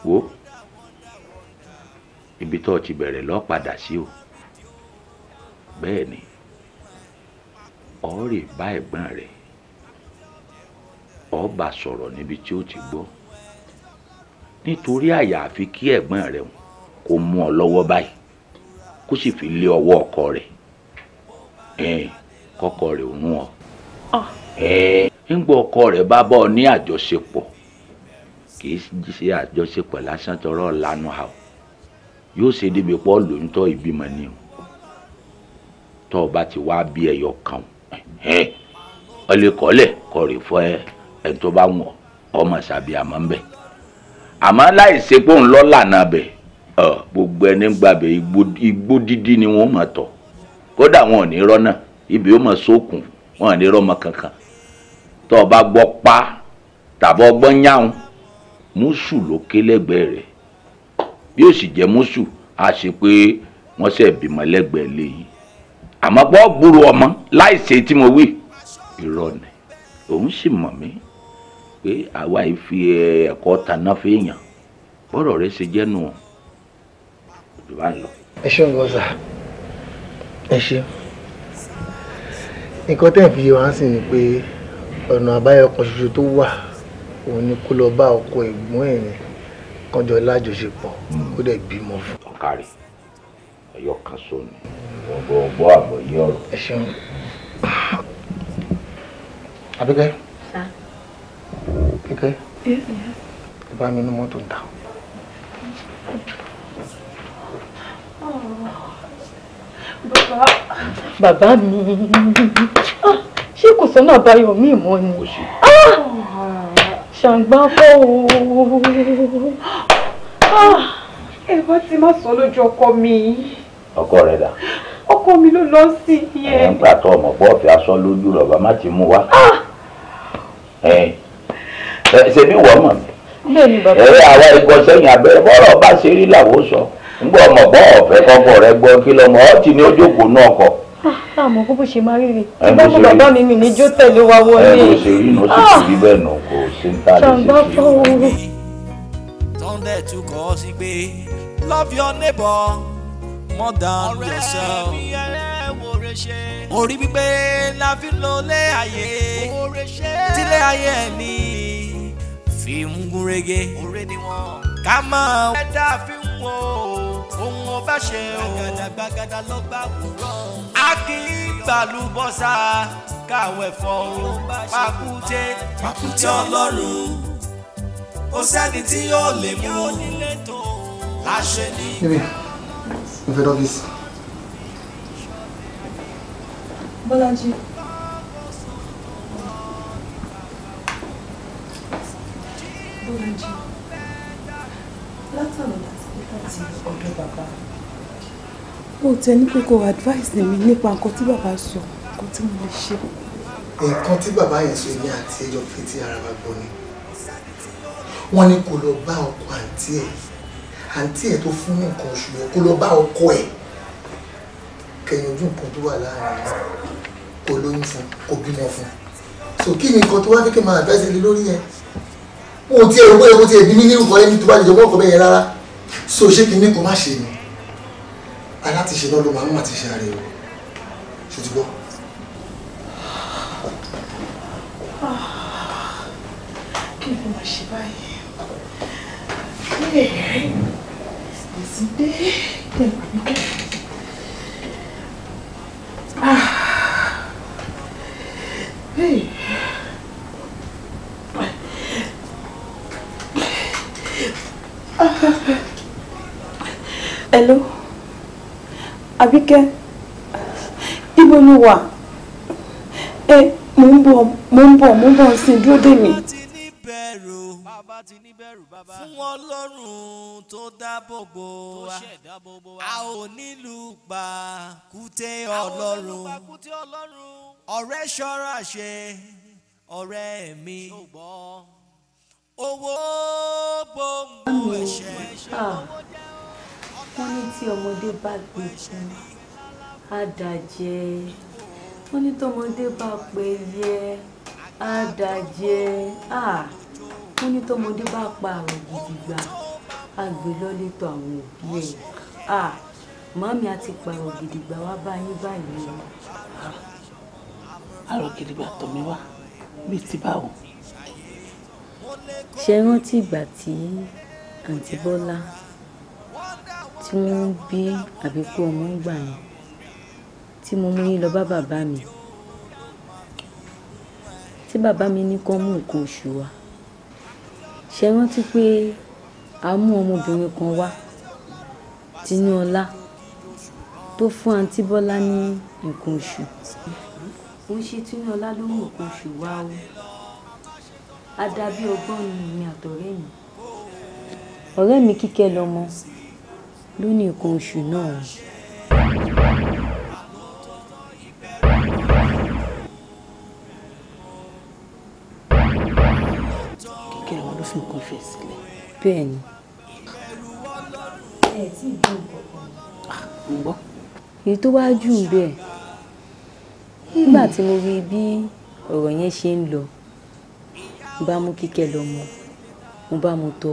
wo ibi tó o ti bẹ̀rẹ̀ lọ padà sí o bẹ́ẹ̀ ni ọ rè bá ẹ̀gbọ́n rẹ̀ ọ bá sọ̀rọ̀ níbi tí ó ti gbọ́ nítorí àyàfi kí ẹ̀gbọ́n rẹ̀ kó mú ọ lọ́wọ́ báyìí kó sì fi lé ọwọ́ ọkọ rẹ̀ kọ́kọ rẹ̀ ò rún ọ. ẹ ọkọ rẹ bá bọ ní àjọṣepọ̀ kì í ṣe àjọṣepọ̀ lásán tọrọ lanu ha o yóò ṣe débi pọ lóyún tọ ìbímọ ni o tọ ọba ti wá bí ẹyọ kan ẹ ọ lè kọlẹ kọrè fọ ẹ ẹ tó bá wọn ọmọ ṣàbí àmọ́ ń bẹ àmọ́ láì ṣe pé òun lọ lànà gbogbo ẹni gbàbẹ igbó dídí ni wọn mọ tọ kódà wọn ò ní rọ ibi ó mọ sókun wọn ò ní rọ kankan tó o bá gbọ́ pa tàbọ̀ gbọ́ yáhùn mùsù ló ké lẹ́gbẹ̀ẹ́ rẹ̀ bí ó sì jẹ́ mùsù a ṣe pé wọ́n ṣe bímọ lẹ́gbẹ̀ẹ́ lẹ́yìn àmọ́ pọ́ gbúrò ọmọ láì ṣe tí mo wí irọ́ ni òun sì mọ̀ mí pé àwa yìí fi ẹ̀kọ́ taná fèèyàn bọ́rọ̀ rẹ ṣe jẹ́nu o jù bá ń lọ. ẹ ṣeun gọ́sà ẹ ṣeun nǹkan tẹ́ ẹ̀ fi yé sí ni pé. Pe ọ̀nà àbáyọ kan ṣoṣo tó wà òun ni kó lọ bá ọkọ ẹ̀gbọ́n ẹ̀ yẹn kánjọ lájọṣepọ̀ kó hmm. dẹ̀ bímọ fún. ọ̀kàrí ẹ̀yọ́ kan sóni ọ̀gbọ́n ọgbọ́n àbọ̀ yí ọ̀rọ̀. ẹ ṣeun Abíkẹ́ kíkẹ́ ẹ bá mi inú mọ́tò ń ta. Oh, bàbá bàbá mi ṣé kò sọ́nà àbáyọ mi mọ́ ni ah! ṣàǹgbá fọ́ ooo ah! ẹ bá ti má sọ lójú ọkọ mi. ọkọ rẹ dà. ọkọ mi ló lọ sí yẹn. ẹ ń gbà tó ọmọ pọ̀ fi aṣọ lójú rọ̀bà má ti mú wa. Ah! ṣe bí wọ́n mọ̀ mí ẹ̀rẹ́ àwa ikọ̀ sẹ́yìn abẹ́rẹ́ bọ́rọ̀ bá ṣe rí làwọn sọ ńgbọ́ ọmọ bọ́ ọ̀fẹ́ kọ́kọ́ rẹ gbọ́ kí lọ́mọ ọtí ni ó jókòó náà kọ̀ àmọ́ ah, ah, kó bó ṣe máa rí rí eh, ìgbà bàbá mi mi níjó tẹ̀lé wa wọlé. ẹ eh, bó ṣe rí náà sì ah! ti rí bẹ́ẹ̀ náà kò ṣe ń tà lè ṣe. Sunday tún kọ́ ọ sí pé love your neighbor more than yourself. ọ̀rẹ́ mi ẹrẹ́ wo re ṣe. orí pípé la fi lo lé ayé. tílé ayé ẹ̀ ní fi ń gúnrégé. ọ̀rẹ́ ká máa. ẹ dá fi ń wò ohun ọba ṣe o. gbàgàdàgbàgàdà ló gbà wúrọ̀. a kì í gbàlú bọ́sà káwé fọ́ o pàkúté pàkúté ọlọ́run kò sẹ́ni tí yóò lè mú láṣẹ ní. níbi mo fẹ́ lọ́fíìsì. Bọ́lájí. Bọ́lájí. Látàlọ́dà láti ọ̀dọ̀ bàbá ó tẹ ní pé kò advice ni mi nípa nǹkan tí bàbá sọ nǹkan tí mo lè ṣe. nǹkan tí bàbá yẹn sọ èmi àti ẹjọ fi ara wa gbọ́ ni wọ́n ní kó lọ bá ọkọ àǹtí ẹ̀ àǹtí ẹ̀ tó fún nǹkan oṣù yẹn kó lọ bá ọkọ ẹ̀ kẹyìn ojú nǹkan tó wà láàrin kó lóyún fún kó bímọ fún so kí ni nǹkan tó wá kékeré máa advice lé lórí yẹn mo ti ẹ̀rọ pé ẹ̀kọ́ ti ẹ̀bí mi nírúkọ ẹni tó bá lè jọ mọ́ ọkọ bẹ́ẹ̀ yẹn rárá so ṣé kí ní kó má ṣe ni alátiṣe náà ló máa ń mà ti ṣe ààrẹ o ṣùgbọ́n. kí ni mo máa ṣe báyìí èsì dé ẹ̀rọ mi Ah, ah, ah. Hello? Abike. Ibo ni wà? Ẹ mò ń bọ̀ mò ń bọ̀ mò ń bọ̀ sí dúró dè mí. Bàbá ti ní bẹ̀rù bàbá. Fún Ọlọ́run tó dáàbò bò wá. A ò nílùú pàkúté Ọlọ́run. Ọ̀rẹ́ ṣọ́ra ṣe ọ̀rẹ́ mi owó gbòǹgbò ẹ̀ṣẹ̀ ah. owó jẹ́ wọ́n ní tí ọmọdé bá gbé jẹun á dàjẹ́ wọ́n ní tọmọdé bá pẹ yẹ á dàjẹ́ wọ́n ní tọmọdé bá pa àrùn gidigba á gbé lọ́lẹ́tọ̀ àwọn òbí ẹ̀ màmí àti pààrọ̀ gidigba wá bá yín báyìí o. àrùn gidigba tọ̀ mí wá bíi ti báwo. ṣe rántí ìgbà tí àǹtí bọ́lá tí wọ́n ń bí àbíkú ọmọ ń gbà yẹn tí mo mú yín lọ bá bàbá mi tí bàbá mi ní kán mú nǹkan oṣù wa ṣe rántí pé a mú ọmọbìnrin kan wá tinúọlá tó fún àǹtí bọ́lá ní nǹkan oṣù ó ń ṣe tinúọlá ló mú nǹkan oṣù wá o adàbí ọgbọ́n ni mi àtọ̀rẹ́ mi ọ̀rẹ́ mi kíkẹ́ lọ́mọ ló ní nǹkan oṣù náà. kíkẹ́ wọn ló fi nǹkan oṣù sílẹ̀. bẹ́ẹ̀ ni. ẹ tí ì dùn kankan. ń gbọ́. èyí tó wá jù bẹ́ẹ̀ nígbà tí mo rí bí ọ̀rọ̀ yẹn ṣe ń lọ mo bá mú kíkẹ́ lọ mọ́ mo bá mú tọ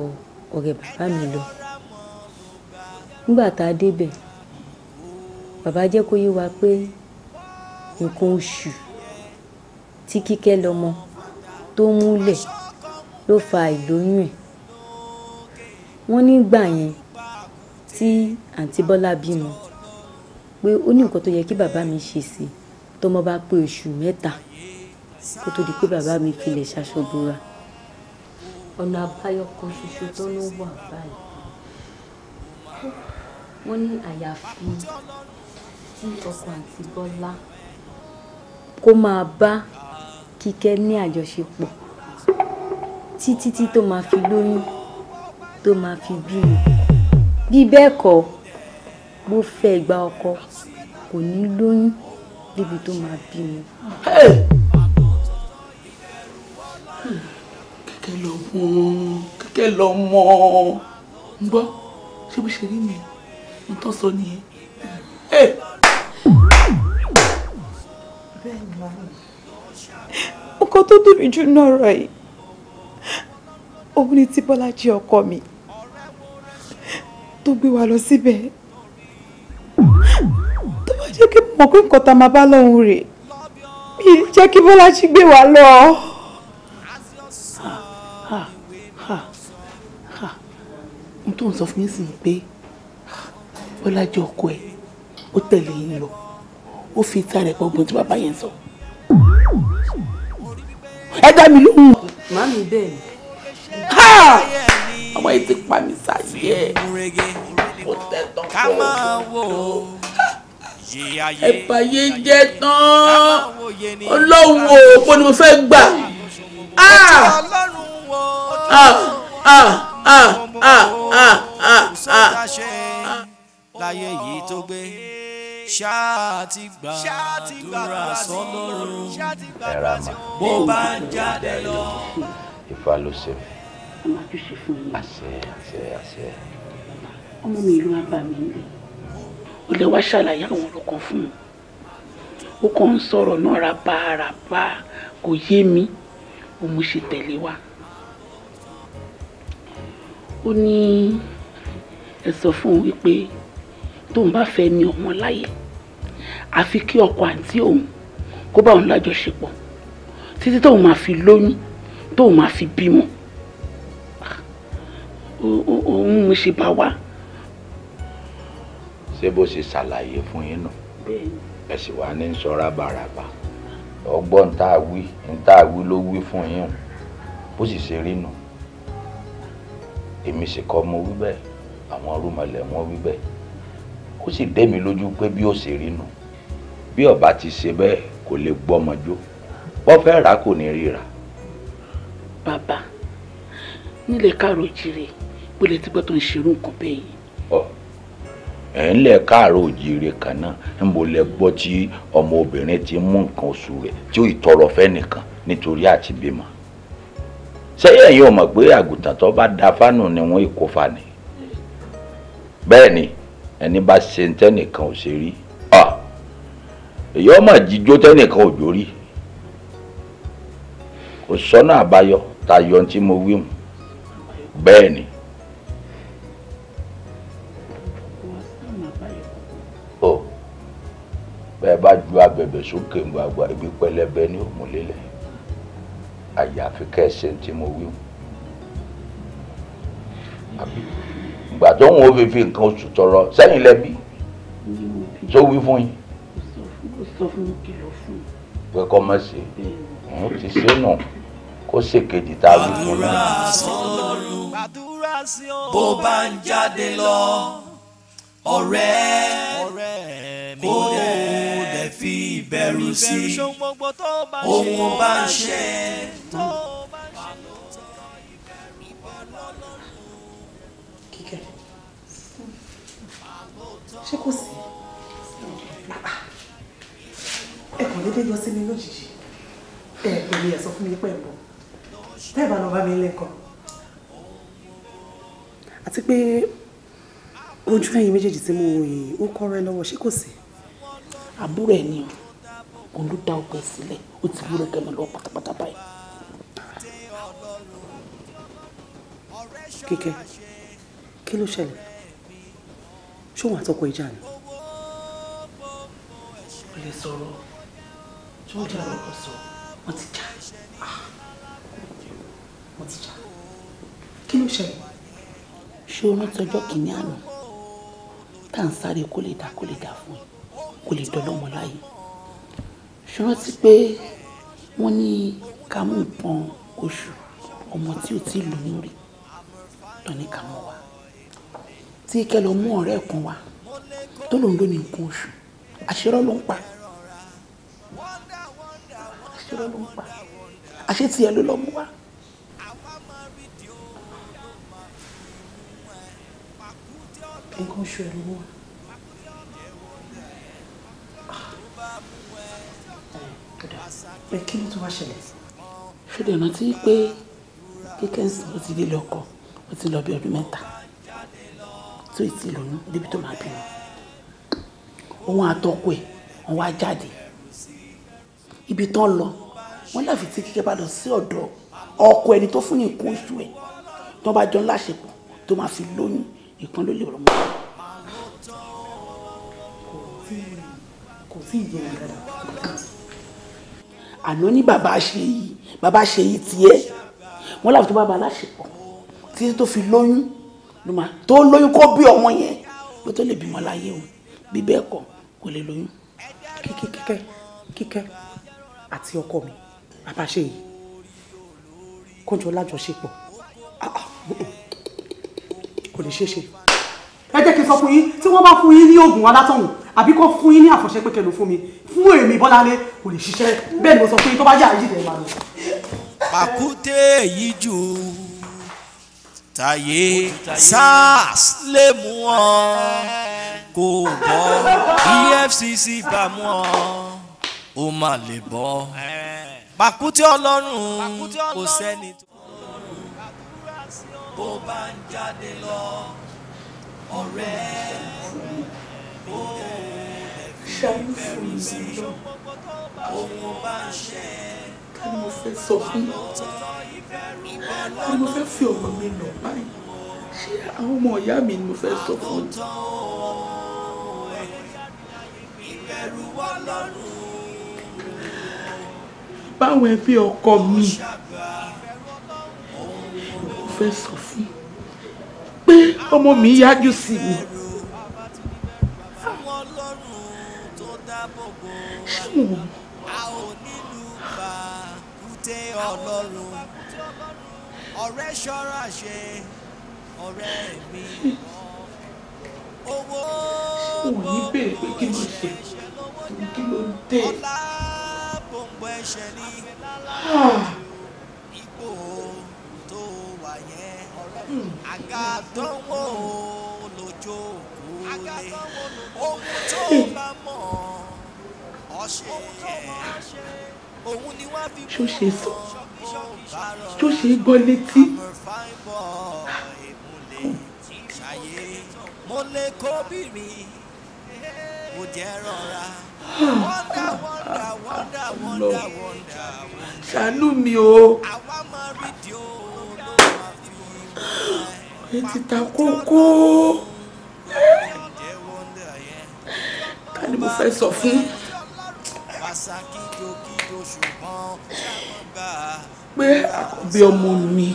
ọ̀rẹ́ bàbá mi lọ nígbà tá a débẹ̀ bàbá jẹ́ kó yé wa pé nǹkan oṣù tí kíkẹ́ lọ́mọ tó múlẹ̀ ló fa ìlóyún ẹ̀ wọ́n nígbà yẹn tí àǹtí Bọ́lá bímọ pé ó ní nǹkan tó yẹ kí bàbá mi ṣe sí tọmọ bá pé oṣù mẹ́ta kó tó di pé bàbá mi filẹ̀ ṣaṣọ bora ọ̀nà àbáyọ kan ṣoṣo tó ló wà báyìí wọ́n ní àyàfi tí ọkọ àǹtí Bọ́lá kó máa bá Kíkẹ́ ní àjọṣepọ̀ títí tí tó máa fi lóyún tó máa fi bímọ bí bẹ́ẹ̀ kọ́ bó fẹ́ gba ọkọ kò ní lóyún débi tó máa bímọ. Kíkẹ́ lọ mọ́ Kíkẹ́ lọ mọ́ ń gbọ́ ṣé bó ṣe rí nìyẹn n tó sọ nìyẹn. bẹ́ẹ̀ ni màá nǹkan tó dùn mí jù náà rọ̀ yìí òun ni tí Bọ́lájí ọkọ mi tó gbé wa lọ síbẹ̀ tó bá jẹ́ kí mọ̀ pé nǹkan tá a máa bá lọ́hùn rè mí jẹ́ kí Bọ́lájí gbé wa lọ. n tó ń sọ fún yín sí ni pé Bọ́lájí ọkọ ẹ̀ ó tẹ̀lé yín lọ ó fi ìta rẹ̀ gbọ́gbọ́n tí bàbá yẹn sọ. ẹ dá mi lóhùn. màámi bẹ́ẹ̀ ni. ọmọ yìí ti pa mí sáyé ẹ̀ ó tẹ̀ tán pọ̀ ẹ bàyé jẹ́ tán ọlọ́run o kò mo fẹ́ gbà. ọlọ́run o. Ah, ah, ah, ah, ah, ah láyé yìí tó gbé ṣáà ti gbàdúrà sọ́lọ́run bó bá ń jáde lọ. ìfà ló ṣe fún mi. àṣẹ àṣẹ àṣẹ. ọmọ mi ìlú abá mi ń lè ọlẹ wá ṣàlàyé àwọn ọ̀rọ̀ kan fún mi ó kàn ń sọ̀rọ̀ náà rabáraba kò yé mi òun ṣe tẹ̀lé wa ó ní ẹ sọ fún wípé tóun bá fẹ́ ní ọmọ láyé àfi kí ọkọ àǹtí òun kó bá òun lájọṣepọ̀ títí tóun máa fi lóyún tóun máa fi bímọ òun mo ṣe bá wá. ṣé bó ṣe ṣàlàyé fún yín nù ẹ sì wá ní sọ́ra bàràbà ọgbọ́n tá a wí tá a wí ló wí fún yín bó sì ṣe rí nù èmi sì kọ́ mo wí bẹ́ẹ̀ àwọn rúmọlẹ̀ wọn wí bẹ́ẹ̀ ó sì dẹ́ mi lójú pé bí ó ṣe rí nu bí ọba ti ṣe bẹ́ẹ̀ kò lè gbọ́mọjó wọ́n fẹ́ rà kò ní ríra. bàbá nílẹ̀ káàró jire pẹ̀lẹ́ tí gbọ́dọ̀ ń ṣerú nǹkan bẹ́ẹ̀ yìí. ọ ẹ̀ ń lẹ̀ káàró jire kan náà ń bò lẹ gbọ́ tí ọmọbìnrin ti mú nǹkan oṣù rẹ̀ tí ó ìtọrọ fẹ́ nìkan nítorí àti bímọ sẹ́yìn ẹ̀yin ò pé àgùntàn tó bá da fánù ni wọ́n ìkó fa ẹni bá ṣe tẹ́nìkan ò ṣe rí èyí ọmọ jíjó tẹ́nìkan ò jó rí kò sọ́nà àbáyọ tayọ tí mo wí mu bẹ́ẹ̀ ni. bẹ́ẹ̀ bá ju abẹ̀bẹ̀ sókè gbàgbà ibi pẹlẹbẹ ní òmùlélẹ̀ àyàfi kẹ́sẹ̀ tí mo wí mu ìgbà tó ń wo fífi nǹkan oṣù tọrọ sẹ́yìn lẹ́bi tó wí fún yín. pé kọ́ mọ̀ sí òun ti ṣe nù kó ṣèkejì tá a wí fún yín. bó bá ń jáde lọ ọ̀rẹ́ kó lè fi ìbẹ̀rù sí ohun bá ń ṣe. ṣé kò sí ẹ kàn déédéé yọ sí mi lójijì ẹ pẹ̀lú ẹ̀ sọ fún mi pé ẹ̀ ń bọ̀ tẹ́ ẹ̀ bá lọ bá mi lẹ́kọ̀ọ́ àti pé ojú ẹ̀yin méjèèjì tí mo wòye ó kọ́rẹ́ lọ́wọ́ ṣé kò sí. àbúrò ẹ̀ ni o òun ló dá ọkọ ẹ̀ ó ti wúrọ̀ kẹ́mọ̀ lọ́wọ́ pátápátá báyìí. kíkẹ́ kí ló ṣẹlẹ̀ ṣé òun àtọkọ ìjà ni. o lè sọ̀rọ̀ tí wọ́n jà lọ́kọ̀ sọ wọ́n ti jà ah. wọ́n ti jà kí ló ṣẹlẹ̀. ṣé o rántí ọjọ́ kìíní àná tá à ń sáré kó lè dá kó lè dá fún ẹ kó lè dọlọ́mọ láyé ṣé o rántí pé wọ́n ní ká mú ìbọn oṣù ọmọ tí ò tí ì lóyún rí lọ ní ká wa tí kẹ́ lọ mú ọ̀rẹ́ kan wá tó lòun ló ní nǹkan oṣù àṣírọ́ ló ń pa àṣírọ́ ló ń pa àṣé tiẹ̀ ló lọ mú wá. nǹkan oṣù ẹ̀ ló mú wá. pé kí ló tún wá ṣẹlẹ̀. ṣùgbọ́n ìrántí pé kíkẹ́ǹsì ó ti lé lọ́kọ̀ ó ti lọ bí ọdún mẹ́ta tó ètí lóyún débi tó máa bímọ òun àtọkọ ẹ̀ wọ́n wá jáde ibi tán lọ wọ́n láfi tí kíkẹ́ bá lọ sí ọ̀dọ̀ ọkọ ẹni tó fún ní nǹkan oṣù ẹ̀ tó bá jọ láṣepọ̀ tó máa fi lóyún nǹkan ló lè rọ̀ mọ́. kò sí ìyẹn rẹ̀ àná ní bàbá ṣe yìí bàbá ṣe yìí tiẹ̀ wọ́n láfi tó bá ba láṣepọ̀ títí tó fi lóyún tó lóyún kó bí ọmọ yẹn ló tó lè bímọ láyé o bí bẹ́ẹ̀ kọ́ kò lè lóyún. kíkẹ́ kíkẹ́ kíkẹ́ àti ọkọ mi bàbá ṣe yìí kóńjọ lájọṣepọ̀ ah, ah, oh, oh. kò lè ṣeé ṣe. ẹ jẹ́ kí n sọ fún yín tí wọ́n bá fún yín ní oògùn alátọ̀hún àbí kó fún yín ní àfọ̀ṣẹ pé kẹlò fún mi fún èmi Bọ́láńlé kò lè ṣiṣẹ́ bẹ́ẹ̀ ni mo sọ fún yín tó bá yà á yí dẹ̀ wá pàkúté èyí jù ú táyé sars lè mú ọ kò bọ́ EFCC bá mú ọ ó má lè bọ́ pàkúté ọlọ́run kò sẹ́ni tó bó bá ń jáde lọ ọ̀rẹ́ ó lè fi fẹ́ sí ohun bá ń ṣẹlẹ̀ kí ni mo fẹ́ sọ fún mi mo fẹ́ fi ọ̀rọ̀ mi lọ báyìí ṣé àwọn ọmọ ìyá mi ni mo fẹ́ sọ fún mi. báwọn ẹbí ọkọ mi mo fẹ́ sọ fún pé ọmọ mi yájú sí mi. ṣé mo mọ̀? pàkúté ọlọ́run ọ̀rẹ́ ṣọ́ra ṣe ọ̀rẹ́ mi owó gbogbo ẹ̀ṣẹ̀ ṣe lówó dé gbogbo ẹ̀ṣẹ̀ ní ipò tó wà yẹn àga tó ń wò lójó kúlẹ̀ ohun tó bá mọ̀ ọ́ ṣe yẹn ṣó ṣe sọ ṣó ṣe gbọ́ létí. ṣàánú mi o. ẹ ti ta kókó ta ni mo fẹ́ sọ fún pé àkọ́bí ọmọ mi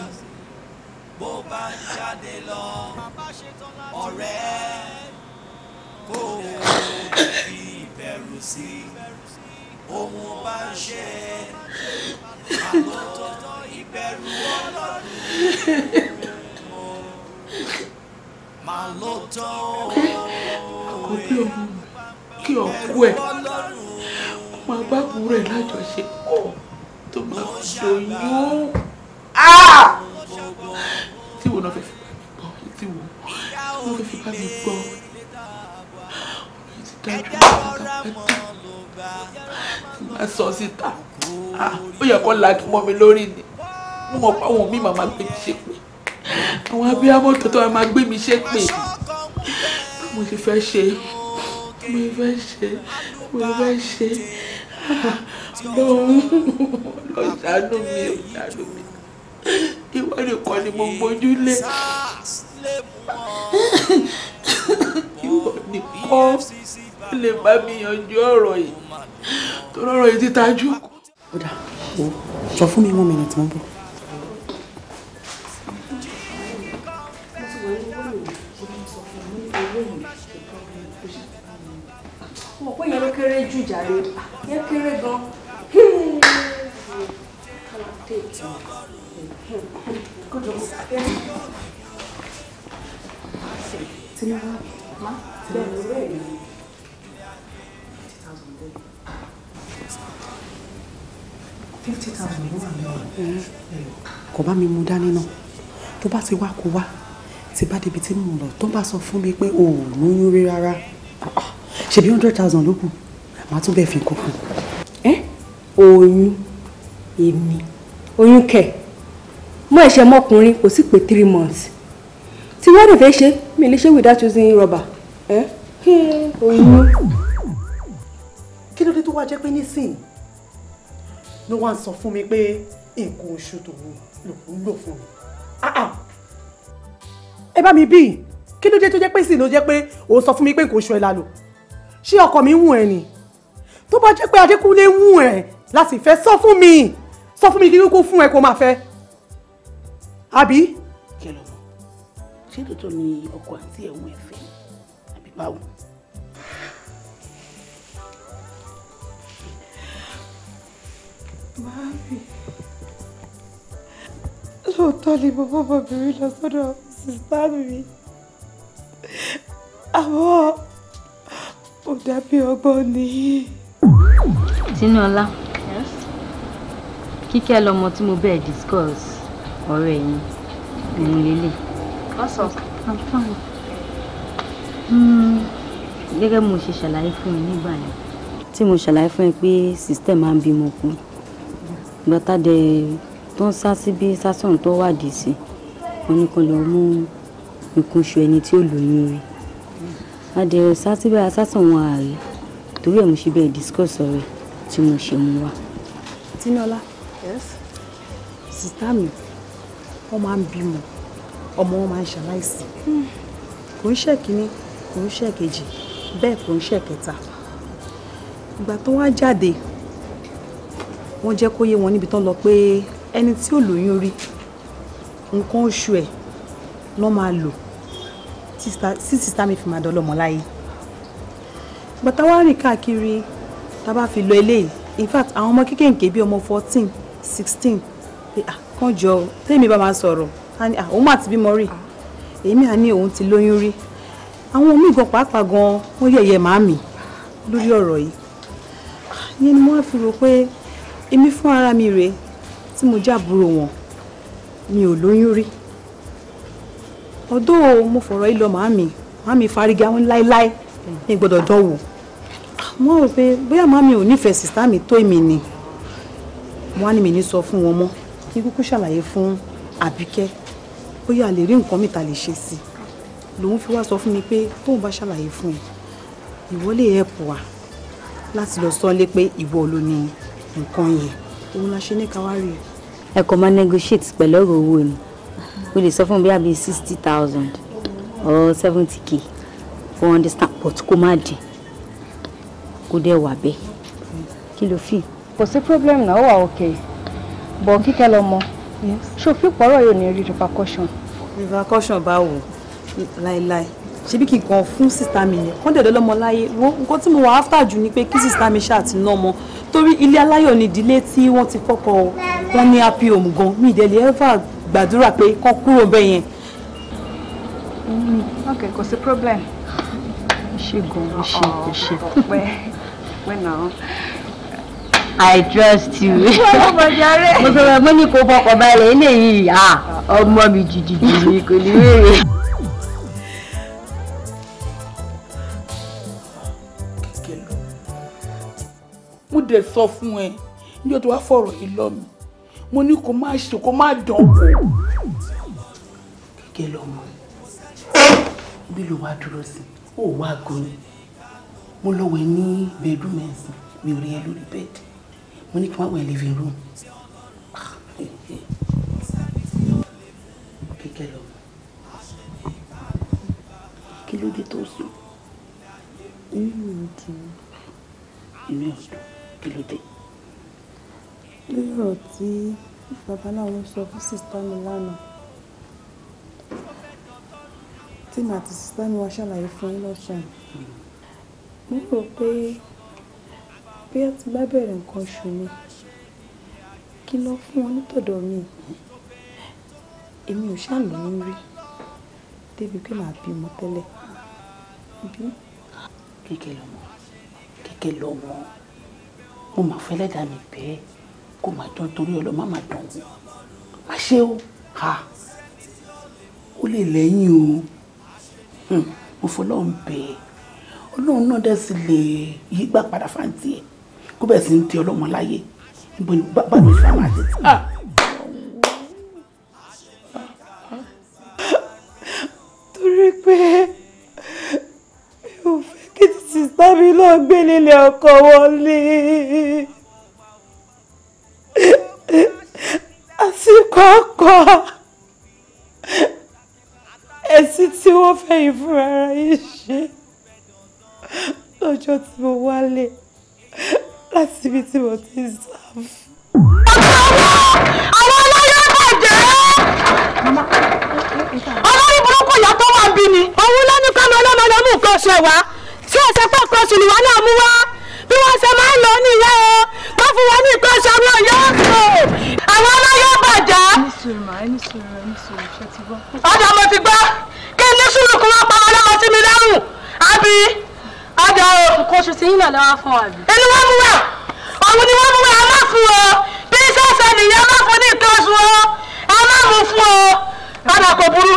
bó àkọ́bí ọmọ kí ọkú ẹ̀ máa bá kú rẹ̀ lájọṣepọ̀ tó bá ṣoyún ah! tí wo náà fẹ́ gbọ́ tí wo náà fẹ́ fi bá mi gbọ́ ọ̀rọ̀ ti dájú pátápátá tí máa sọ síta ah, ó yẹ kó lajú mọ́ mi lórí ni mo mọ̀ pé àwọn mi màmá gbé mi ṣe pé àwọn abiyamọ tọ́tọ́ máa gbé mi ṣe pé mo ti fẹ́ ṣe mo fẹ́ ṣe mo fẹ́ ṣe. Ah, lòun lọ ṣàánú mi ò ṣàánú mi ìwọ nìkan ni mo gbójú lé ìwọ nìkan lè bá mi yanjú ọ̀rọ̀ yìí tó lọ́rọ̀ yìí ti tajú. ó dà ó sọ fún mi one minute mo ń bọ̀. ó yẹ kéré jù jàre yẹ kéré gan kò bá mi mú dání náà tó bá ti wá kó wá ti bá débi tí mo lọ tó bá sọ fún mi pé òòrùn yún rí rárá ah, ah. ṣebí hundred thousand ló kù màá tún bẹ́ẹ̀ fi kó kù oyún èmi oyún kẹ̀ mú ẹ̀ṣẹ̀ mọ́kùnrin kò sì pé three months tí wọ́n dẹ̀ fẹ́ ṣe mi lè ṣe without using rubber ẹ̀ oyún. kí ló dé tó wá jẹ́ pé nísìnyí ló wá ń sọ fún mi pé nǹkan oṣù tòun lòun lò fún mi ẹ bá mi bí kí ló dé tó jẹ́ pé sì ló jẹ́ pé òun sọ fún mi pé nǹkan oṣù ẹ̀ la lò ṣé ọkọ mi ń wù ẹ́ ni tó bá jẹ́ pé Adékúnlé ń wù ẹ́ láti fẹ́ sọ fún mi sọ fún mi kí kúkú fún ẹ kó máa fẹ́ àbí. kí ló mọ ṣé tòótọ́ ni ọkọ àti ẹ̀wọ̀n ẹ̀fẹ́ àbí báwo. Mami, lóòótọ́ ni mo bọ́ bọ̀bìnrin lọ sọ́dọ̀ sísá mi. Àmọ́ ò dàbí ọgbọ́n nìyí. Tinúọlá kíkẹ́ lọmọ tí mo bẹ́ẹ̀ discuss ọ̀rọ̀ ẹ̀yìn òun lélẹ̀. what's up? i'm fine. Hmm, gẹ́gẹ́ mo ṣe ṣàlàyé fún ẹ nígbà yẹn. tí mo ṣàlàyé fún ẹ pé sister máa ń bímọ kú gbọ́tàdé tó ń sá síbí sásán tó wádìí sí wọn ní kan lọ mú nǹkan oṣù ẹni tí ó lóyún rí. adé sá síbí asásàn wọn àárẹ̀ torí ẹ̀ mo ṣe bẹ́ẹ̀ discuss ọ̀rẹ́ tí mo ṣe mú wa. Tinola sista mi wọ́n máa ń bímọ ọmọ wọn máa ń ṣaláìsí hmm. kò ń ṣèkíní kò ń ṣèkejì bẹ́ẹ̀ kò ń ṣèkẹta ìgbà tó wá jáde wọ́n jẹ́ kó yé wọn níbi tán lọ pé ẹni tí ò lóyún orí nǹkan oṣù ẹ̀ lọ́ máa lò tí sista mi fi máa dọ́lọ́mọ láyé bàtà wá rìn káàkiri tá a bá fi lọ eléyìí in fact àwọn ọmọ kékèké bíi ọmọ fourteen sixteen ah, kan jọ tẹ́mi bá máa sọ̀rọ̀ ah, òun mà ti bímọ rí èmi à ní òun ti lóyún rí àwọn míì gan pàápàá gan wọ́n yẹ̀yẹ̀ màámi lórí ọ̀rọ̀ yìí ìyẹn ni wọ́n fi rò pé èmi fún ara mi rèé tí mo jábúrò wọn mi ò lóyún rí ọ̀dọ̀ mo fọ̀rọ̀ yìí lọ màámi màámi fárígá wọn láéláé mi gbọ́dọ̀ dánwò mo rò pé bóyá màmí ò nífẹ̀ẹ́ sìstá mi tó èmi ni wọ́n á ní mi ní sọ fún wọn mọ́ kí kúkú ṣàlàyé fún àbíkẹ́ bóyá a lè rí nǹkan mìta lè ṣe sí i lòun fi wá sọ fún mi pé tóun bá ṣàlàyé fún ẹ ìwọ lè ẹ̀pù wá láti lọ sọ́lé pé ìwọ ló ní nǹkan yẹn òun la ṣe ní káwárì. ẹ kò máa negotiate pẹ̀lú ọ̀rọ̀ owó ni o lè sọ fún mi bí i sixty thousand or seventy k for understand but kó má dín kó dẹ̀ wà bẹ́ẹ̀ kí ló fi. kò sí problem náà ó wà okay bọ̀ kíkẹ́ lọ mọ ṣòfin pọ̀rọ̀ yóò ní rí repercussion. repercussion báwo láéláé ṣebí kì í gan fún sista mi yẹn kọ́ńdé ọ̀dọ́ lọ́mọ láyé nǹkan tí mo wà after jù ni pé kí sista mi ṣáà ti ná ọmọ torí ilé aláyọ̀ ni ìdílé tí wọ́n ti kọ́kọ́ wọn ní happy home gan mi ìdẹ̀lẹ̀ ever gbàdúrà pé kán kúrò bẹ́ẹ̀ yẹn. Mm, ok kò sí problem ṣe gan-an ṣe kò ṣe. ọpẹ́ I trust you. Mo sọ̀rọ̀ mo ní kó fọkàn balẹ̀ eléyìí ọmọ mi jìjìjì ni kò ní wéèrè. Mo dẹ̀ sọ fún ẹ ní o tó wá fọ̀rọ̀ yìí lọ mi mo ní kó má ṣe kó má dán wò. Kékeré ọmọ bí ló wá dúró sí ó wá gan-an mo lọ wẹ̀ ní bedroom ẹ̀ mi ò rí ẹ lórí bed mo ní kí wọ́n wẹ̀ living room. Ah, kíkẹ́ lọ kí ló dé tó sùn inú ò dùn inú ò dùn kí ló dé. lérò tí babaláwo sọ fún sista mi lánàá tèmi àti sísá mi wá ṣàlàyé fún yín lọ́sàn-án mo rò pé bí a ti bá bẹ̀rẹ̀ nǹkan oṣù mi kí ló fún wọn nítọ̀dọ̀ mi èmi ò ṣàlóyún rí débi pé màá bímọ tẹ́lẹ̀ bí. kékeré lọmọ kékeré lọmọ mo máa fẹ́ lẹ́dàá mi bẹ́ẹ̀ kó máa dán torí ọlọ́mọ máa dán wò àṣé o ha ó lè lẹ́yìn o. Hmm, mo fọlọ́run bẹ́ẹ̀ ọlọ́run náà dẹ̀ sì lè yígbà padà fáǹtì ẹ̀ kó bẹ̀ sí ń tẹ ọlọ́mọ láyé níbo ni bá mi fáwọn àti tí. Ah! torí pé mi ò fẹ́ kí sísá mi náà gbé nílé ọkọ wọlé àsìkò ọkọ ẹ̀sìn tí wọ́n fẹ́ yìí fún ara yìí ṣe lọ́jọ́ tí mo wálé láti ibi tí mo ti ń sá fún. àwọn ọlọ́yọ́ bàjẹ́. ọlọ́run burúkú ìyá tó wà bí ni. òun ló ní kọ́mọ ọlọ́mọ ló mú nǹkan ṣe wá tí ẹ̀sẹ̀ pọ̀ kan sì ni wàhálà mú wá bí wọ́n ṣe máa ń lọ ní ìyá o wọ́n fún wọn ní nǹkan ṣàwọn yóò lò àwọn aláyọ̀ bàjá. ọjà mo ti gbọ́ kí ní sùúrù kí wọ́n pa wọn lọ́mọ sí mi lẹ́rù àbí ọjà o. kò ṣe ti yín náà lọ́wọ́ fún wa bí. ẹni wọ́n mú wa òun ni wọ́n mú wa má fún o bí sẹ́sẹ̀ nìyẹn má fún ní nǹkan oṣù o ẹ má mú fún o padà kò burú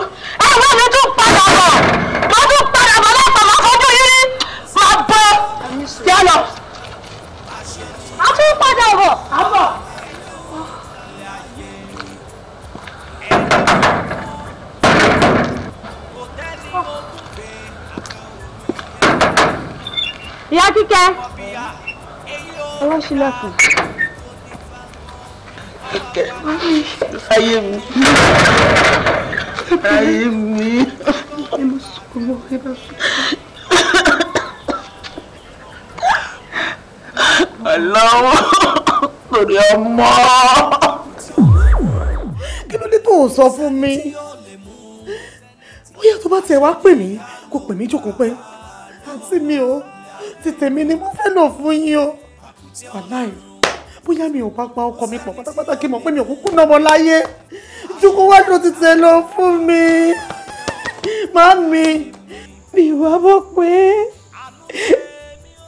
àwọn mi tún padà bọ̀ mo tún padà bọ̀ lọ́pọ̀ mọ́ fojú máa bọ̀ yálọ a ìyá kíkẹ́ ẹ wá kíkẹ́ ayé mi ayé mi. ẹ má sọ̀rọ̀ ẹ má sọ̀rọ̀. aláwọ̀ [laughs] torí ọmọ. kí ló dé tó ò sọ fún mi bóyá tó bá tiẹ̀ wá pè mí kó pè mí jókòó pé àǹtí mi o ti tèmi ni mo fẹ́ lò fún yín o wàláì bóyá mi ò bá pa ọkọ mi pọ̀ pátápátá kí n mọ̀ pé mi ò kúkú náà mọ láyé jókòó wá ló ti tẹ̀ lọ fún mi màmí mi wá bọ̀ pé.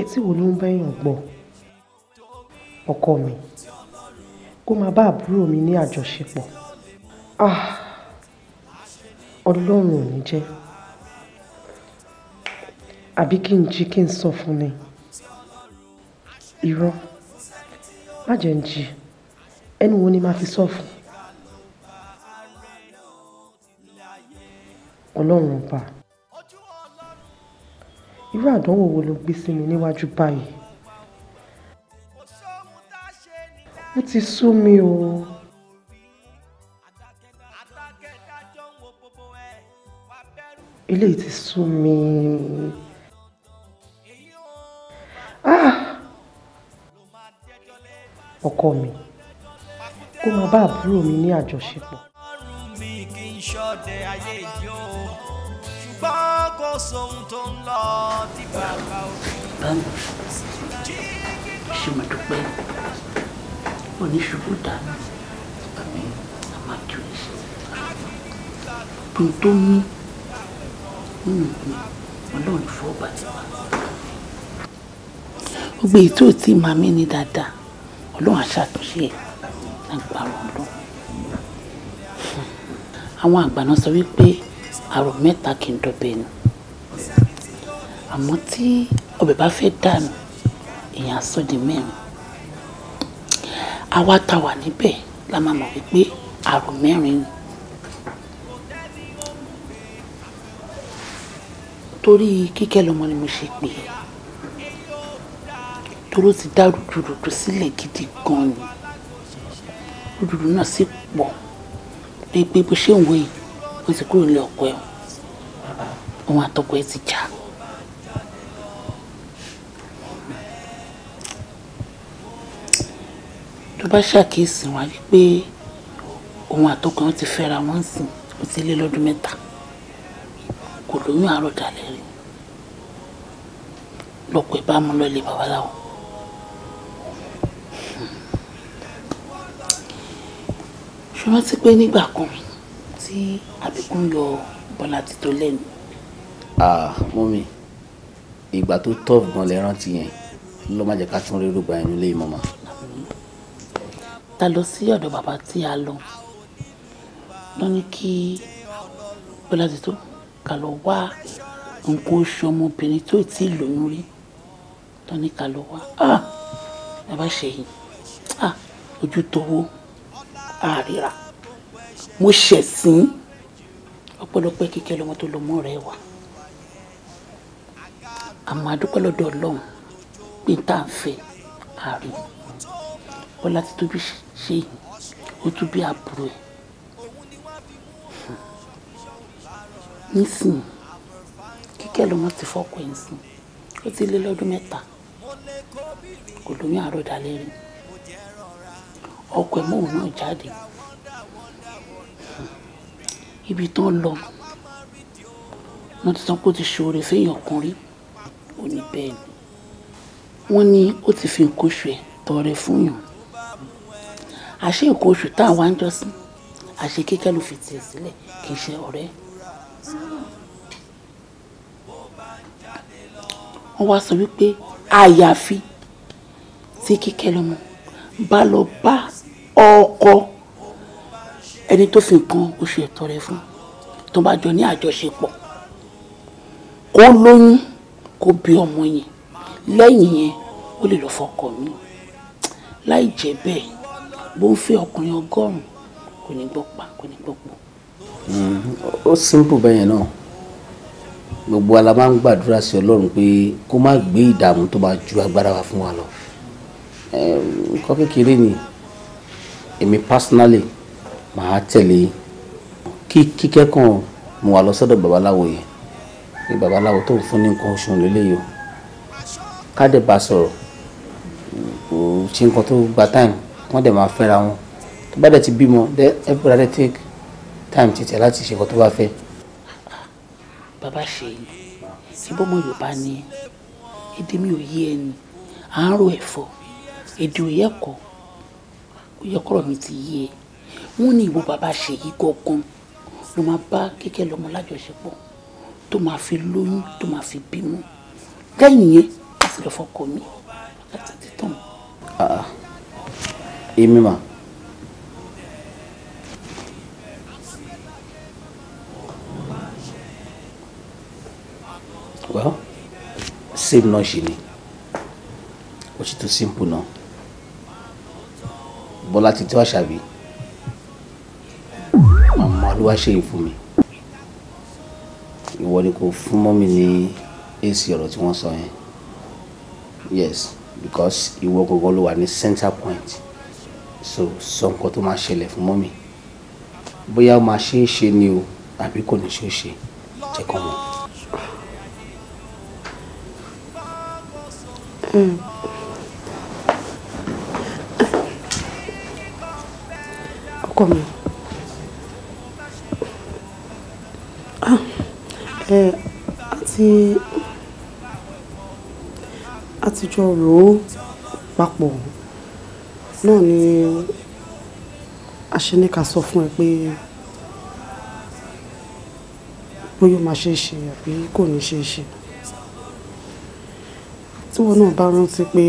etí wo ló ń bẹ́yàn gbọ́ ọkọ mi kó máa bá àbúrò mi ní àjọṣepọ̀ ah, ọlọ́run ò ní jẹ́ àbí kí n jí kí n sọ fún ni irọ́ má jẹ́ ń jí ẹnu wo ni máa fi sọ fún ọlọ́run ọba irú àdánwò wo ló gbé sí mi níwájú báyìí ó ti sú mi o. eléyìí ti sú mi. Ah! ọkọ mi kó máa bá àbúrò mi ní àjọṣepọ̀. ọlọ́run sóhun tó ń lọ tí bàbá òfin. báwo ṣe máa dúpẹ́ oníṣubú dànù àmì àmàjò ìṣẹ́ tó ní nínú ìpín ọlọ́run ìfọwọ́bà ti wà. gbogbo èyí tó ti máa mí ní dáadáa ọlọ́run àṣàtúnṣe ẹ̀ lágbára ọlọ́run. àwọn àgbà náà sọ wípé àrò mẹ́ta kì í dọ̀bẹ̀ ni àmọ́ tí ọbẹ̀ bá fẹ́ dànù èèyàn sọ di mẹ́rin àwa tá wà níbẹ̀ la máa mọ̀ wípé àrò mẹ́rin ni torí kíkẹ́ lọmọ ni mo ṣe pè é toró ti dá rúdurùdu sílẹ̀ gidi gan ni rúdurùdu náà sì pọ̀ pé bó ṣe ń wé yìí wọ́n ti kúrò nílé ọkọ ẹ̀ òun àtọkọ ẹ̀ ti jà. bá ṣàkíyèsí wọn wípé òun àtọkùnrin ti fẹ́ra wọn sìn ó ti lé lọ́dún mẹ́ta kò lóyún àárọ̀ dalẹ̀ rí lọ́pọ̀ ẹ̀ bá mú lọ́lẹ̀ babaláwo. ṣùgbọ́n ti pé nígbà kan tí àbíkún yọ bọ́lá títọ́ lẹ́nu. ah mọ́mi ìgbà tó tọ́ gan lè rántí yẹn ló má jẹ́ ká tún rí rúgbà ẹnu lé mọ́mọ́ ta lọ sí ọ̀dọ̀ bàbá tí a lọ wọ́n ní kí bọ́lá ti tó ká lọ wá nǹkan oṣù ọmọbìnrin tó ti lóyún rí wọ́n ní ká lọ wá bàbá ah! ṣèyí ah! ojú tówó àríra mo ṣẹ̀sìn ọpẹ́lọpẹ́ kíkẹ́ lọmọ tó lọmọ rẹ wà àmọ́ adúpẹ́ lọ́dọ̀ ọlọ́run pé tá à fẹ́ àárín bọ́lá ti tóbi ṣe ó tún bí àbúrò ẹ̀ hmm. nísìnyí kíkẹ́ lọ́mọ ti fọ́kọ̀ ẹ̀ sìn ó ti lé lọ́dún mẹ́ta kò lóyún àròdálẹ́ rí ọkọ ẹ̀ mọ́wòó náà jáde hmm. ibi tó ń lọ wọ́n ti sọ ti ṣoore fẹ́yàn kan rí bẹ́ẹ̀ ni wọ́n ní ó ti fi nǹkan oṣù ẹ̀ tọrẹ fún yàn àṣé nǹkan oṣù tá à wá ń jọ́sìn àṣé kíkẹ́ ló fi tiẹ̀ sílẹ̀ kì í ṣe ọ̀rẹ́. wọ́n wá sọ wípé àyàfi tí kíkẹ́ lọ́mọ bá lọ bá ọkọ ẹni tó fi nǹkan oṣù ẹ̀tọ́ rẹ̀ fún tó bá jọ ní àjọṣepọ̀ kó lóyún kó bí ọmọ yẹn lẹ́yìn yẹn ó lè lọ fọkọ mi láì jẹ́ bẹ́ẹ̀ bó ń fẹ́ ọkùnrin ọgọ́rùn-ún kò ní gbọ́ pa kò ní gbọ́ pọ̀. ó simple bẹ́yẹn náà gbogbo ala máa ń gbàdúrà sí ọlọ́run pé kó má gbé ìdààmú tó máa ju agbára wa fún wa lọ nǹkan kékeré ni èmi personally màá tẹ̀lé kí kíkẹ́ kan mo wà lọ sọ́dọ̀ babaláwo yẹn pé babaláwo tó ń fún ní nǹkan oṣù lélẹ́yìí o ká dẹ̀ bá sọ̀rọ̀ kò ṣe nǹkan tó gba time wọ́n dẹ̀ máa fẹ́ra wọn tó bá dẹ̀ ti bímọ dẹ̀ everybody dẹ̀ take time títẹ̀ láti ṣe nǹkan tó bá fẹ́. bàbá ṣèyí síbí ọmọ yorùbá ni èdè mi ò yé ẹni àárò ẹ̀fọ́ èdè ò yẹ kọ́ ó mi ti yé e wọ́n ní ìwọ bàbá ṣèyí gangan ló máa bá kíkẹ́ lọ́mọ lájọṣepọ̀ tó máa fi lóyún tó máa fi bímọ lẹ́yìn yẹn láti lọ mi láti títàn èmi well same náà ṣe ni ó ṣe tún simple náà bọ́lá ti tó àṣàbí màmá ló wá ṣe yìí fún mi ìwọ ni kò fún mọ́ mi ní èsì ọ̀rọ̀ tí wọ́n sọ yẹn yes because ìwọ gbogbo ló wà center point so sọ nǹkan tó máa ṣẹlẹ̀ fún mọ́mì bóyá ó máa ṣe é ṣe ni o àbí kò ní ṣe é ṣe jẹ́ kàn mọ́. Hmm. ọkọ mi àti ah, àtijọ́ rò ó papọ̀ náà ni aṣẹ́níkà sọ fún ẹ pé bóyá ó máa ṣe é ṣe àbí kò ní ṣe é ṣe tí wọn náà bá rántí pé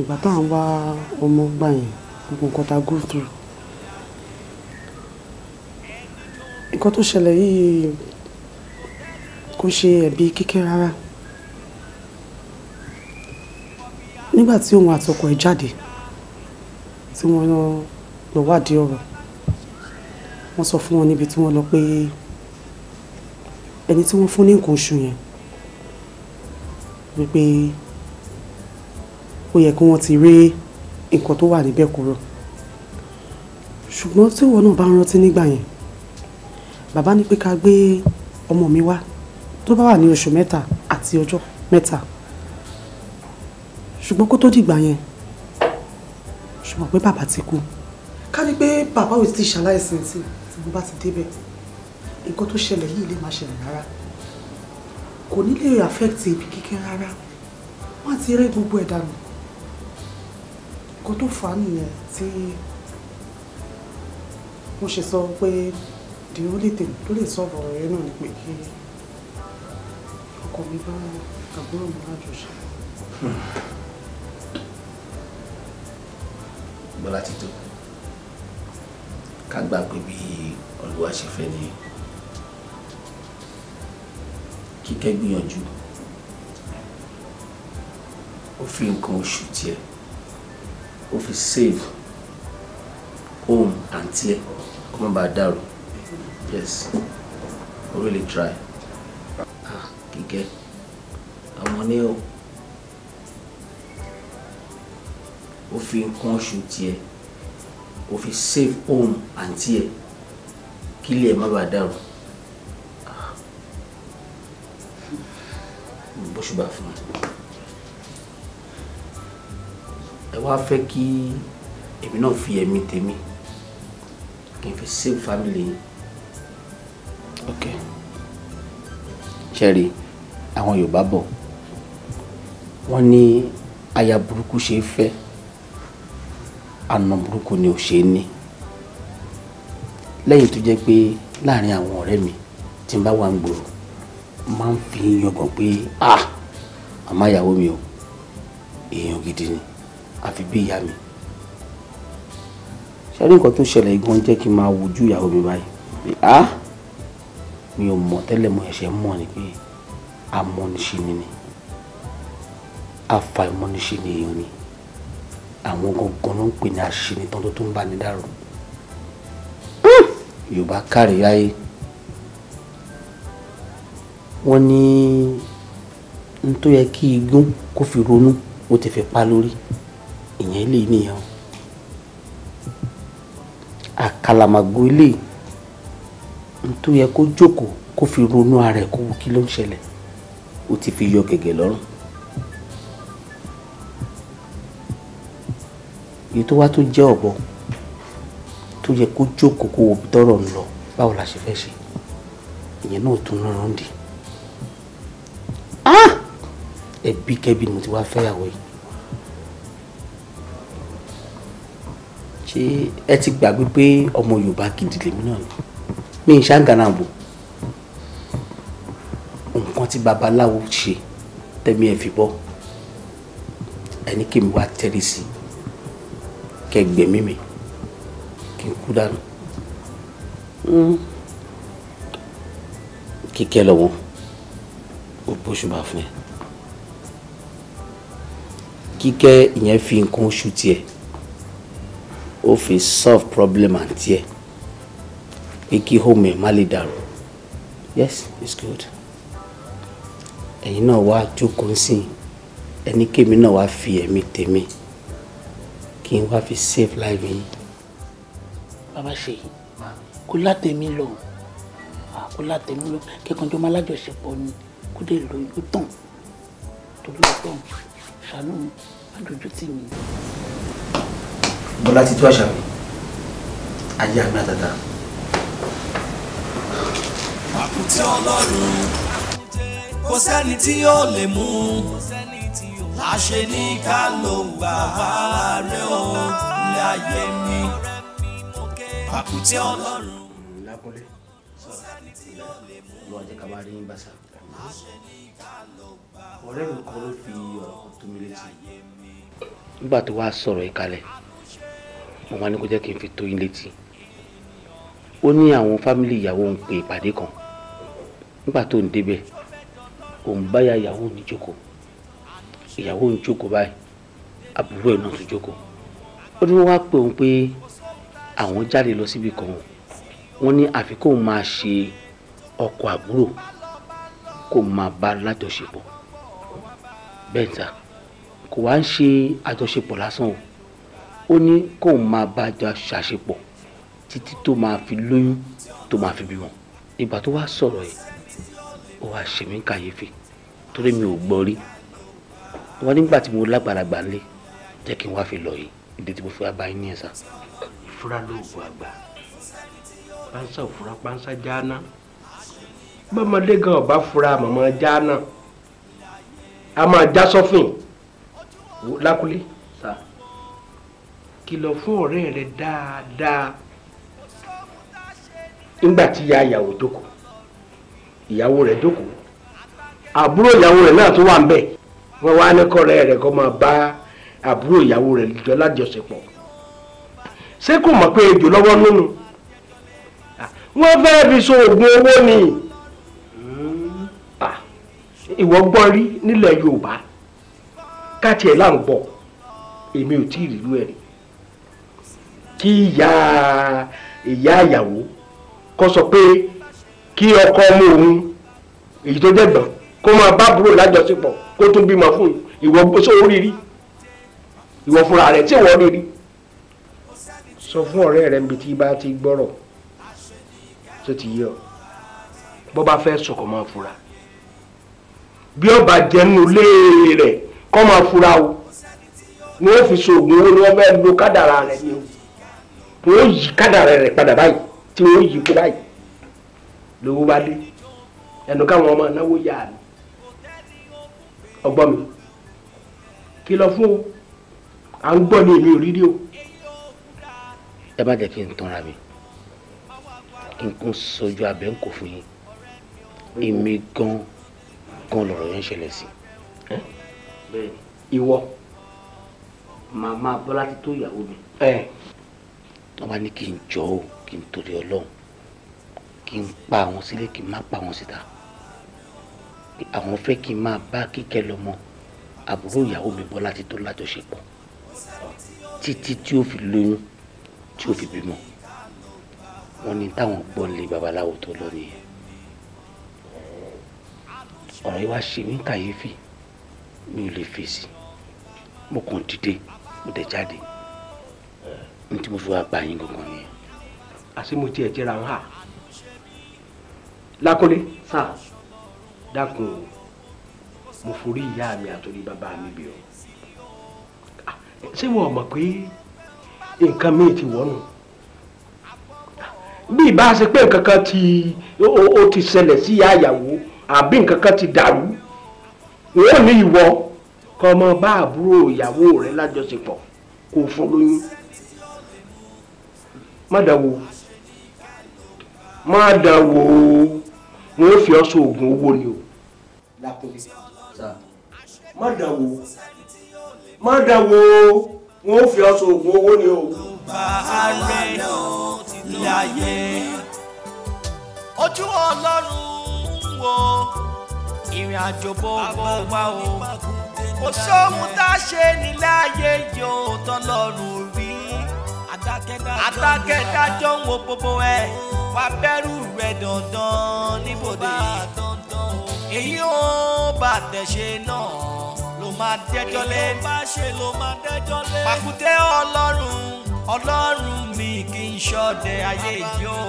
ìgbà tá à ń wá ọmọ gbà yẹn gbogbo nǹkan tá a go through nǹkan tó ṣẹlẹ̀ yìí kò ṣe ẹ̀bi kíkẹ́ rárá. nígbà tí òun àtọkọ ẹ̀ jáde tí wọ́n lọ wádìí ọ̀rọ̀ wọ́n sọ fún wọn níbi tí wọ́n lọ pé ẹni tí wọ́n fún ní nǹkan oṣù yẹn wípé ó yẹ kí wọ́n ti rí nǹkan tó wà níbẹ̀ kúrò ṣùgbọ́n tí ìwọ náà bá rántí nígbà yẹn bàbá ní pé ká gbé ọmọ mi wá tó bá wà ní oṣù mẹ́ta àti ọjọ́ mẹ́ta ṣùgbọ́n kó tó dìgbà yẹn ṣùgbọ́n pé bàbá ti kú ká ní pé bàbá ò ti ṣaláìsìn tí tí mo bá ti débẹ̀ nǹkan tó ṣẹlẹ̀ yìí lè má ṣẹlẹ̀ rárá kò ní lè affect ibi kíkẹ́ rárá wọ́n á ti rẹ́ gbogbo ẹ̀ dànù nǹkan tó fà á nìyẹn tí mo ṣe sọ pé the only thing tó lè sọ ọ̀rọ̀ rẹ náà ni pé kí ọkọ mi bá àbúrò mi lájọṣe. bọ́lá títò ká gbà pé bí olúwa ṣe fẹ́ ni kíkẹ́ gbìyànjú ó fi nǹkan oṣù tiẹ̀ ó fi save home and tiẹ̀ kó má bàa dàrú yes ó really try ah kíkẹ́ àwọn ní o. ó fi nǹkan oṣù tiẹ̀ ó fi save home àǹtí ẹ̀ kí ilé ẹ̀ má bàa dàrú bó ṣe bá fún un ẹ wá fẹ́ kí èmi náà fi ẹ̀mí tèmi kí n fi save family yìí. ok ṣẹ́rí àwọn Yorùbá bọ̀ wọ́n ní aya burúkú ṣe é fẹ́ àna burúkú ni ò ṣe é ní lẹ́yìn tó jẹ́ pé láàrin àwọn ọ̀rẹ́ mi tí n bá wà ń gbòòrò máa ń fi yangàn pé ah àmọ́ ìyàwó mi o èèyàn gidi ni àfi bí ìyá mi ṣẹ́rí nǹkan tó ṣẹlẹ̀ gan jẹ́ kí n máa wojú ìyàwó mi báyìí ah mi ò mọ̀ tẹ́lẹ̀ mo ẹ̀ṣẹ̀ mọ̀ ni pé amọ̀niṣe ni ni afàìmọ̀niṣe ni èèyàn ni àwọn gangan ló ń pè ní àṣìnitán tó tún bá ní dàrú yorùbá kárí ayé wọ́n ní n tó yẹ kí igún kó fi ronú ó ti fi pa lórí ìyẹn ilé nìyẹn àkàlàmàgbò ilé n tó yẹ kó jókòó kó fi ronú ara ẹ̀ kó wù kí ló ń ṣẹlẹ̀ ó ti fi yọ gẹ̀gẹ̀ lọ́rùn. èyí tó wá tó jẹ́ ọ̀bọ tó yẹ kó jókòó kó òbí tọrọ ń lọ báwo la ṣe fẹ́ ṣe ìyẹn náà tún rán dì ah! ẹbí kẹbí ni mo ti wá fẹ́yàwó yìí ṣé ẹ ti gbàgbé pé ọmọ Yorùbá gidi lèmi náà ni mi ń ṣàǹgànàbò nǹkan tí babaláwo ṣe tẹ́mi ẹ̀ fi bọ́ ẹni kí mi wá tẹ́lẹ̀ sí i kẹ gbẹ̀mí mi kí n kú dànù mm. kíkẹ́ lọ́wọ́ ó bóṣùbà fún ẹ kíkẹ́ ìyẹn fi nǹkan oṣù tiẹ̀ ó fi solve problem àǹtí ẹ̀ pé kí home ẹ̀ má lè dàrú yes it's good ẹ̀yin náà wá jókòó sí ẹni kémi náà wá fi ẹ̀mí tèmi kí n wá fi save life yìí bàbá ṣe kó látẹ̀mí lọ kó látẹ̀mí lọ kẹ́kànjọ́ máa lájọṣepọ̀ ni kó dé lóyún ó tàn torí ó tàn ṣàánú má tì mí. bọ́lá ti tó àṣà mi ayé àmì àtàtà. àkùtì ọlọ́run kò sẹ́ni tí yóò lè mú àṣẹ ní ká ló ń gbà bá rẹ o ilé ayé mi pàkúté ọlọ́run. lákúnlé lọ́wọ́ jẹ́ ká bá rí yín bàṣà. ọ̀rẹ́ mi kan ló fi ọ̀rọ̀ tó mi létí. nígbà tó wàá sọ̀rọ̀ yìí kalẹ̀ mo máa ní kó jẹ́ kí n fi tó yín létí ó ní àwọn fámìlì ìyàwó ń pe ìpàdé kan nígbà tó ń débẹ̀ òun báyà ìyàwó mi jókòó ìyàwó ń jókòó báyìí àbúrò ẹ̀ náà tún jókòó ó ní wọ́n wá pè òun pé àwọn jáde lọ síbi kan o wọ́n ní àfi kóun máa ṣe ọkọ àbúrò kó máa bá lájọṣepọ̀ bẹ́ẹ̀ ta kò wá ń ṣe àjọṣepọ̀ lásán o ó ní kóun máa bá jọ ṣàṣepọ̀ títí tó máa fi lóyún tó máa fi bímọ ìgbà tó wá sọ̀rọ̀ yìí ó wá ṣe mí kàyéfì torí mi ò gbọ́ rí wọn nígbà tí mo lágbára gbà ń lé jẹ́ kí n wá fi lọ yìí ìdí tí mo fi wá bá yín ní ẹ̀sà. ìfura lóògùn àgbà pánsá òfura pánsá jáná bọ́mọdé gan ọba fura màmá jáná a máa já sọ́fìn lákúlé kìlọ̀ fún ọ̀rẹ́ rẹ dáadáa nígbà tí ya ìyàwó jókòó ìyàwó rẹ̀ jókòó àbúrò ìyàwó rẹ̀ náà tó wà ń bẹ́ẹ̀ wọ́n wá ní kọ́rẹ́ rẹ̀ kó máa bá àbúrò ìyàwó rẹ̀ jọ lájọṣepọ̀ ṣé kò mọ̀ pé ejò lọ́wọ́ nínú wọ́n fẹ́ẹ́ fi so oògùn owó ni ìwọ gbọ́ rí nílẹ̀ Yorùbá káàtì ẹ̀ là ń bọ̀ èmi ò tí ì rí lú ẹ̀ rí kí ìyá ìyá ìyàwó kó sọ pé kí ọkọ ọmọ òun èyí tó jẹ́ gbọ̀n kó máa bá àbúrò lájọṣepọ̀ kó tún bímọ fún ìwọ gbósó oríire ìwọ fúnra rẹ tí ìwọ rírí sọ fún ọ̀rẹ́ rẹ níbi tí bá ti gbọ́rọ̀ tó ti yé ọ bó bá fẹ́ sọkọ máa fura bí ọba jẹnu léèrè rẹ kọ máa fura o ni wọ́n fi ṣoògùn owó ni wọ́n fẹ́ẹ́ lo kádàrà rẹ ni o wọ́n yí kádàrà rẹ padà báyìí tí wọ́n yí kó báyìí lówó bá dé ẹnu káwọn ọmọ náwó yá ọgbọ́n mi kìlọ̀ fún o à ń gbọ́ ní èmi ò rírí o. ẹ bá jẹ́ kí n tanra mi kí n kún sojú abẹ́ ń kò fún yín èmi gan gan lọ̀rọ̀ yẹn ṣẹlẹ̀ sí. ìwọ màmá bọ́lá ti tó ìyàwó mi. wọ́n bá ní kí n jọ ọ́ kí n torí ọlọ́run kí n pa àwọn sílé kí n má pa àwọn síta. Si àwọn fẹ́ kí n máa bá kíkẹ́ lọ́mọ àbúrò ìyàwó mi bọ́ láti tó lájọṣepọ̀ títí tí ó fi lóyún tí ó fi bímọ wọ́n ní táwọn gbọ́n lé babaláwo tó lọ nìyẹn ọ̀rọ̀ yìí wá ṣe mí kàyéfì mi ò lè fèsì mo kàn dìde mo dẹ̀ jáde ní tí mo fi wá gba yín gangan nìyẹn. àṣé mo jẹ́ ẹ̀jẹ̀ ra ń hà lákúnlé sáà dákun o mo forí ìyá mi àtòrí bàbá mi bí o ah, ṣé wọn mọ̀ pé nǹkan míì ti wọ́nù bí ìbá ṣe pé nǹkan kan ti ó ti ṣẹlẹ̀ sí ìyá ìyàwó àbí nǹkan kan ti dàrú wọn ò ní ìwọ kọ́ ọmọ bá àbúrò ìyàwó rẹ lájọṣepọ̀ kó fún lóyún má dàwó má dàwó wọn ò fi ọ́ sọ oògùn owó ni o lákúnlé má dàwó má dàwó wọn ò fi ọsọ oògùn owó ni o. ojú ọlọ́run wo ìrìn àjò bó bó wá o kò sóhun tá a ṣe nílé ayé yóò tọ́lọ́run rí adákẹ́dájọ́ ń wo gbogbo ẹ̀ wá bẹ̀rù rẹ̀ dandan níbodè èyí ó bàtẹ̀ ṣe náà ló máa dẹjọ́ lé èyí ó bá ṣe ló máa dẹjọ́ lé pàkúté ọlọ́run ọlọ́run mi kì í ṣọdẹ ayé yìí ó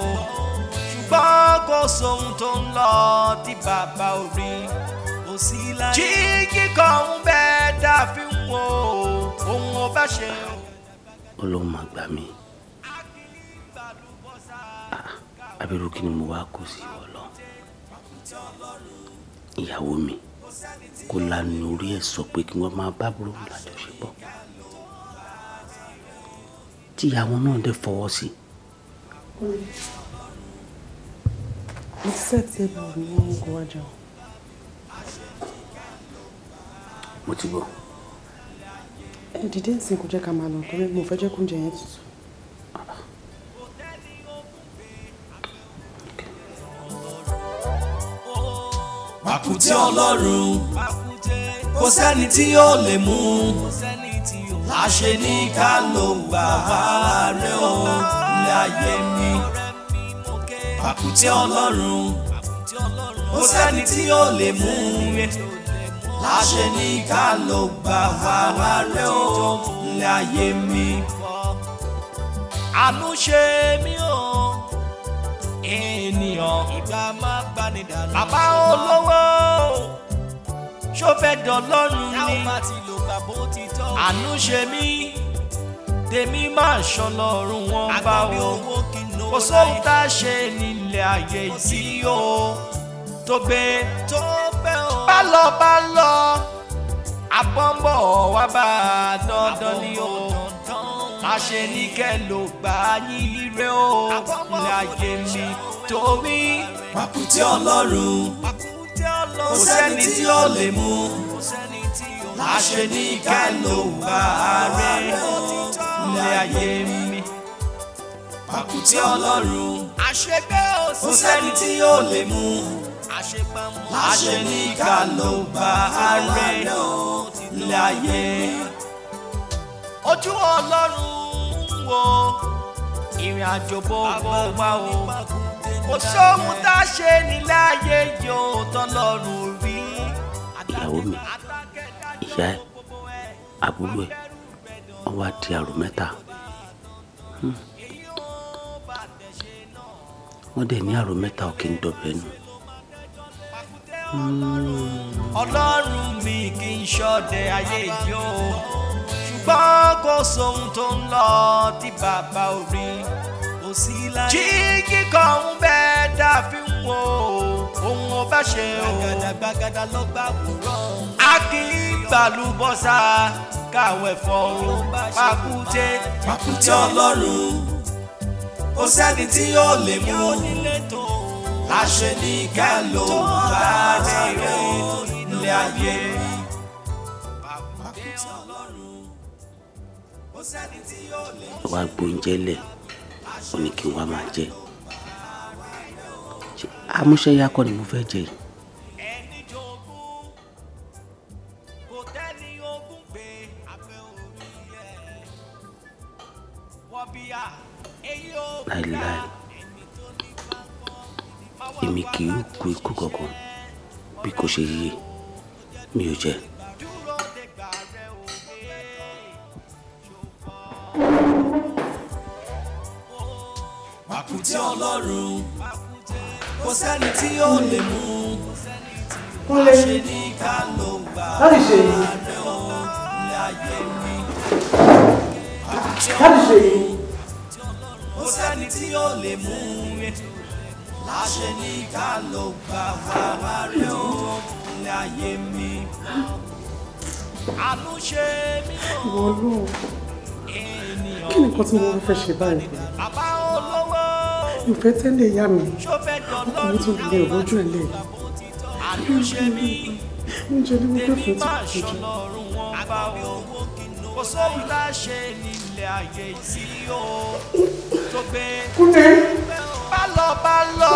ṣùgbọ́n kò sóhun tó ń lọ tí bàbá ò rí kò sí láyé jí kíkọ́ ń bẹ́ẹ̀ dàbí ń wo ohun ó bá ṣe. ọlọ́run máa gbà mí ah, abirù mo wá kó sí ìyàwó mi kó lanu orí ẹ̀ sọ pé kí wọ́n máa bá burú lájọṣepọ̀ tí ìyàwó náà dẹ̀ fọwọ́ sí. mo fẹ́ tí ẹ bọ̀ ní oògùn ọjọ́. mo ti gbọ́. ẹ dìde ǹsìn kò jẹ́ ká máa lọ torí mo fẹ́ jẹ́ kóúnjẹ yẹn tutù. pàkúté ọlọ́run kò sẹ́ni tí yóò lè mú láṣẹ ní ká ló gbà rẹ o ilé ayé mi pàkúté ọlọ́run kò sẹ́ni tí yóò lè mú láṣẹ ní ká ló gbà rẹ o ilé ayé mi àánú ṣe mí o ènìyàn. ìgbà máa gbani dànù. bàbá olówó ṣó fẹ́ dọ̀lọ́run ni. táwọn bá ti lò gbà bó ti tọ́. àánú ṣe mí tèmi máa ṣọlọ́run wọn bá o. kò sóhun tá a ṣe nílẹ̀ ayé yìí o. tó gbé tó bẹ́ o. bá lọ bá lọ abọ́nbọ̀ wá bá a dandan ni o àṣẹ ní kẹ́ ló gbà yí rẹ ó láyé mi torí pàkúté ọlọ́run kò sẹ́ni tí ó lè mú àṣẹ ní kẹ́ gbà rẹ láyé mi pàkúté ọlọ́run kò sẹ́ni tí ó lè mú láṣẹ ní kẹ́ gbà rẹ láyé mi ojú ọlọ́run wo ìrìn àjò gbogbo wa o kò sóhun tá a ṣe nílẹ̀ yóò tọ́lọ́run rí. ìyàwó mi ìyá ẹ àbúrò ẹ ọwọ́ àti àrò mẹ́ta hmm. wọ́n dẹ̀ ní àrò mẹ́ta òkè ń dọ̀bẹ̀ nù. Hmm. ọlọ́run mi kì í ṣọdẹ ayé yìí gbọ́ kó sóhun tó ń lọ tí bàbá ò rí kò sí láyé. jí kíkọ́ ń bẹ dàbí ń wo ohun ọba ṣe o. gbàgàdàgbàgàdà ló gbà wúrọ̀. a kì í gbàlúbọ́sà káwé fọ́ o pàkúté pàkúté ọlọ́run kò sẹ́ni tí yóò lè mú láṣẹ ní kẹ́lò bá ti rẹ̀ ilé ayé. wá gbóúnjẹ lẹ̀ ó ní kí n wá máa jẹ amúṣẹ́yá kọ́ ni mo fẹ́ jẹ yìí. láìláì èmi kì í kú ikú kankan bí kò ṣe yíyẹ mi ò jẹ́. pàkúté ọlọ́run kò sẹ́ni tí ó lè mú kúnlé láti ṣe yìí láti ṣe yìí. kò sẹ́ni tí ó lè mú láṣẹ ní ká ló gbà wá wá ní ayé mi. àánú ṣe mí kí ni nǹkan tí mo fẹ́ ṣe báyìí. bàbá olówó mi fẹ́ tẹ́lẹ̀ ìyá mi ọkọ mi tún lè rọ́jú ẹ̀ lẹ̀ oúnjẹ ní wọ́n fẹ́ fún ti kù jù. kúnlẹ̀ bálọ̀bálọ̀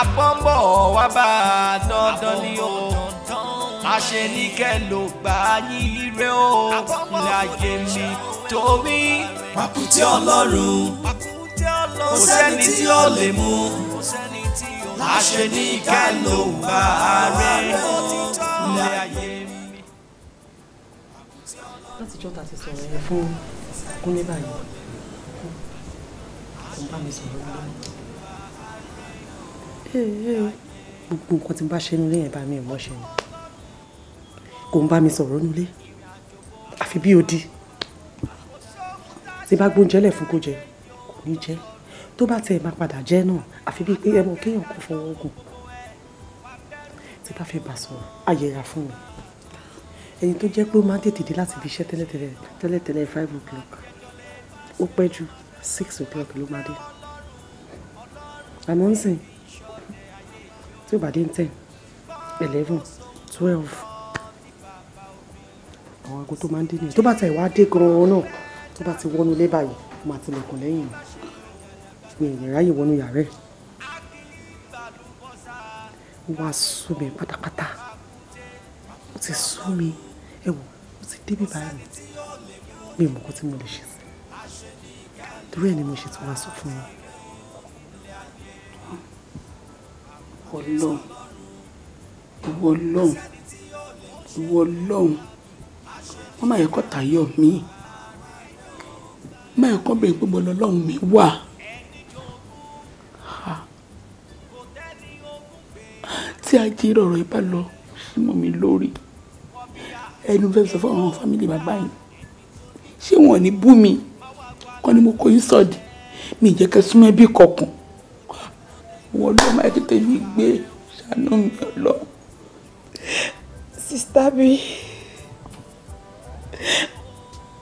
àbọ̀nbọ̀ wá bá a dandan ni o àṣẹ ní kẹ́ ló gbà yín rẹ o ilé ayé mi torí pàkúté ọlọ́run kò sẹ́ni tí ó lè mú láṣẹ ní kẹ́lò bá a rẹ̀ lé ayé mi. láti jọ́ta ti sọ̀rọ̀ ẹ̀ fún kúnlé báyìí kò bá mi sọ̀rọ̀ lọ́wọ́ eh, eh, gbogbo nǹkan tí n bá ṣe nílé yẹn bá mi mọ́ ṣe ni kò ń bá mi sọ̀rọ̀ nílé àfi bí odi tí bá gbóúnjẹ lẹ̀ fún kó jẹ ní jẹ́ tó bá tiẹ̀ máa padà jẹ́ náà àfi bíi pé ẹmọ kéèyàn kò fọwọ́ gùn tí bá fẹ́ bá sọ̀rọ̀ á fún mi ẹni tó jẹ́ pé ó máa tètè dé láti ibi iṣẹ́ tẹ́lẹ̀tẹ́lẹ̀ tẹ́lẹ̀tẹ́lẹ̀ five o'clock ó pẹ́ ju six o'clock ló máa dé àmọ́ ń sìn tí ó bá dé ń ten eleven twelve àwọn aago tó máa ń dé nìyẹn tó bá ti wá gan-an náà tó bá ti wọnú ilé báyìí ó máa tilẹ̀kùn lẹ́yìn mi mi ì lè ráyè wọnú yàrá ẹ̀ ó wá sú mi pátápátá ó ti sú mi ẹ wò ó ti débi báyìí mi ò mọ̀ kó tí mo lè ṣe sí torí ẹ̀ ni mo ṣe ti wá sọ fún wọn. Ọlọ́run ìwọ Ọlọ́run ìwọ Ọlọ́run wọ́n máa yẹ kọ́ tàyọ̀ mí máa yẹ kọ́ bẹ̀rẹ̀ pé bọ́lá Ọlọ́run mi wà. tí ajírọ̀rọ̀ yìí bá lọ sí mọ́ mi lórí ẹnu fẹ́ sọ fún àwọn fámìlì bàbá yìí ṣé wọn ò ní bú mi kọ́ ni mo kó yín sọ̀dì mi jẹ́ kẹ́ súnmọ́ ẹbí kọ̀ọ̀kan wọ́n ló máa tètè mi gbé ṣàánú mi lọ. sista mi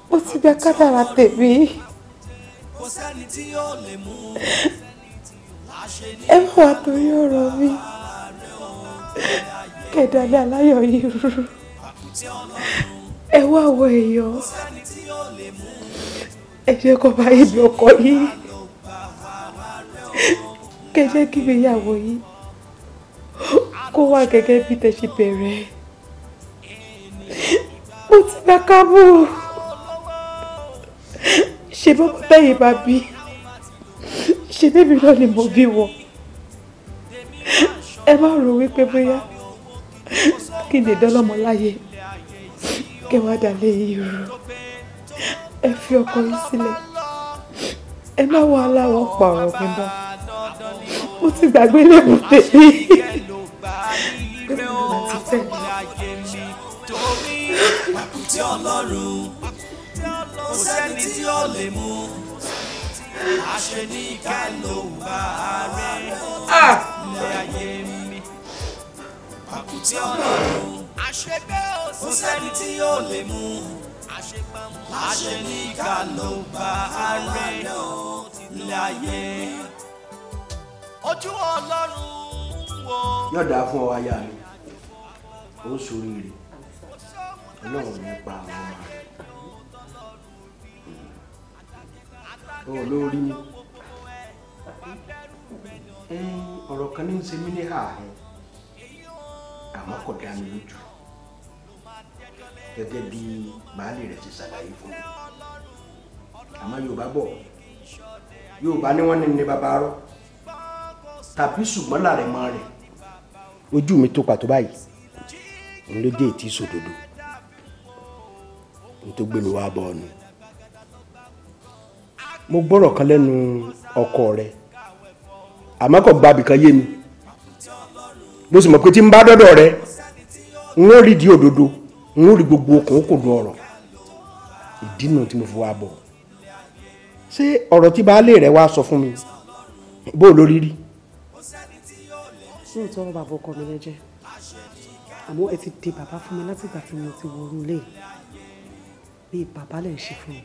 mo ti gba kádàrà tèmi ẹ má wàá torí ọ̀rọ̀ mi kẹ̀dálẹ̀ aláyọ̀ yìí rú ẹ wá wọ èèyàn ẹ jẹ́ kó bá ibi ọkọ yìí kẹ jẹ́ kí ìgbéyàwó yìí kó wà gẹ́gẹ́ bí tẹ̀sí bẹ̀rẹ̀ mo ti gbà kábù ṣe bọ́ bẹ́yìn bá bí ṣe débi náà ni mo bí wọ ẹ má rò wípé bóyá kí n lè dọ́lọ́mọ láyé kí wàá dalẹ̀ yìí rú ẹ fi ọkọ yín sílẹ̀ ẹ má wọ aláwọ̀ pa ọ̀rọ̀ mi mọ́ mo ti gbàgbé lẹ́bùn tèmi tí ọlọ́run kò sẹ́ni tí ó lè mú àṣẹ ní ká bá rẹ̀ ah! lé kàkù tí ó lè mú. àṣegbé sẹ́ni tí ó lè mú. láṣẹ ní ká ló bá ààrẹ láyé. ojú ọlọ́run wo. yóò fún ọ aya mi ó ṣoríire ọlọ́run nípa àwọn ọmọ rẹ̀ ó lórí mi kan ní í ṣe mí ní ààrùn àmọ́ kò dá mi lójú gẹ́gẹ́ bí baálé rẹ̀ ti ṣàlàyé fún mi àmọ́ yorùbá bọ̀ yorùbá ní wọ́n ní ní bàbá rọ tàbí ṣùgbọ́n láàrẹ̀ mọ́ rẹ̀ ojú mi tó pàtó báyìí òun ló dé ètí sòdodo òun tó gbé mi wá bọ́ ọ̀nù mo gbọ́rọ̀ kan lẹ́nu ọkọ rẹ̀ àmọ́ kò gbàbì yé mi mo sì mọ̀ pé tí n bá dọ́dọ̀ rẹ n ó rí di òdodo n ó rí gbogbo okùn ó kò do ọ̀rọ̀ ìdí nu tí mo fi wá bọ̀ ṣé ọ̀rọ̀ tí baálé rẹ wá sọ fún mi bó o lórí rí. ṣé ìtọ́ bàbá ọkọ mi lẹ́jẹ̀ àmọ́ ẹ ti de bàbá fún mi láti ìgbà tí mo ti wọnú ilé bí bàbá lè ṣe fún mi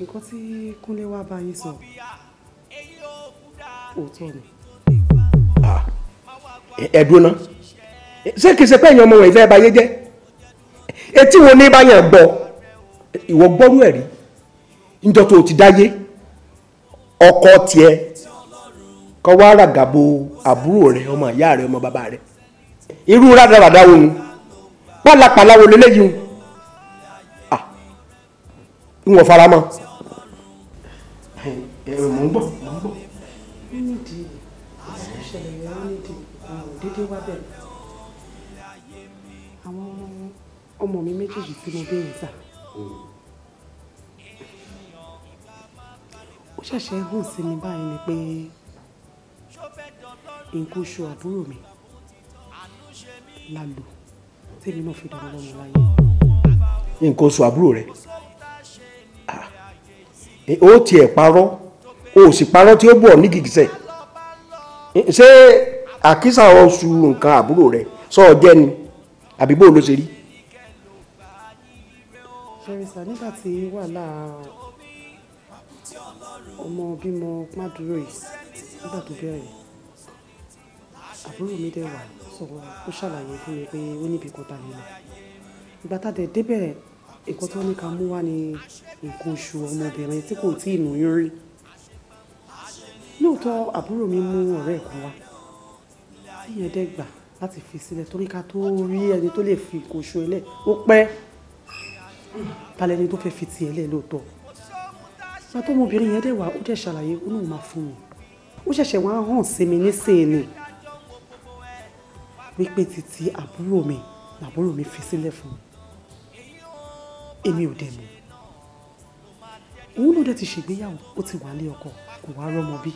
nǹkan tí Kúnlé wá bá yín sọ òótọ́ ni. ẹ dúró ná ṣé kìí ṣe pé ẹ̀yin ọmọ rẹ̀ ìfẹ́ báyé jẹ́ etí wo ní báyẹn gbọ́ ìwọ gbọ́rú ẹ̀ rí níjọ́ tó o ti dáyé ọkọ tiẹ̀ kọ́ wá ràgàbo àbúrò rẹ̀ ọmọ ìyá rẹ̀ ọmọ bàbá rẹ̀ irú rádaràdà wo ni pálapàla wo lélẹ́yìí ń wọ̀ fara mọ́ ẹ̀rọ mò ń gbọ́ mò ń gbọ́. ó ní di ìṣẹ̀lẹ̀ yẹn ó ní di àwọn òdédé wá bẹ̀rẹ̀ àwọn ọmọ mi méjèèjì tí mo béèrè sà ó ṣẹ̀ṣẹ̀ hàn sí mi báyìí ni pé nǹkan oṣù àbúrò mi la lò tèmi náà fi dàgbà lọ́mọ láyé. nǹkan oṣù àbúrò rẹ̀ ah, ó tiẹ̀ parọ́ o sì parọ́ tí ó bọ̀ ní gìgísẹ̀ ṣé àkísà oṣù nǹkan àbúrò rẹ sọ ọ jẹ́ ni àbí bó ló ṣe rí. ṣẹ́rìṣà nígbà tí wàhálà ọmọ bímọ pàdúrò yìí nígbà tó bẹ̀rẹ̀ àbúrò mi dẹ̀ wà sọ̀rọ̀ ó ṣàlàyé fún mi pé ó níbi kan ta nílò ìgbà tá a dẹ̀ débẹ̀ nǹkan tó ní ká mú wá ní nǹkan oṣù ọmọbìnrin tí kò tí ì nù yín rí lóòótọ́ àbúrò mi mú ọ̀rẹ́ ẹ̀kọ́ wá tíyẹn dẹ́gbà láti fi sílẹ̀ torí ká tó rí ẹni tó lè fi nǹkan oṣù ẹlẹ́ ó pẹ́ balẹ̀ ẹni tó fẹ́ fi tiẹ̀ lẹ̀ lóòótọ́ ìgbà tó ọmọbìnrin yẹn dẹ̀ wá ó dẹ̀ ṣàlàyé ó náà máa fún mi ó ṣẹ̀ṣẹ̀ wá hàn sí mi nísìnyí ni wípé títí àbúrò mi làbúrò mi fi sílẹ̀ fún mi èmi ò dẹ̀ mọ̀ òun ló dẹ̀ ti ṣègbéyàwó ó ti wà ní ọkọ kò wá rọ́mọ bí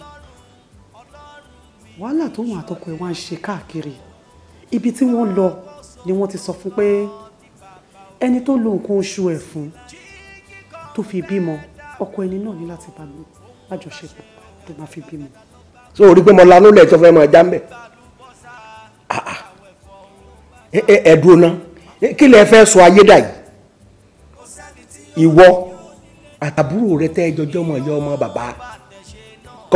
wàhálà tóun àtọkọ ẹ̀ wá ń ṣe káàkiri ibi tí wọ́n lọ ni wọ́n ti sọ fún pé ẹni tó lo nǹkan oṣù ẹ̀ fún tó fi bímọ ọkọ ẹni náà ní láti bá lò tó máa fi bímọ. so orí pé mo lanú lẹ̀ tó fẹ́ mọ ẹja ń bẹ̀ ah, ah. ẹ̀dùn náà kí lẹ fẹ́ sọ ayé dà yìí ìwọ àtàbúrò rẹ tẹ́ ẹjọ́jọ́ mọ̀ ẹ̀yọ́ ọmọ bàbá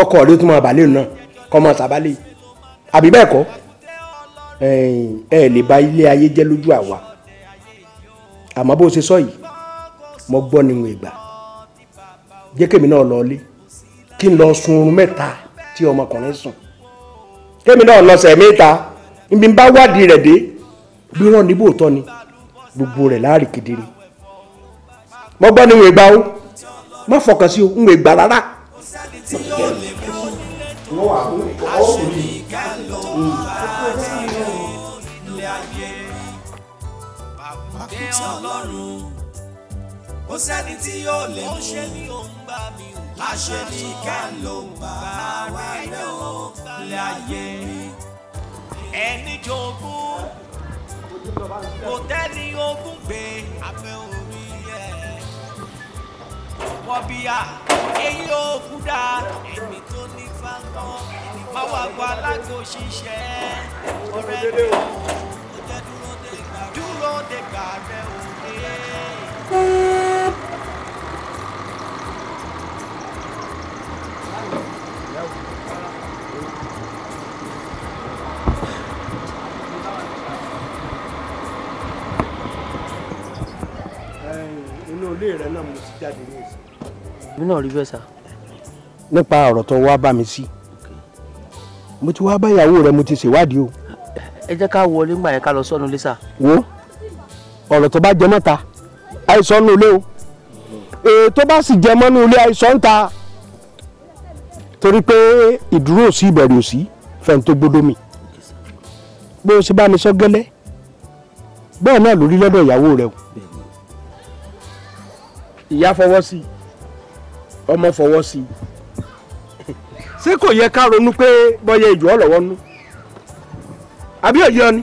kọ́kọ́ rí o tún máa bàálẹ̀ náà kọ́ máa sàbálẹ̀ àbí bẹ́ẹ̀ kọ́ ẹ lè ba ilé ayé jẹ́ lójú àwa àmọ́ bó ṣe sọ yìí mo gbọ́ nínú ìgbà jẹ́ kémi náà lọ lé kí n lọ sun oorun mẹ́ta tí ọmọkùnrin sùn kémi náà lọ sẹ̀ mẹ́ta níbi bá wádìí rẹ̀ dé bí wọ́n ní bóòtọ́ ni gbogbo rẹ̀ láàrín kedere mo gbọ́ nínú ìgbà o má fọkàn sí o ń gbà rárá tí yóò lè mú aṣèríkà ló bá ti rò ilé ayé pàpàdé ọlọ́run kò sẹ́ni tí yóò lè mú aṣèríkà ló bá wà lọ ilé ayé ẹni jogún kò tẹ́ni ogún gbé abẹ́ òun wọ̀bìà èyí ò kú dá èmi tó ní fáwọn èmi bá wà wà lágbo ṣiṣẹ́ ọ̀rẹ́ mi ò ó dúró dé gbà rẹ̀ ilé rẹ náà mo ti jáde ní ìsìn. èmi náà rí bẹ́ẹ̀ sà. nípa ọ̀rọ̀ tó wá bá mi sí mo ti wá báyàwó rẹ mo ti ṣèwádìí o. ẹ jẹ́ ká wọlé ńgbà yẹn ká lọ sọ́nù lé sà. wo ọ̀rọ̀ tó bá jẹ mọ́ta àìsàn nù ilé o èyí tó bá sì jẹ mọ́nú ilé àìsàn ta torí pé ìdúró sí ìbẹ̀rù sí fẹ́ni tó mi bó o ṣe bá mi sọ gẹ́lẹ́ bẹ́ẹ̀ náà lórí lọ́dọ̀ ìyàwó rẹ o ìyá fọwọ́ sí ọmọ fọwọ́ sí ṣé kò yẹ ká ronú pé bọ́yẹ ìjọ ọlọ́wọ́ nú àbí òye ọ ni.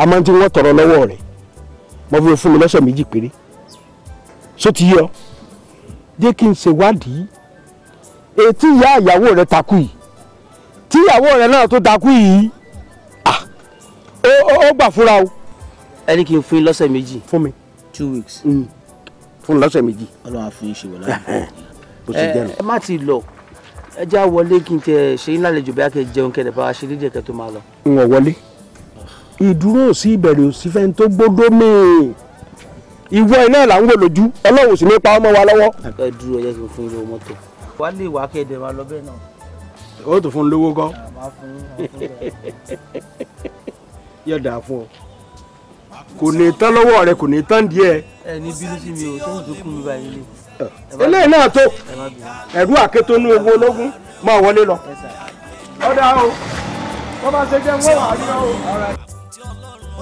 àmọ́ tí wọ́n tọrọ lọ́wọ́ rẹ̀ mo fi fún mi lọ́sẹ̀ méjì péré ṣó ti yọ jẹ́ kí n ṣèwádìí ètí ìyá ìyàwó rẹ̀ takú yìí tí ìyàwó rẹ̀ náà tó takú yìí ó gbà fúnra o. ẹni kí n fún yín lọ́sẹ̀ méjì. fún mi. two weeks. Mm fún lọ́sẹ̀ méjì. ọlọ́run á fún yín ṣe wọ̀ ẹ má ti lọ ẹ já wọlé kí n tẹ ṣe yín lálejò bí a kẹ jẹun kẹlẹ bá a ṣe lédè kẹ tó máa lọ. n ò wọlé ìdúró òsì ìbẹ̀rẹ̀ òsì fẹ́ni tó gbódó mìíràn ìwọ iná là ń wò lójú ọlọ́run sì ní pa ọmọ wa lọ́wọ́. ẹ dúró ẹ jẹ́ kí n fún yín lówó mọ́tò. wà á lè wá kéde wa lọ bẹ́ẹ̀ náà. ó tún fún lówó kọ́. yọ̀dà fún ọ kò ní tán lọ́wọ́ rẹ kò ní tán díẹ̀. ẹ ní bínú sí mi o sẹ́yìn tó kún mi báyìí lé. eléyìí náà tó ẹ̀rú àkétónú ewu ológun máa wọlé lọ. ọ̀dà o tó bá ṣe jẹ́ wọ́n wà á yọ o.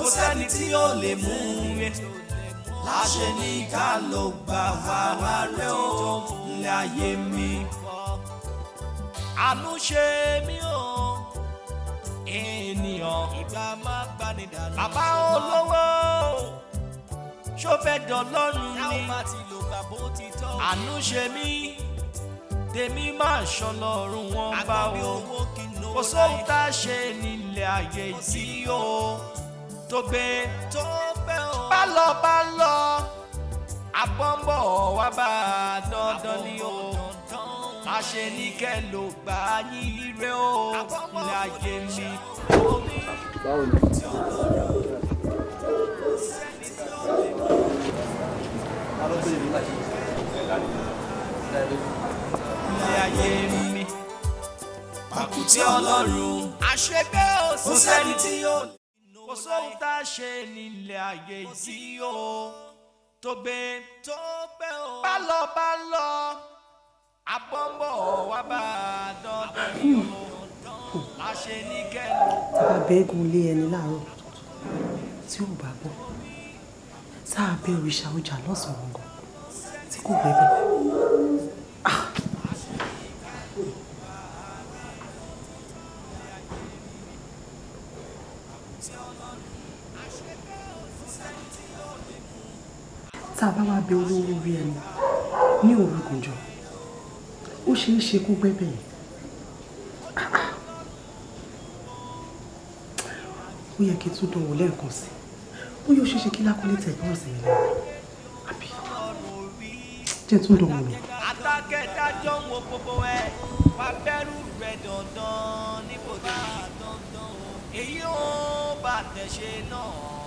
ó sẹ́ni tí ó lè mú rẹ̀ láṣẹ ní ká ló gbà wá wá rẹ̀ ó láyé mi. àánú ṣe mí o ènìyàn ìgbà máa gbani dànù. bàbá olówó ṣó fẹ́ dọ̀lọ́run ni àánú ṣe mí tèmi máa ṣọlọ́run wọn bá o kò sóhun tá a ṣe nílẹ̀ ayé yìí o tó gbé bá lọ bá lọ abọ́nbọ̀ wá bá a dandan ni o àṣẹ ní kẹ́ ló gbà á yí ire o ní ayé mi. báwo ni ilé ayé mi pàkúté ọlọ́run àṣegbé òsì sẹ́ni tí yóò kò sóhun tá a ṣe nílé ayé yìí o tògbè tó pẹ́ o. bá lọ bá lọ abọ́nbọ̀ wá bá a dandan ní ọ̀dọ́ láṣẹ ní kẹ́lò. àbẹ́gun lé ẹni láàárọ̀ tí ò bá gbọ́ sáà bẹ́ òrìṣà ọjà lọ́sàn-án tí kò gbẹ́gbẹ́. Ah! tá a bá wá bẹ olówó orí ẹni ní òru gùnjọ ó ṣeé ṣe kó gbẹ́bẹ̀ yìí ó yẹ kí n tún dánwò lẹ́ẹ̀kan sí ó ṣeé ṣe kí lákúnlé tẹ̀gbọ́n sí mi lẹ́nu àbí jẹ́ tún dánwò mi. adákẹ́dájọ́ wo gbogbo ẹ̀ wá bẹ́rù rẹ̀ dandan níbo tó yà dandan èyí ó bàtẹ̀ ṣe náà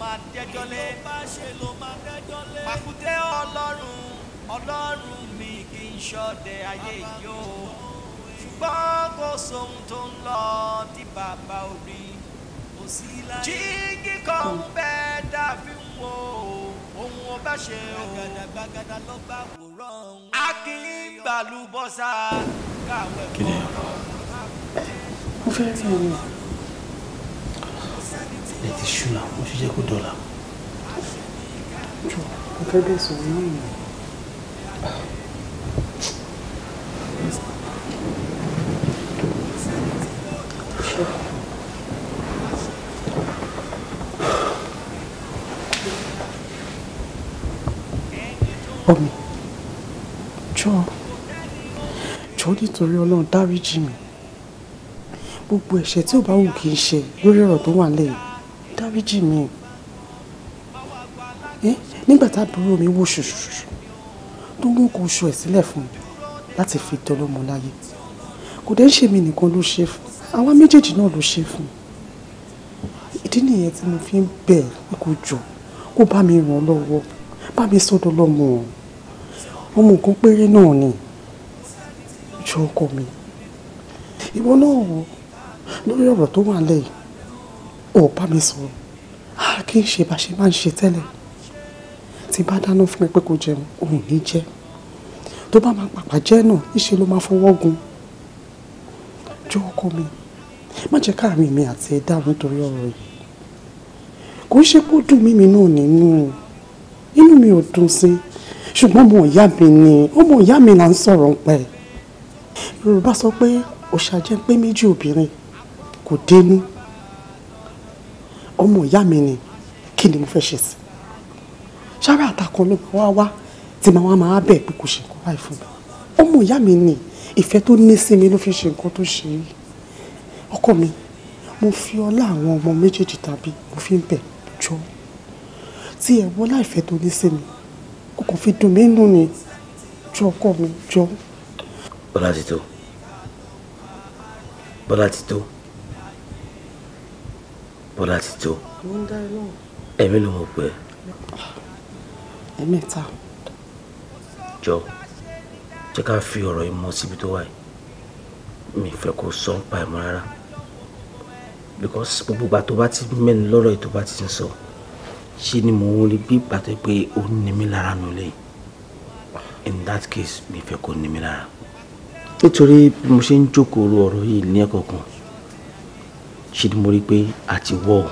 máa dẹjọ́ lé kí ló bá ṣe ló máa dẹjọ́ lé pàkúté ọlọ́run ọlọ́run mi kì í ṣọdẹ ayé yìí o ṣùgbọ́n kò sóhun tó ń lọ tí bàbá orí kò sí láyé jíǹgì kan ń bẹ dàbí ń wo ohun ọba ṣe o gbàgàdàgbàgàdà ló bá wòrán wọn. a kì í gbàlúbọ́sà káwé kọ́ ọ́ mo fẹ́ rí ẹni ilẹ̀ ti ṣú la mo ṣe jẹ́ kó dọ̀la. jọ mo fẹ́ bẹ́ẹ̀ sọ̀rọ̀ náà yẹn. ọmọ jọ jọ nítorí Ọlọ́run dáríjì mi gbogbo ẹ̀ṣẹ̀ tí ò bá wù kí n ṣe lórí ọ̀rọ̀ tó wà lẹ́yìn dáríjì mi nígbà tábúrò mi wò ṣùṣùṣù tó mú kó oṣù ẹ̀ sílẹ̀ fún mi láti fi tọ́lọ́mọ láyé kò dẹ́ ń ṣe mi nìkan ló ṣe fún àwa méjèèjì náà ló ṣe fún ìdí nìyẹn tí mo fi ń bẹ̀ pé kó jọ kó bá mi ràn lọ́wọ́ bá mi sọ́dọ̀ lọ́mọ ọmọ nǹkan péré náà ni ìjọ ọkọ mi ìwọ náà wò lórí ọ̀rọ̀ tó wà lẹ́yìn ò bá mi sọ̀rọ̀ a kì í ṣe bá ṣe máa ń ṣe tẹ́lẹ̀ tí bá dáná fún mi pé kò jẹun òun ní jẹ tó bá máa pàpà jẹ́ náà níṣe ló máa fọwọ́ gun jọ ọkọ mi má jẹ́ káàrin mi àti ẹ̀ dàrú nítorí ọ̀rọ̀ yìí kò ń ṣe pé ó dùn mí mi náà nínú inú mi ò dùn sí ṣùgbọ́n ọmọ ìyá mi ni ọmọ ìyá mi là ń sọ̀rọ̀ pẹ́ yorùbá sọ pé òṣà pé méjì obìnrin kò dénú ọmọ ìyá mi ni kí ni mo fẹ́ ṣe sí ṣáárà àtàkùn ló máa wá wá tí màá wá máa bẹ̀ pé kò ṣe nǹkan báyìí fún mi ọmọ ìyá mi ni ìfẹ́ tó ní sí mi ló fi ṣe nǹkan tó ṣe yìí ọkọ mi mo fi ọlá àwọn ọmọ méjèèjì tàbí mo fi ń bẹ̀ jọ tí ẹ wọ́n láìfẹ́ tó ní sí mi kò kò fi dùn mí nù ni jọ ọkọ mi jọ. bọ́lá ti tó bọ́lá ti tó bọ́lá ti jọ ẹ̀mí ló mọ̀ pé. ẹ̀mẹ́ta. jọ jẹ́ ká fi ọ̀rọ̀ yìí mọ síbi tó wà yìí mi fẹ́ kó sọ ń pa ẹ̀mọ́ rárá because gbogbo ìgbà tó bá ti mẹ́nu lọ́rọ̀ yìí tó bá ti ń sọ ṣé ni mo ń rí bí ìgbà tó pé ó ní mi lára nù lẹ́yìn in that case mi fẹ́ kó ní mi lára nítorí bí mo ṣe ń jókòó ọ̀rọ̀ yìí ní ẹ̀kọ̀ọ̀kan ṣe ni mo rí pé àti wọ́ ọ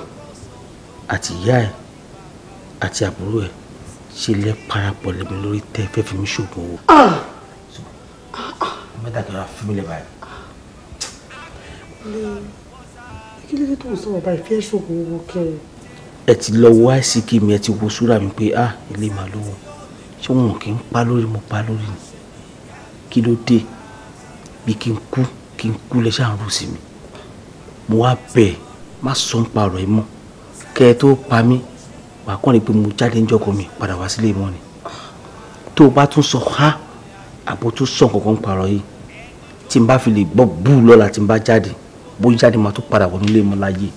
àti ìyá ẹ̀ àti àbúrò ẹ̀ ṣe lẹ́ parapọ̀ lẹ́mi lórí tẹ́ fẹ́ fi mí ṣògùn owó. mẹ́tàkìlá fún mi lẹ́ báyìí. kí ló dé tó ń sọ̀rọ̀ báyìí fẹ́ ṣògùn owó kẹrin. ẹ ti lọ wo àìsíkì mi ẹ ti wo súra mi pé ah ilé màá lówó ṣé wọn kì í pa lórí mo pa lórí ni kí ló dé bí kí n kú kí n kú lẹ ṣáà ń rò sí mi mo wá bẹ̀ má sọ ń pa ọ̀rọ̀ yìí mọ́ kẹ́ ẹ tó pa mí wàá kọ́ ni pé mo jáde ń jọkọ mi padà wá sílé mọ́ ni tó o bá tún sọ ha àbò tún sọ nǹkan kan ń pa ọ̀rọ̀ yìí tí n bá fi lè gbọ́ búù lọ́la tí n bá jáde bó jáde máa tún padà wọnú ilé mọ́ láyé.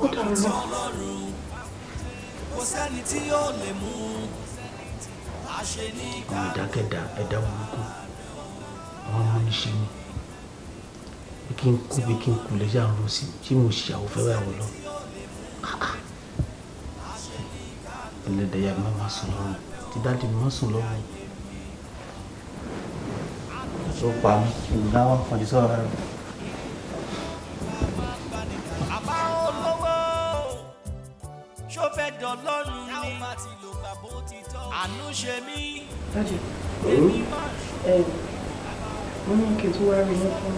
ó dàrú lọ àwọn ìdákẹ́dá ẹ̀dá burúkú àwọn ọmọ níṣẹ́ mi bí kí n kú bí kí n kú lè yá ọ̀rọ̀ sí tí mo ṣe àwọn fẹ́ báyìí lọ ẹlẹ́dẹ̀ẹ́yà mi máa sùn lọ́rùn tí dáàdì mi máa sùn lọ́rùn So pa mí ìgbà wọn kàn jí sọ̀rọ̀ ṣó fẹ́ dọ̀lọ́run ni àánú ṣe mí. dájú mo ní kí n tó wá rí mú fún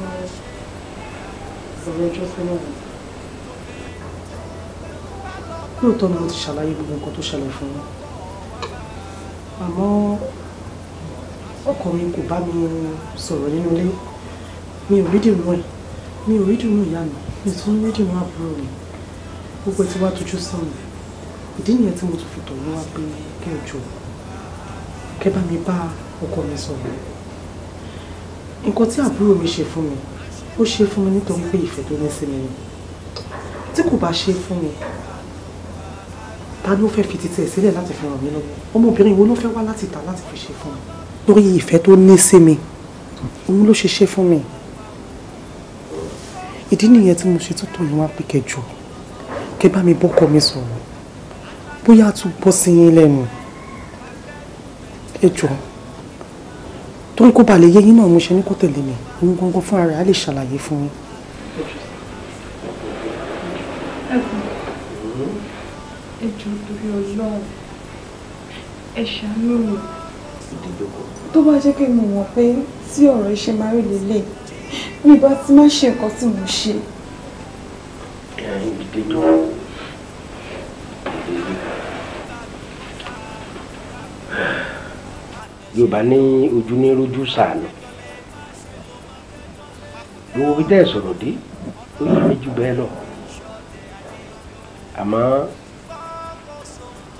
ọ̀rọ̀ ọjọ́ fún náà lóòótọ́ ni mo ti ṣàlàyé gbogbo nǹkan tó ṣẹlẹ̀ fún wọn àmọ́ ọkọ mi kò bá mi sọ̀rọ̀ nínú ilé mi ò rí dìrú ẹ̀ mi ò rí dìrú ìyá mi mi tún rí dìrú àbúrò mi gbogbo ẹ̀ ti wá tójú sọ̀rọ̀ ìdí nìyẹn tí mo tún fi tọ̀ wọ́n wá pé kí n jọ kẹ bá mi bá ọkọ mi sọ̀rọ̀ nǹkan tí àbúrò mi ṣe fún mi ó ṣe fún mi nítorí pé ìfẹ́ tó ní sí mi ni tí kò bá ṣe fún mi ta ló fẹ́ fi títí ẹ̀ sílẹ̀ láti fi ràn mí lọ́wọ́ ọmọbìnrin wo ló fẹ́ wá láti ta láti fi ṣe fún mi lórí ìfẹ́ tó ní sí mi òun ló ṣe ṣe fún mi ìdí nìyẹn tí mo ṣe tó tọ̀ yín wá pé kẹjọ kẹ bá mi bọ́kọ mi sọ̀rọ̀ bóyá tún bọ́ sí yín lẹ́nu ẹ jọ̀ọ́ tó ń kó balẹ̀ yé yín náà mo ṣe ní kó tẹ̀lé mi òun gangan fúnra rẹ̀ á lè ṣàlàyé fún yín. ẹ jọ̀ọ́ torí Ọlọ́run ẹ ṣàánú mi tó bá jẹ́ pé mo mọ̀ pé tí ọ̀rọ̀ iṣẹ́ máa rí lélẹ̀ mi bá ti má ṣe nǹkan tí mo ṣe. ẹ ẹ ìdílé yorùbá ní ojú ní rojú sàánù gbogbo bí tẹ́ ẹ̀ sọ̀rọ̀ dé ó yẹ méjì bẹ́ẹ̀ lọ àmọ́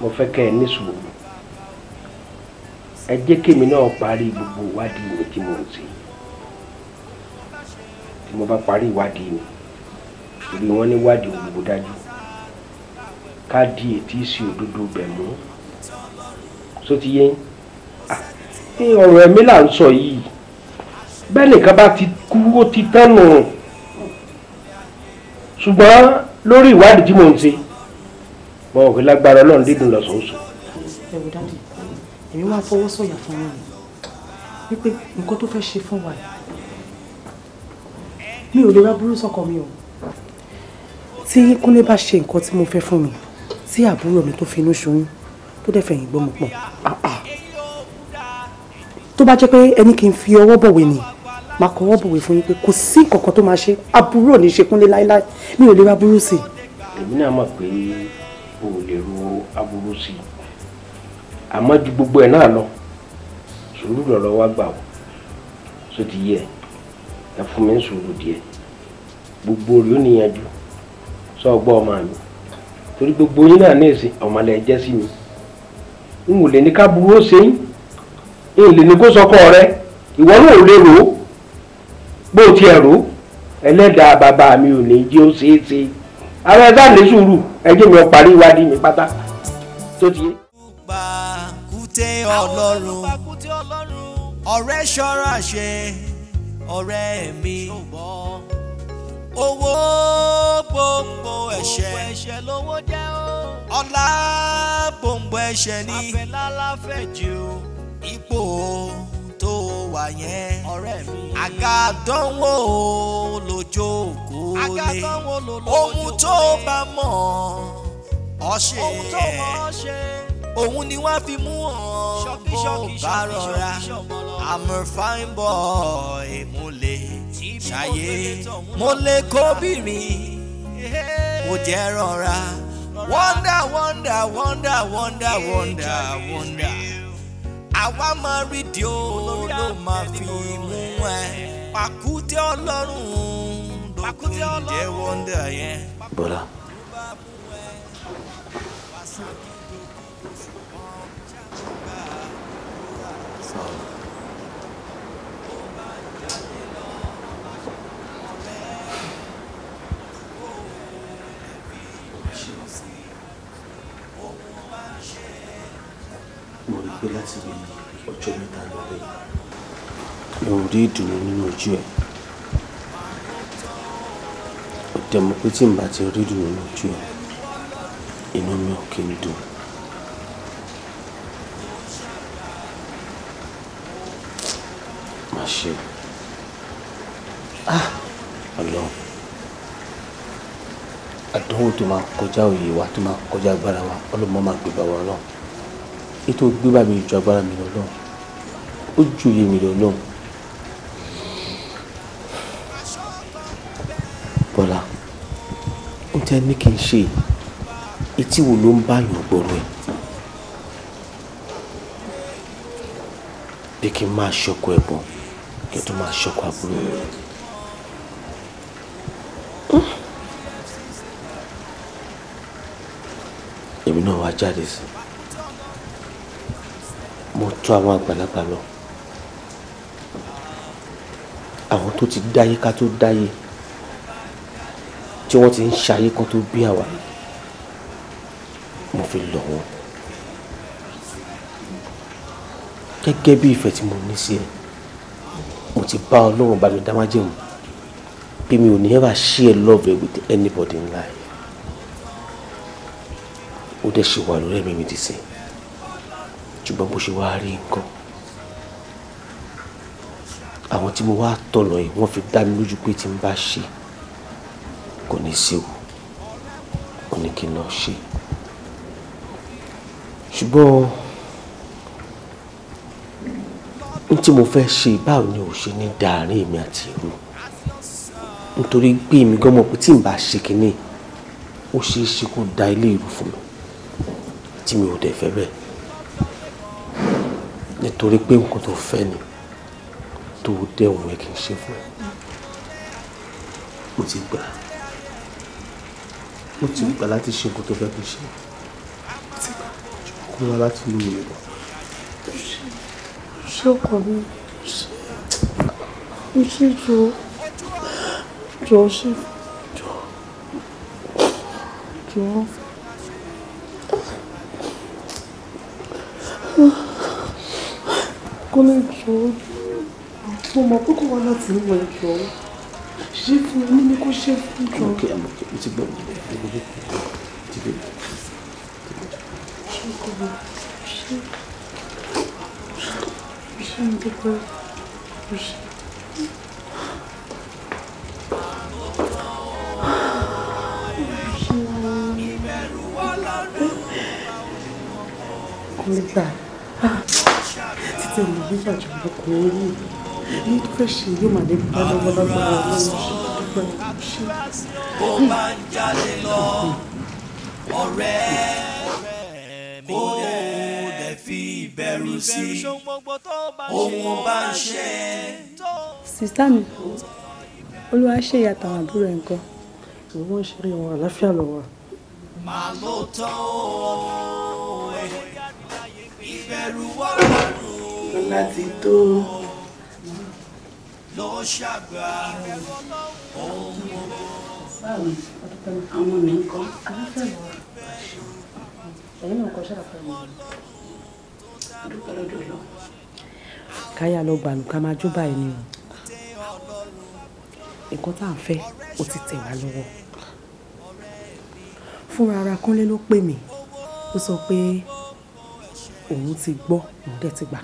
mo fẹ́ kẹ́ ẹ ní sùúrù ẹ jẹ́ kémi náà parí gbogbo ìwádìí mi tí mo ń ṣe tí mo bá parí ìwádìí mi torí wọ́n ní ìwádìí òdòdó dájú ká di ètí sí òdodo bẹ̀ mú sótìyẹ́ so ní ọ̀rọ̀ ẹ̀mí là ń sọ yìí bẹ́ẹ̀ nìkan bá ti kú ó ti tánu ṣùgbọ́n lórí ìwádìí tí mò ń ṣe mo ò fi lágbára ọlọ́run dídùn lọ́sọ̀ọ́sọ̀. ẹ wò dáàdì èmi wá fọwọ́ sọ̀yà fún yín wípé nǹkan tó fẹ́ ṣe fún wa mi ò lè wá burú sọ́kọ mi o tí kúnlé bá ṣe nǹkan tí mo fẹ́ fún mi tí àbúrò mi tó finú ṣoyún tó dẹ̀ fẹ̀yìn gbọ́mọ pọ̀ ah, ah tó bá jẹ́ pé ẹni kì í fi ọwọ́ bọ̀wé ni màá kọ ọwọ́ bọ̀wé fún yín pé kò sí nǹkankan tó máa ṣe aburú ò ní ṣe kúnlé láéláé mi ò lè ra aburú sí i. èmi náà mọ̀ pé o ò lè ro aburú sí i àmọ́ ju gbogbo ẹ̀ náà lọ sùúrù lọ́rọ̀ wá gbà wọ́ só ti yẹ ẹ fún mi ń sùúrù díẹ̀ gbogbo rẹ̀ ó níyanjú sọ ọgbọ́n ọmọ mi torí gbogbo yín náà ní èsì ọmọlẹ̀ sí mi n ò lè ní ká burú ó ṣe yín èlè ni kó sọkọ rẹ ìwọ náà ò lè rò ó bó rò ẹlẹ́dàá bàbá mi ò ní jẹ́ ó ṣeé ṣe àwọn ẹ̀dá ní sùúrù ẹjẹ́ mi ò parí ìwádìí mi pátá tó ti yé. pàkúté ọlọ́run ọ̀rẹ́ ṣọ́ra ṣe ọ̀rẹ́ mi owó gbòǹgbò ẹ̀ṣẹ̀ ọlá gbòǹgbò ẹ̀ṣẹ̀ ni àfẹ́lá láfẹ́ jù ipò tó wà yẹn ọ̀rẹ́ mi. àgàdánwò lójókòó lé ohun tó bá mọ̀ ọ́ ṣe ohun tó mọ̀ ọ́ ṣe òun ni wọ́n fi mú ọ bó bá rọra i'm a fine boy mo lè ṣàyè mo lè kóbìnrin mo jẹ́ rọra wonder wonder wonder wonder wonder wonder àwa máa rí di o ló máa fi mú ẹ pàkúté ọlọ́run lókun jẹ́ wọ́ndà yẹn. bọ́lá sọ̀rọ̀. pé láti bí ọjọ́ mẹ́ta lọ́wọ́ ló rí ìdùnnú nínú ojú ẹ̀ ó dẹ̀ mọ̀ pé tí n bá ti rí ìdùnnú nínú ojú ẹ̀ inú mi ò kí ń dùn. má ṣe ah, ọlọ́run àdánwò tó máa kọjá òye wa tó máa kọjá agbára wa ọlọ́mọ máa gbé bá wa ọlọ́run ètò gbígbà mi ju agbára mi lọ lọ́hùn ó ju iye mi lọ lọ́hùn. bọ́lá ó tẹ́ ní kí n ṣe etí wo ló ń bá yàn gbọ́rọ̀ ẹ̀ bí kí n máa ṣọkọ ẹ̀bùn kí n tó máa ṣọkọ àbúrò. Hm? èmi náà wá jáde sí i mo tó àwọn àgbàlagbà lọ àwọn tó ti dáyé ká tó dáyé tí wọ́n ti ń ṣayé kan tó bí àwa yìí mo fi lọ̀ wọ́n gẹ́gẹ́ bí ìfẹ́ tí mo ní sí ẹ mo ti bá ọlọ́run bá mi dá májẹ̀mú bí mi ò ní ever share love with anybody in life ó dẹ̀ ṣe wà lórí ẹ̀mí mi ti sìn ṣùgbọ́n bó ṣe wáá rí nǹkan àwọn tí mo wá tọ̀nà yìí wọ́n fi dá mi lójú pé tí n bá ṣe kò ní séwu kò ní kí n lọ ṣe ṣùgbọ́n n tí mo fẹ́ ṣe báwo ni ò ṣe ní dàárín èmi àti ìlú nítorí pé èmi gan mọ̀ pé tí n bá ṣe kínní ó ṣeé ṣe kó da ilé ìlú fún mi tí mi ò dẹ̀ fẹ́ bẹ́ẹ̀ nítorí pé nǹkan tó fẹ́ ni tó dẹ̀wọ̀n ẹ kì í ṣe fún ẹ mo ti gbà mo ti gbà láti ṣe nǹkan tó fẹ́ kí n ṣe kó wá láti inú mi bọ̀. ṣé ọkọ mi ń ṣe jọ jọ ṣe jọ jọ. 嗯。kọ́lá mo mọ̀ pé kò wá láti wọ ìjọ ṣé fún mi ní kó ṣe fún ìjọ. ok i'm ok mo ti gbọ́ mi ti dé. ṣé kò wá ṣé ṣé ń dúpẹ́ ṣé. Kọ́lá ìjọ tí ọmọ bíbà jù ọkọ̀ orí ní tó fẹ́ ṣe yóò máa lè bá lọ́wọ́ lágbára lọ́wọ́ ṣe tó bá ṣe. ọ̀rẹ́ kó dẹ̀ fi ìbẹ̀rù sí ohun bá ń ṣe. sísá mi olúwa ṣe ìyàtọ̀ àwọn àbúrò ẹ̀ nǹkan ìwọ wọn ṣe ìwọ àlàáfíà lọ́wọ́. màá ló tán ó ìbẹ̀rù wọ́n lọ́rùn ọlá ti tó. ló ṣàgbà ohun gbogbo. báwo àwọn mi ń kọ́. ẹ̀yin náà kọ́ sáà pẹ̀lú. dúpẹ́ lọ́dọ̀ lọ. káyà lọ gbàlù ká máa jó báyìí ni o nǹkan tá à ń fẹ́ ó ti tẹ̀ wá lọ́wọ́ fúnra ara kánlé ló pè mí ó sọ pé òun ti gbọ́ òun dẹ̀ ti gbà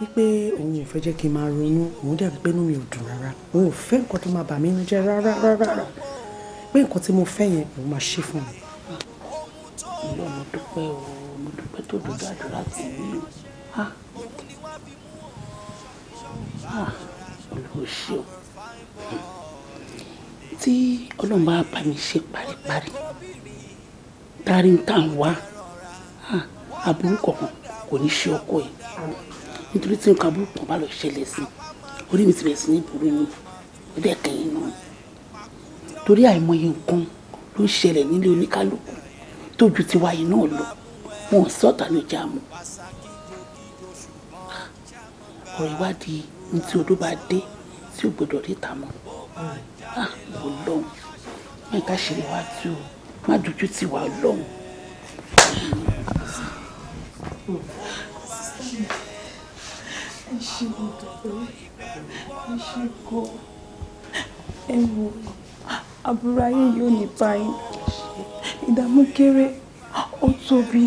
wípé òun ò fẹ́ jẹ́ kí n máa ronú òun dẹ̀ pé inú mi ò dùn rárá òun ò fẹ́ nǹkan tó máa bà mí inú jẹ́ rárá rárá pé nǹkan tí mo fẹ́ yẹn òun máa ṣe fún mi. ìlú mo dúpẹ́ o mo dúpẹ́ tó dojú àdúrà tì mí ah. ah, olùwò tí ọlọ́run bá bá mi ṣe paríparí dárí ń tàn wá ah, aburú kọ̀ọ̀kan kò ní ṣe ọkọ yìí nítorí tí nǹkan burúkú kan bá lọ ṣẹlẹ̀ sí orí mi ti bẹ̀rẹ̀ sí ní burú yín ó dẹ̀ kẹ́yìn náà torí àìmọye nǹkan ló ń ṣẹlẹ̀ nílé oníkálukú tójú ti wáyé náà lọ wọn sọ́ọ̀tà ló já mọ́ ọ̀rọ̀ ìwádìí ní tí odó bá dé tí ò gbọdọ̀ ríta mọ́ ọlọ́run ah, mẹ́ta ṣeré wá tí o má dojú tì wá ọlọ́run ẹ ṣe ọ̀dọ̀ ẹ ṣe kọ́ ẹ wo àbúrò ayé yóò ní báyìí ìdààmú kéré ó tóbi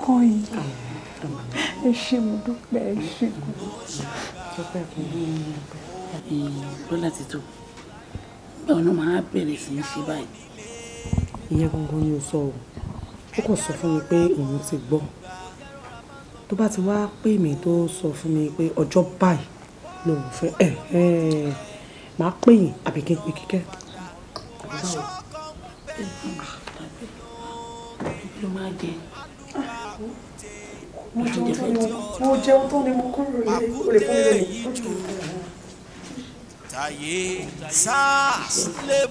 kò ní kàn yín ẹ ṣe mo dúpẹ́ ẹ ṣe kọ́. dúpẹ́ kò ní í dúpẹ́ lọ́la ti tó ìgbà ọ̀nà máa bẹ̀rẹ̀ sí í ṣe báyìí. ìyẹn gangan ni o sọ o ó kàn sọ fún mi pé òun ti gbọ́ tó bá ti wá pè mí tó sọ fún mi pé ọjọ́ báyìí lòun fẹ́ ẹ̀ ẹ̀ máa pè yín àbí kí n pè kíkẹ́. ló máa lè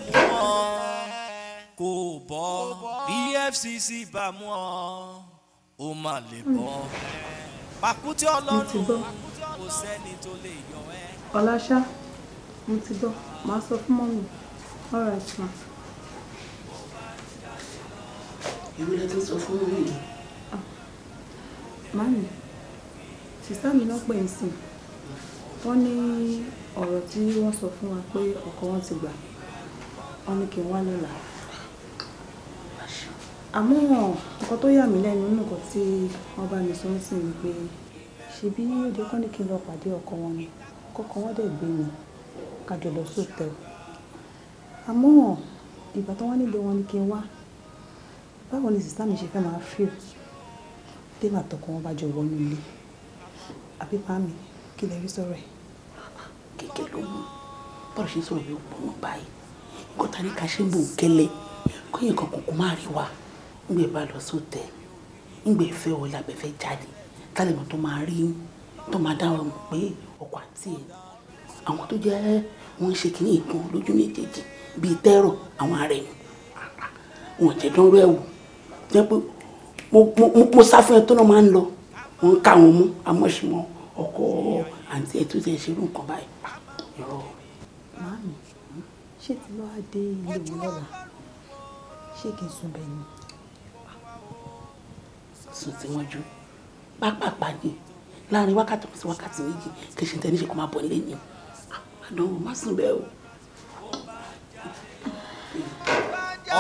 mú ọ kò bọ EFCC bá mú ọ ó mà lè bọ́ pàkúté ọlọ́run kò sẹ́ni tó lè yọ ẹ́. ọ̀làṣà mo ti gbọ́ màá sọ fún mọ́mì all right ma. èmi lè tún sọ fún mi yìí. Ah, mami sísá mi náà pè é sìn wọ́n ní ọ̀rọ̀ tí wọ́n sọ fún wa pé ọkọ wọn ti gbà wọ́n ní kí n wá lọ́la àmọ́ nǹkan tó yà mí lẹ́nu nínú nǹkan tí wọ́n bá mi sọ ń sìn ni pé ṣebí òde kan ní kí n lọ pàdé ọkọ wọn ni kọ́kọ́ wọn dẹ̀ gbé mi kájọ lọ sóòtẹ́ o àmọ́ ìgbà tó wá nílé wọn ni kí n wá báwo ni sísá mi ṣe fẹ́ máa fíl téèmà tọkọ wọn bá jọ wọnú ilé àbí pàmì kí lè rí sọ̀rọ̀ ẹ̀. kẹ̀kẹ́ ló mú bọ́ọ̀lù ṣe sọ̀rọ̀ yóò pọ̀ wọn báyìí nǹkan tá a ní ká ṣe ń bò kẹ́lẹ́ kó yẹn kankan kó rí wa ngbè bá lọ sóòtẹ ngbè fẹ́ wọlé abẹ́fẹ́ jáde tálẹ̀mọ́ tó máa rí tó máa dáhùn mọ̀ pé ọkọ àti ẹ̀ àwọn tó jẹ́ wọ́n ń ṣe kínní ìkan lójú méjèèjì bíi tẹ́rọ̀ àwọn ará ẹ̀ wọn jẹ́ dánrú ẹ̀ wò jẹ́ pé mo sá fún ẹ tó náà máa ń lọ wọn ká wọn mú amọ̀ṣùmọ̀ ọkọ àǹtí ẹ̀ tó ti ṣe irú nǹkan báyìí irọ́. màámi ṣé tí wàá dé ilé wọn lọ́la ṣé kí n sùn ni sùn tí wọ́n ju pápápá ni láàrin wákàtí kan sí wákàtí méjì kì í ṣe tẹ́lẹ̀ ṣe kó máa bọ̀ lé ni àdánwò má sùn bẹ́ẹ̀ o.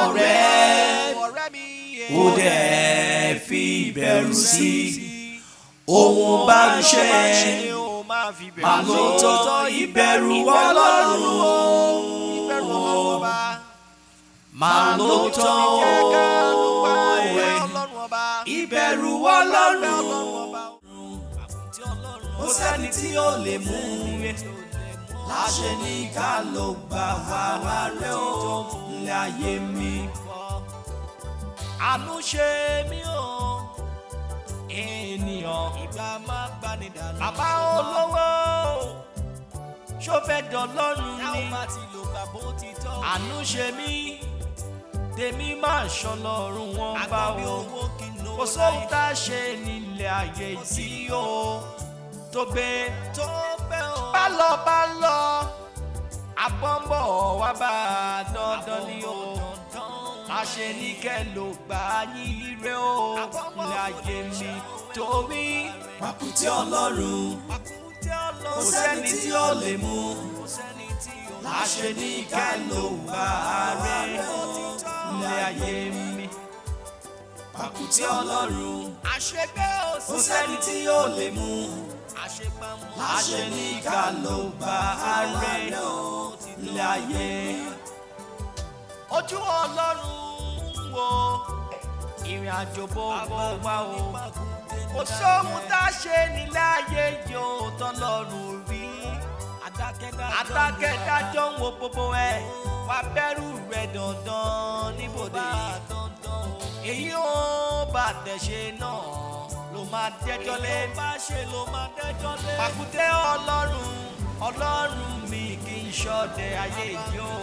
ọ̀rẹ́ ó dẹ̀ fi ìbẹ̀rù sí ohun bá ń ṣe àlótọ́ ìbẹ̀rù ọlọ́run màá lóòótọ́ ó ọlọ́run ó sẹ́ni tí ó lè mú rẹ̀ láṣẹ ní ká ló gbà wá rárẹ̀ ó lè ayé mi. àánú ṣe mí o ènìyàn ìgbà máa gbani dànù. bàbá olówó ṣó fẹ́ dọ̀lọ́run ni àánú ṣe mí tèmi máa ṣọlọ́run wọn bá o kò sóhun tá a ṣe nílẹ̀ ayé yìí o tó gbé bá lọ bá lọ abọ́nbọ̀ wá bá a dandan ni o àṣẹ ní kẹ́ ló gbà yín rẹ o ilẹ̀ ayé mi torí pàkúté ọlọ́run kò sẹ́ni tí ó lè mú àṣẹ ní kálò bàárẹ ilé ayé mi pàkúté Ọlọ́run ó sẹ́ni tí yóò lè mú àṣẹ ní kálò bàárẹ ilé ayé ojú Ọlọ́run wo ìrìn àjò bó bó wá o kò sóhun tá a ṣe nílẹ̀ ayé yóò tán lọ́rùn adákẹ́dájọ́ ń wo gbogbo ẹ̀ wá bẹ́rù rẹ̀ dandan níbodè èyí ó bàtẹ̀ṣe náà ló máa dẹ́jọ́ lé pàkúté olorun ọlọ́run mi kì í ṣọdẹ ayé yìí ó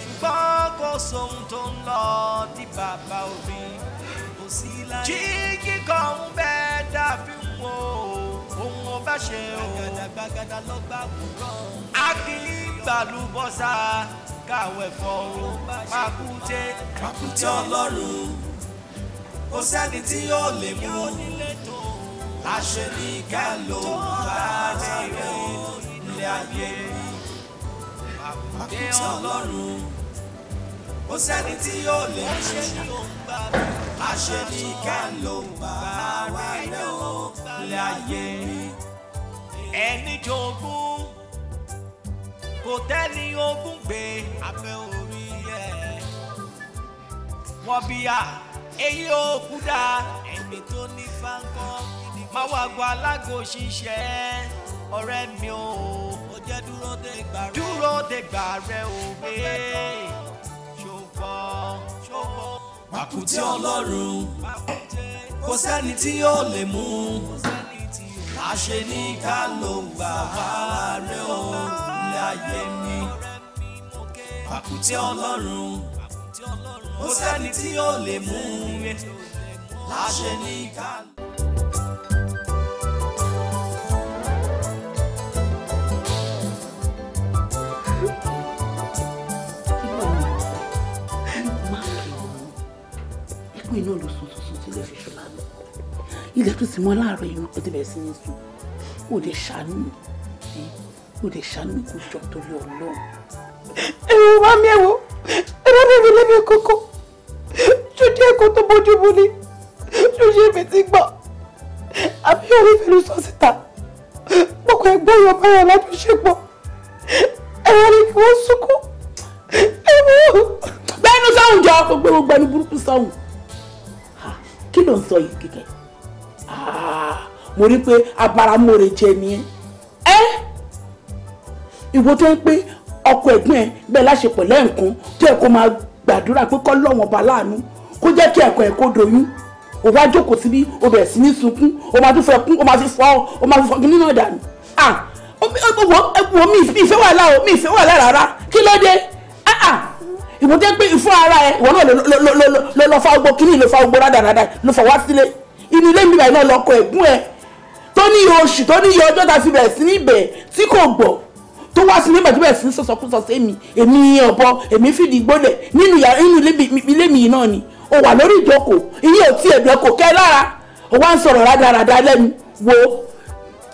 ṣùgbọ́n kò sóhun tó ń lọ tí bàbá òbí sí láyé. jí kíkọ́ ń bẹ́ dàbí wo ohun ọba ṣe o. gbàgàdàgbàgàdà lọ gbà kúrọ̀. a kì í gbàlúbọ́sà káwẹ̀ fọ́ o. pàkúté pàkúté ọlọ́run kò sẹ́ni tí yóò lè mú láṣẹ ní kẹ́lò bá ti rẹ̀ ilé ayé pàkúté ọlọ́run ó sẹ́ni tí yóò lè ṣe ní òǹgbà àṣẹ ní ká ló ń bá wa rẹ̀ ó láyé. ẹni jogún kò tẹ́ni ogún gbé abẹ́ orí ẹ̀ wọ́n bí a èyí ò kú dá ẹ̀mí tó ní fáńkọ́ máa wá gba alágò ṣiṣẹ́ ọ̀rẹ́ mi ò dúró dé gbà rẹ̀ òwe pàkúté ọlọ́run kò sẹ́ni tí yóò lè mú àṣẹ ní ká ààrẹ o ilé ayé mi pàkúté ọlọ́run kò sẹ́ni tí yóò lè mú àṣẹ ní ká náà ló sùn sùn sùn tilẹ̀ fi ṣọlá mi ilẹ̀ tó ti mọ́ láàárọ̀ yìí ó ti bẹ̀rẹ̀ sí ní sùn ó lè ṣàánú mi ó lè ṣàánú mi kó jọ torí ọlọ́run. ẹ̀rọ wá mi ẹ̀wọ̀ ẹ̀rọ mi mi lẹ́mi kókó ṣojú ẹ̀kọ́ tó bójú mu ni ṣojú èmi ti gbọ́ àbí orí fẹ́lú sọ síta gbogbo ẹgbẹ́ yọ báyọ̀ lájọṣepọ̀ ẹ̀rọ mi kí wọ́n sunkún ẹ̀rọ. sáwùn jọ gbogbo gbẹnu burúkú sáwùn ló ń sọ yìí kíkẹ́ ah, mo rí pé abáramóore jẹ ni ẹ ìwọ tó ń pé ọkọ ẹ̀gbọ́n ẹ bẹ́ẹ̀ láṣepọ̀ lẹ́ǹkan tó ẹ kó máa gbàdúrà pé kọ́ lọ́wọ́n ọba láàánú kó jẹ́ kí ẹ̀kọ́ ẹ̀ kó doyún o wá jókòó síbí o bẹ̀rẹ̀ sí ní sunkún o máa tún fẹ́ kún o máa fi fọ́ o máa fi fọ́ kí nínú ọ̀dà mi ah wọ́n mi ìfẹ́ wà lára kí ló dé ìbùtẹ́ pé fún ara ẹ ìwọ náà ló lọ fa ogbó kínní ló fa ogbó rádaràdà ló fọwọ́ sílé inú ilé mi báyìí náà lọkọ ẹ̀gbọ́n ẹ tó ní iye oṣù tó ní iye ọjọ́ ta fi bẹ̀rẹ̀ sí ní ibẹ̀ tí kò gbọ́ tó wá sí nígbà tó bẹ̀rẹ̀ sí ní sọ̀sọ̀kúsọ sí èmi èmi ọ̀bọ èmi fìdí gbólẹ̀ nínú ilé mi náà ni o wà lórí ìjókòó iye ò tí ẹ̀dùn ọkọ̀ kẹ́ lára o wá ń sọ̀rọ̀ rádaràdà lẹ́nu wo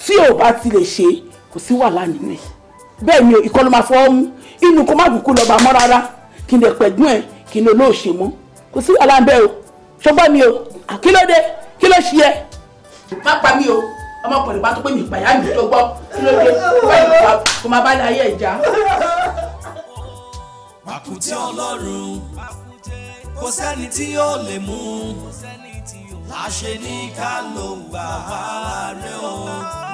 tí o bá ti lè ṣe kò sí wàhálà nínú ẹ̀ bẹ́ẹ̀ ni ìkọlù máa fọ́ mú inú kó má bùkún lọ́ba mọ́ rárá kí ni ẹ̀pẹ̀gbọ́n ẹ̀ kí ni olóòṣè mọ́ kò sí wàhálà ń bẹ́ o ṣọgbọ́n mi o kí ló dé kí ló ṣe ẹ́. má pa mí o ọmọkùnrin bá tó pé mi ìpàyà mi tó gbọ́ kí ló dé kó má bá láyé ìjà. pàkúté ọlọ́run kò sẹ́ni tí yóò lè mú láṣẹ ní ká ló gbà á rẹ o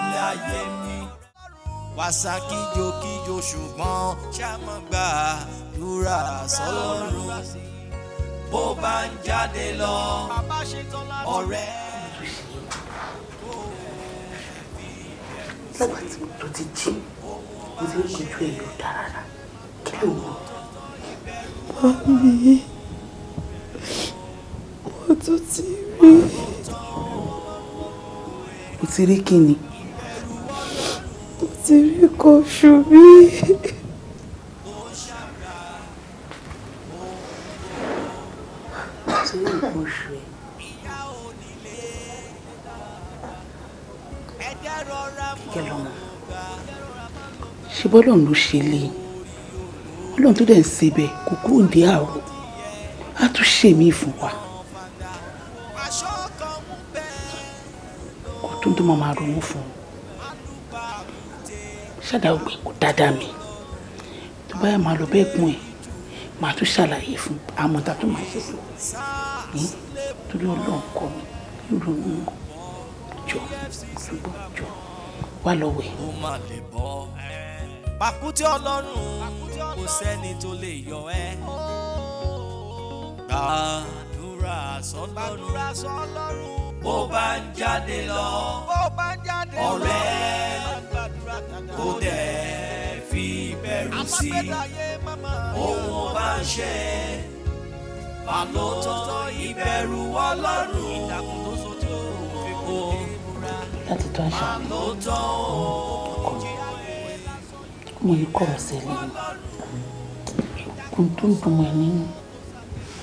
ilé ayé mi wàṣà kíjokíjo ṣùgbọ́n ṣàmọ́gbà dúrà sọlọ́run bó bá ń jáde lọ ọ̀rẹ́ nígbà tí mo ti jí mo ti ń kojú èlò dára kí ló mọ. mami mo tún ti rí. mo ti rí kí ni ti rí kò ṣubí. ṣe bọ́lọ́run ló ṣe lé e? ọlọ́run tó dẹ̀ ń ṣe bẹ́ẹ̀ kò kúrò ní àrò á tún ṣe mí fún wa. kò tún tó máa máa ronú fún un ṣàdá ògbé kò dáadáa mi tó báyà máa lọ bẹ́ẹ̀ gún ẹ̀ màá tún ṣàlàyé fún àmọ́ta tó máa ṣe sí ní torí ọlọ́run kọ́ mi irú mi jọ ṣùgbọ́n jọ wà lọ́wọ́ ẹ̀. ọlọ́run kò sẹ́ni tó lè yọ ẹ́ gbàdúrà sọlọ́run bó bá ń jáde lọ ọ̀rẹ́ kò dẹ̀ fi bẹ̀rù sí ohun bá ń ṣe àlótọ́ ìbẹ̀rù ọlọ́run o láti tó àṣà ọkọ mo yí kọ̀rọ̀ sẹ́lẹ̀ kùntùntùn mọ̀ ẹ́ nínú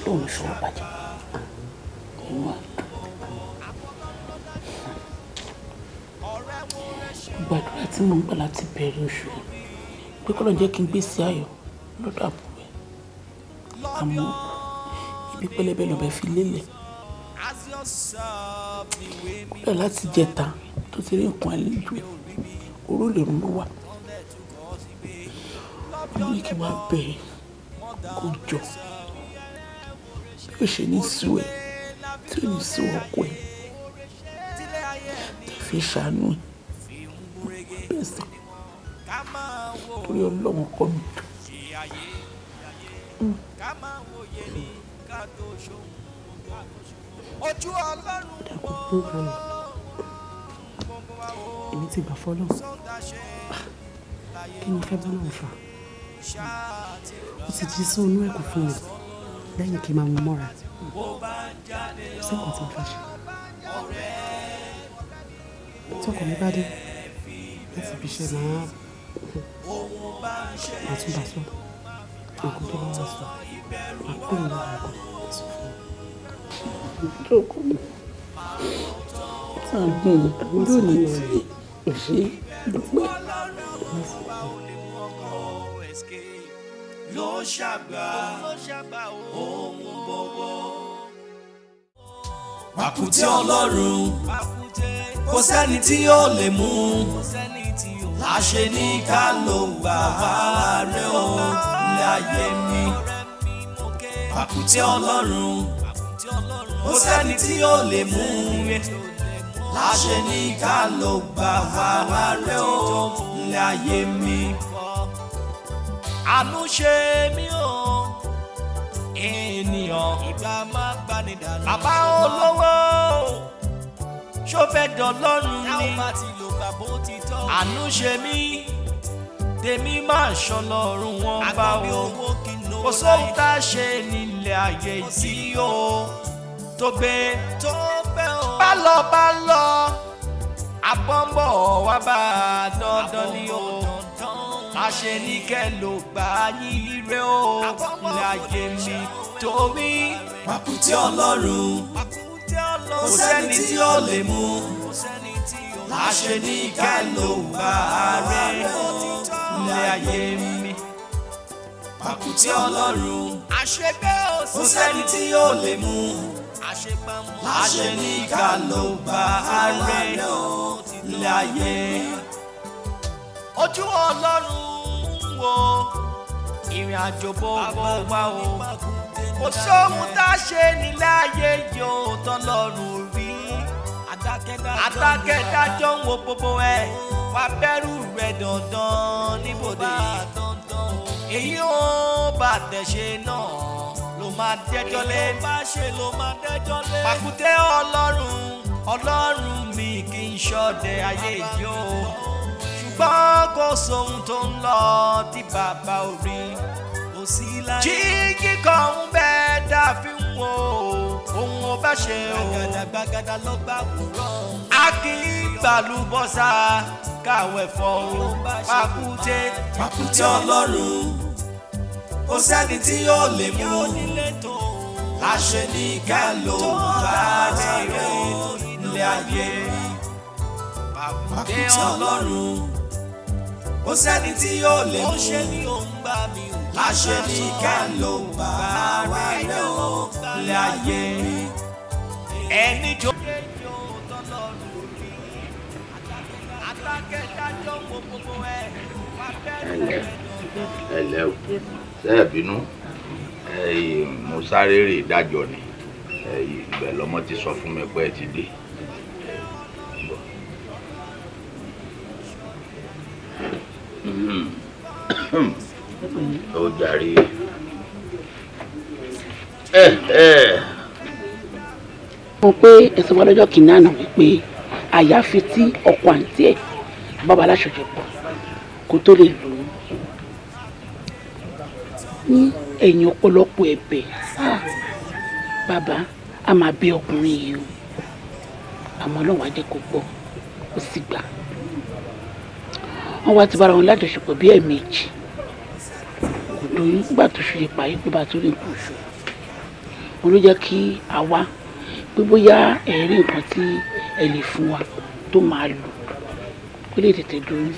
lóun ìṣòro bàjẹ́ nínú ẹ̀. gbàdúrà tí mò ń gbà láti bẹ̀rẹ̀ oṣù pé kọ́lọ̀ jẹ́ kí n gbé sí ayọ̀ lọ́dọ̀ àbúrò ẹ̀ àmọ́ ibi pẹlẹbẹ lọ́bẹ̀ fi lélẹ̀ kúrẹ̀ láti jẹta tó ti rí nǹkan àlejò ẹ̀ oró lè rún ló wà wọ́n ní kí wọ́n á bẹ̀rẹ̀ kó jọ bí ó ṣe ní sú ẹ̀ tí ò ní sú ọkọ ẹ̀ tó fi ṣàánú ẹ̀ ẹsẹ̀ torí ọlọ́run kọ́ mi tó. ojú ọlọ́run kò èmi ti gbà fọ́lọ́ kí ni fẹ́ bá náà fà ó sì ti sún inú ẹ̀kọ́ fún mi lẹ́yìn kí n máa mú mọ́ra sẹ́kọ̀ọ́ tí mo ṣe tí mi bá dé láti fi ṣe máa bàtúbàtú nǹkan tó bá wà sọ àpéwò náà nǹkan sọ fún ọlọ́run kò sẹ́ni tí yóò lè mú láṣẹ ní ká ló ń gbà ààrẹ o ilé ayé mi pàkúté ọlọ́run ó sẹ́ni tí ó lè mú rẹ láṣẹ ní ká ló ń gbà ààrẹ o ilé ayé mi. àánú ṣe mí o ènìyàn bàbá olówó ṣó fẹ́ dọ̀lọ́run ni àánú ṣe mí tèmi máa ṣọlọ́run wọn bá o kò sóhun tá a ṣe nílẹ̀ ayé yìí o tó gbé bá lọ bá lọ àbọ̀nbọ̀ wá bá a dandan ni o àṣẹ ní kẹ́ ló gbà yín rẹ o ilé ayé mi tó mi. pàkúté ọlọ́run kò sẹ́ni tí ó lè mú láṣẹ ní ká ló bá rẹ̀ ilé ayé mi pàkúté ọlọ́run kò sẹ́ni tí ó lè mú láṣẹ ní ká rẹ̀ ilé ayé ojú ọlọ́run wo ìrìn àjò bó bó wá o kò sóhun tá a ṣe ní láàyè yóò tọ́lọ́run rí adákẹ́dájọ́ ń wo gbogbo ẹ̀ wá bẹ̀rù rẹ̀ dandan níbòde èyí ó bá tẹ̀sẹ̀ náà ló máa dẹ́jọ́ lé pàkúté ọlọ́run ọlọ́run mi kì í ṣọdẹ ayé yìí ó ṣùgbọ́n kò sóhun tó ń lọ tí bàbá ò rí sí láyé. jí kíkọ́ ń bẹ dàbí ń o ohun ọba ṣe o. gbàgàdàgbàgàdà ló gbà wúrọ̀. a kì í gbàlúbọ́sà káwẹ̀ fọ́ o pàkúté. pàkúté ọlọ́run kò sẹ́ni tí yóò lè mú láṣẹ ní ká ló bá rẹ̀ ilé ayé pàkúté ọlọ́run ó sẹ́ni tí yóò lè mú ṣe ni ó ń bá mi o láṣẹ ní ká ló ń bá wa rẹ o lè ayé ẹni jó. ẹlẹ ẹlẹ o sẹ́ẹ̀ bínú mo sáré rè dájọ́ ni ìgbẹ́ lọ́mọ ti sọ fún mi pé ẹ ti dé. ó jàre mọ̀ pé ẹ̀sìn wa lọ́jọ́ kìíní àná wípé àyàfi tí ọkọ àǹtí ẹ̀ bàbá aláṣọjọ pọ̀ kó tó lè lò ó ní ẹ̀yìn ọ̀pọ̀lọpọ̀ ẹ̀bẹ̀ bàbá a máa bẹ ọkùnrin yìí o àmọ́ ọlọ́run á jẹ́ kó gbọ́ ó sì gbà á wọ́n wá ti bára wọn lájọṣepọ̀ bí ẹ̀ẹ̀mejì kò lóyún nígbà tó ṣe lè pààyè pé bá tó lè kù ṣù wọn ló jẹ́ kí a wá pé bóyá ẹ̀rí nǹkan tí ẹ lè fún wa tó máa lò kó lè tètè lóyún.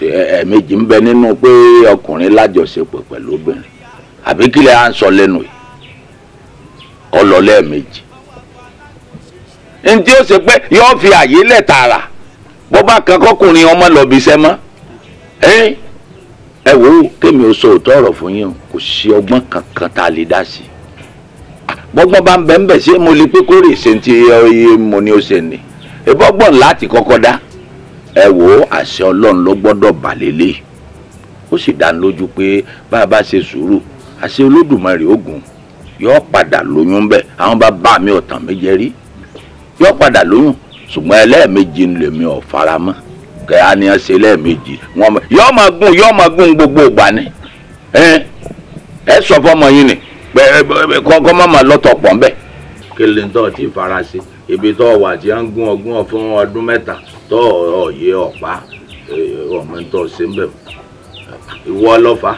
ẹ̀ẹ̀mejì ń bẹ nínú pé ọkùnrin lájọṣepọ̀ pẹ̀lú obìnrin àbí kí lè à ń sọ lẹ́nu yìí ọlọ́lẹ́ẹ̀mejì ntí ó ṣe pé yóò fi àyè lẹ̀ tààrà bọ́bá kan kọkùnrin ọmọ lọ́bi iṣẹ́ mọ́ ẹ wò ó kémi ò sọ òótọ́ ọ̀rọ̀ fún yín kò sí ọgbọ́n kankan tá a lè dá sí i bọ́gbọ́n bá ń bẹ̀ ń bẹ̀ ṣé mo lè pé kórè ṣe ti iye mo ni ó ṣe ni ìbọ́gbọ́n láti kọ́kọ́ dá ẹ wò ó àṣẹ ọlọ́run ló gbọ́dọ̀ bà lélẹ̀ ó sì dá lójú pé bá a bá ṣe sùúrù àṣẹ olódùmarè ogun yóò padà lóyún bẹ́ẹ̀ àwọn bá bá mi ọ̀tàn méjẹ rí yóò padà lóyún ṣùgbọ́n ẹlẹ́ẹ̀mejì ń lèmi ọ̀ faramọ́ kẹ́ á ní ẹ ṣe lẹ́ẹ̀mejì wọn yọ ọmọ gún yọ ọmọ gún gbogbo ìgbà ni ẹ sọ fọmọ yín ni kọ́kọ́ má máa lọ́tọ̀ pọ̀ ńbẹ́. kele tó ti fara sí ibi tó wà tí a ń gún ọgún ọ fún ọdún mẹ́ta tó ọ̀yẹ ọ̀pá ọmọ tó ṣe ń bẹ̀ ìwọ ọlọ́fà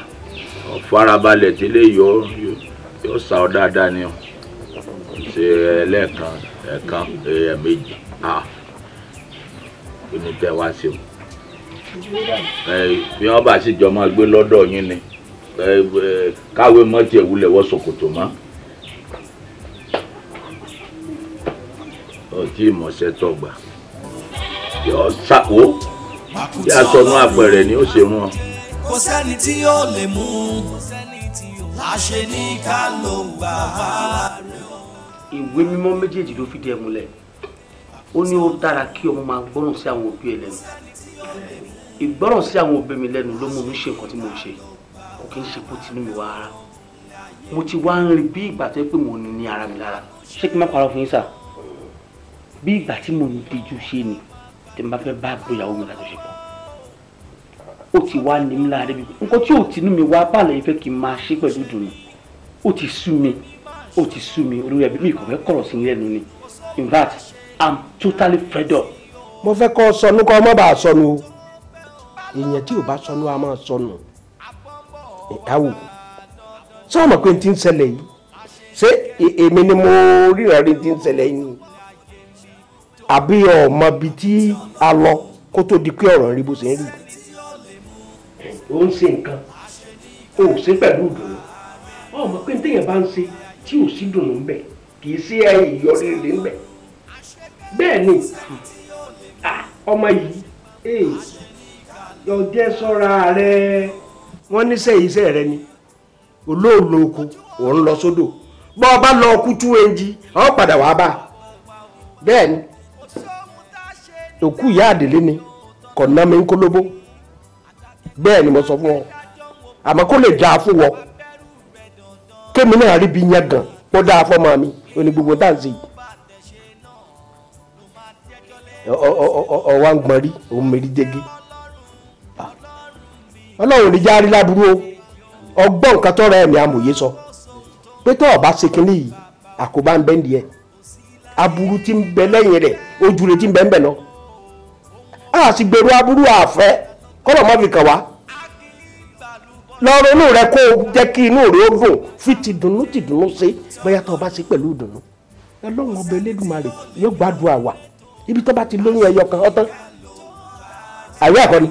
ọ̀farabalẹ̀ tí lè yọ yọ sá ọ dáadáa ni ọ ṣe ẹlẹ́ẹ̀kan ẹ̀ẹ̀kan ẹ̀ẹ̀mejì. Ah. inú tẹ wá sí o bí wọ́n bá sì jọ máa gbé lọ́dọ̀ yín ni káwé mọ́tì ẹ̀wúlẹ̀ wọ́ ṣòkòtò mọ́. ọtí ìmọ̀ọ́sẹ́ tọgbà yọ ṣàkó bí aṣọ́nú àpẹẹrẹ ni ó ṣe rún ọ. kò sẹ́ni tí yóò lè mú láṣẹ ní ká ló gbà á. ìwé mímọ́ méjèèjì ló fìdí ẹ̀ múlẹ̀ ó ní ó dára kí ọmọ máa gbọ́ràn sí àwọn òbí ẹ lẹ́nu ìgbọ́ràn sí àwọn òbí mi lẹ́nu ló mú mi ṣe nǹkan tí mo ṣe kò kí n ṣe kó tinú mi wá rárá mo ti wá ń rí bí ìgbà tó yẹ pé mo ní ní ara mi lára ṣé kí n má parọ́ fún yín sà bí ìgbà tí mo ń díjú ṣe ni tí n bá fẹ́ bá àbúrò ìyàwó mi lájọṣepọ̀ ó ti wá ní mi lára débi nǹkan tí ò tinú mi wá bàlẹ̀ ìfẹ́ kí n máa ṣe pẹ̀lú ìdùnnú ó ti sú mi ó ti sú mi olórí ẹbí mi kò kọ̀rọ̀ sí lẹ́nu ni in fact i'm totally fed up. mo fẹ́ kọ́ sọnù kọ́ ọmọ bá a sọnù o èèyàn tí ò bá sọnù a máa sọnù ìdáwò sọ ma pé n ti ń ṣẹlẹ̀ yìí ṣé e, èmi ni mo ríran rí ti ń ṣẹlẹ̀ yìí àbí ọmọ bi tí a lọ kó tó di pé ọ̀rọ̀ rí bó ṣe ń rí ó ń ṣe nǹkan o ò ṣe pẹ̀lú ìdùnnú ọmọ pé n téèyàn bá ń ṣe tí ò sí dùnnú ń bẹ kì í sí ẹ̀yìn ìyọrí rẹ̀ ń bẹ. bẹ́ẹ̀ ni ọmọ yìí eh, ọjẹ́ sọ́ra rẹ wọ́n níṣẹ́ iṣẹ́ rẹ ni olóòlò oko òun lọ sódò bọ́ ọ bá lọ kútú ẹnjí ọ padà wàá bá bẹ́ẹ̀ ni òkú ìyá àdèlé ni kọ̀ọ̀nà mi ń kólóbó bẹ́ẹ̀ ni mo sọ fún ọ àmọ́ kó lè dáa fún wọ kémi náà rí bí yẹn gan kó dáa fọmọ mi oní gbogbo dáǹsì yìí. ọwọ́ ń gbọ́n rí ah. ní járí láburú o ọgbọ́n nǹkan tọrọ sọ pé tó ọba ṣe yìí àkóbá ń bẹ́ẹ̀ nìyẹn aburú ti ń bẹ lẹ́yìn a sì gbèrú aburú àfẹ́ fi kàn wá inú rẹ kó jẹ́ kí inú rẹ ó ti dùnnú ti dùnnú ṣe bóyá tó ṣe pẹ̀lú ọba yóò wa. ibi tó bá ti lóyún ẹyọ kan ọtán àwẹ àkọni.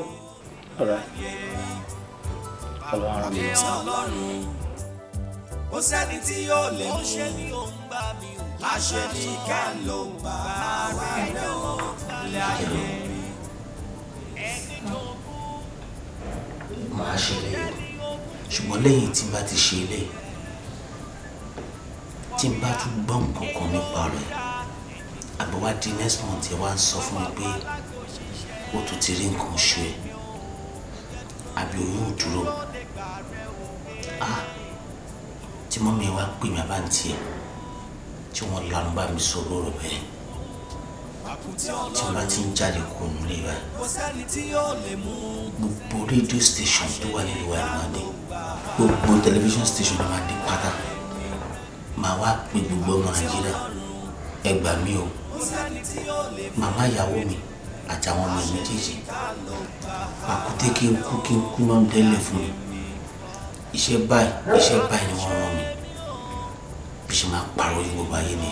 ó sẹ́ni tí yóò lè mú ṣe ni ó ń bá mi wò láṣẹ ní ká ló ń bá ara rẹ̀ ó ayé màá ṣe lẹ́yìn ṣùgbọ́n lẹ́yìn tí bá ti ṣe eléyìí tí bá tún gbọ́ nǹkan nípa rẹ̀ àbẹ̀wádìí next month ẹ wá ń sọ fún mi pé ó tún ti rí nǹkan oṣù ẹ àbí oyún ò dúró ah tí mọ́mí wa pè mí àbáǹtí ẹ tí wọ́n lanu bá mi sọ̀rọ̀ rẹ̀ bẹ́ẹ̀ tí wọ́n ti ń jáde kó nù lè wa gbogbo rédíò station tó wà nílùú wa ni wọ́n dé gbogbo tẹlifíṣàn station ni wọ́n dé pátá màá wá pè gbogbo ọmọ nàìjíríà ẹ gbà mí o màmá ìyàwó mi àtàwọn ọmọ méjèèjì pàkúté kí n kú kí n kú náà ń délé fún mi iṣẹ́ báyìí iṣẹ́ báyìí ni wọ́n rán mi bí ṣe máa pààrọ̀ yìí gbogbo ayé ni.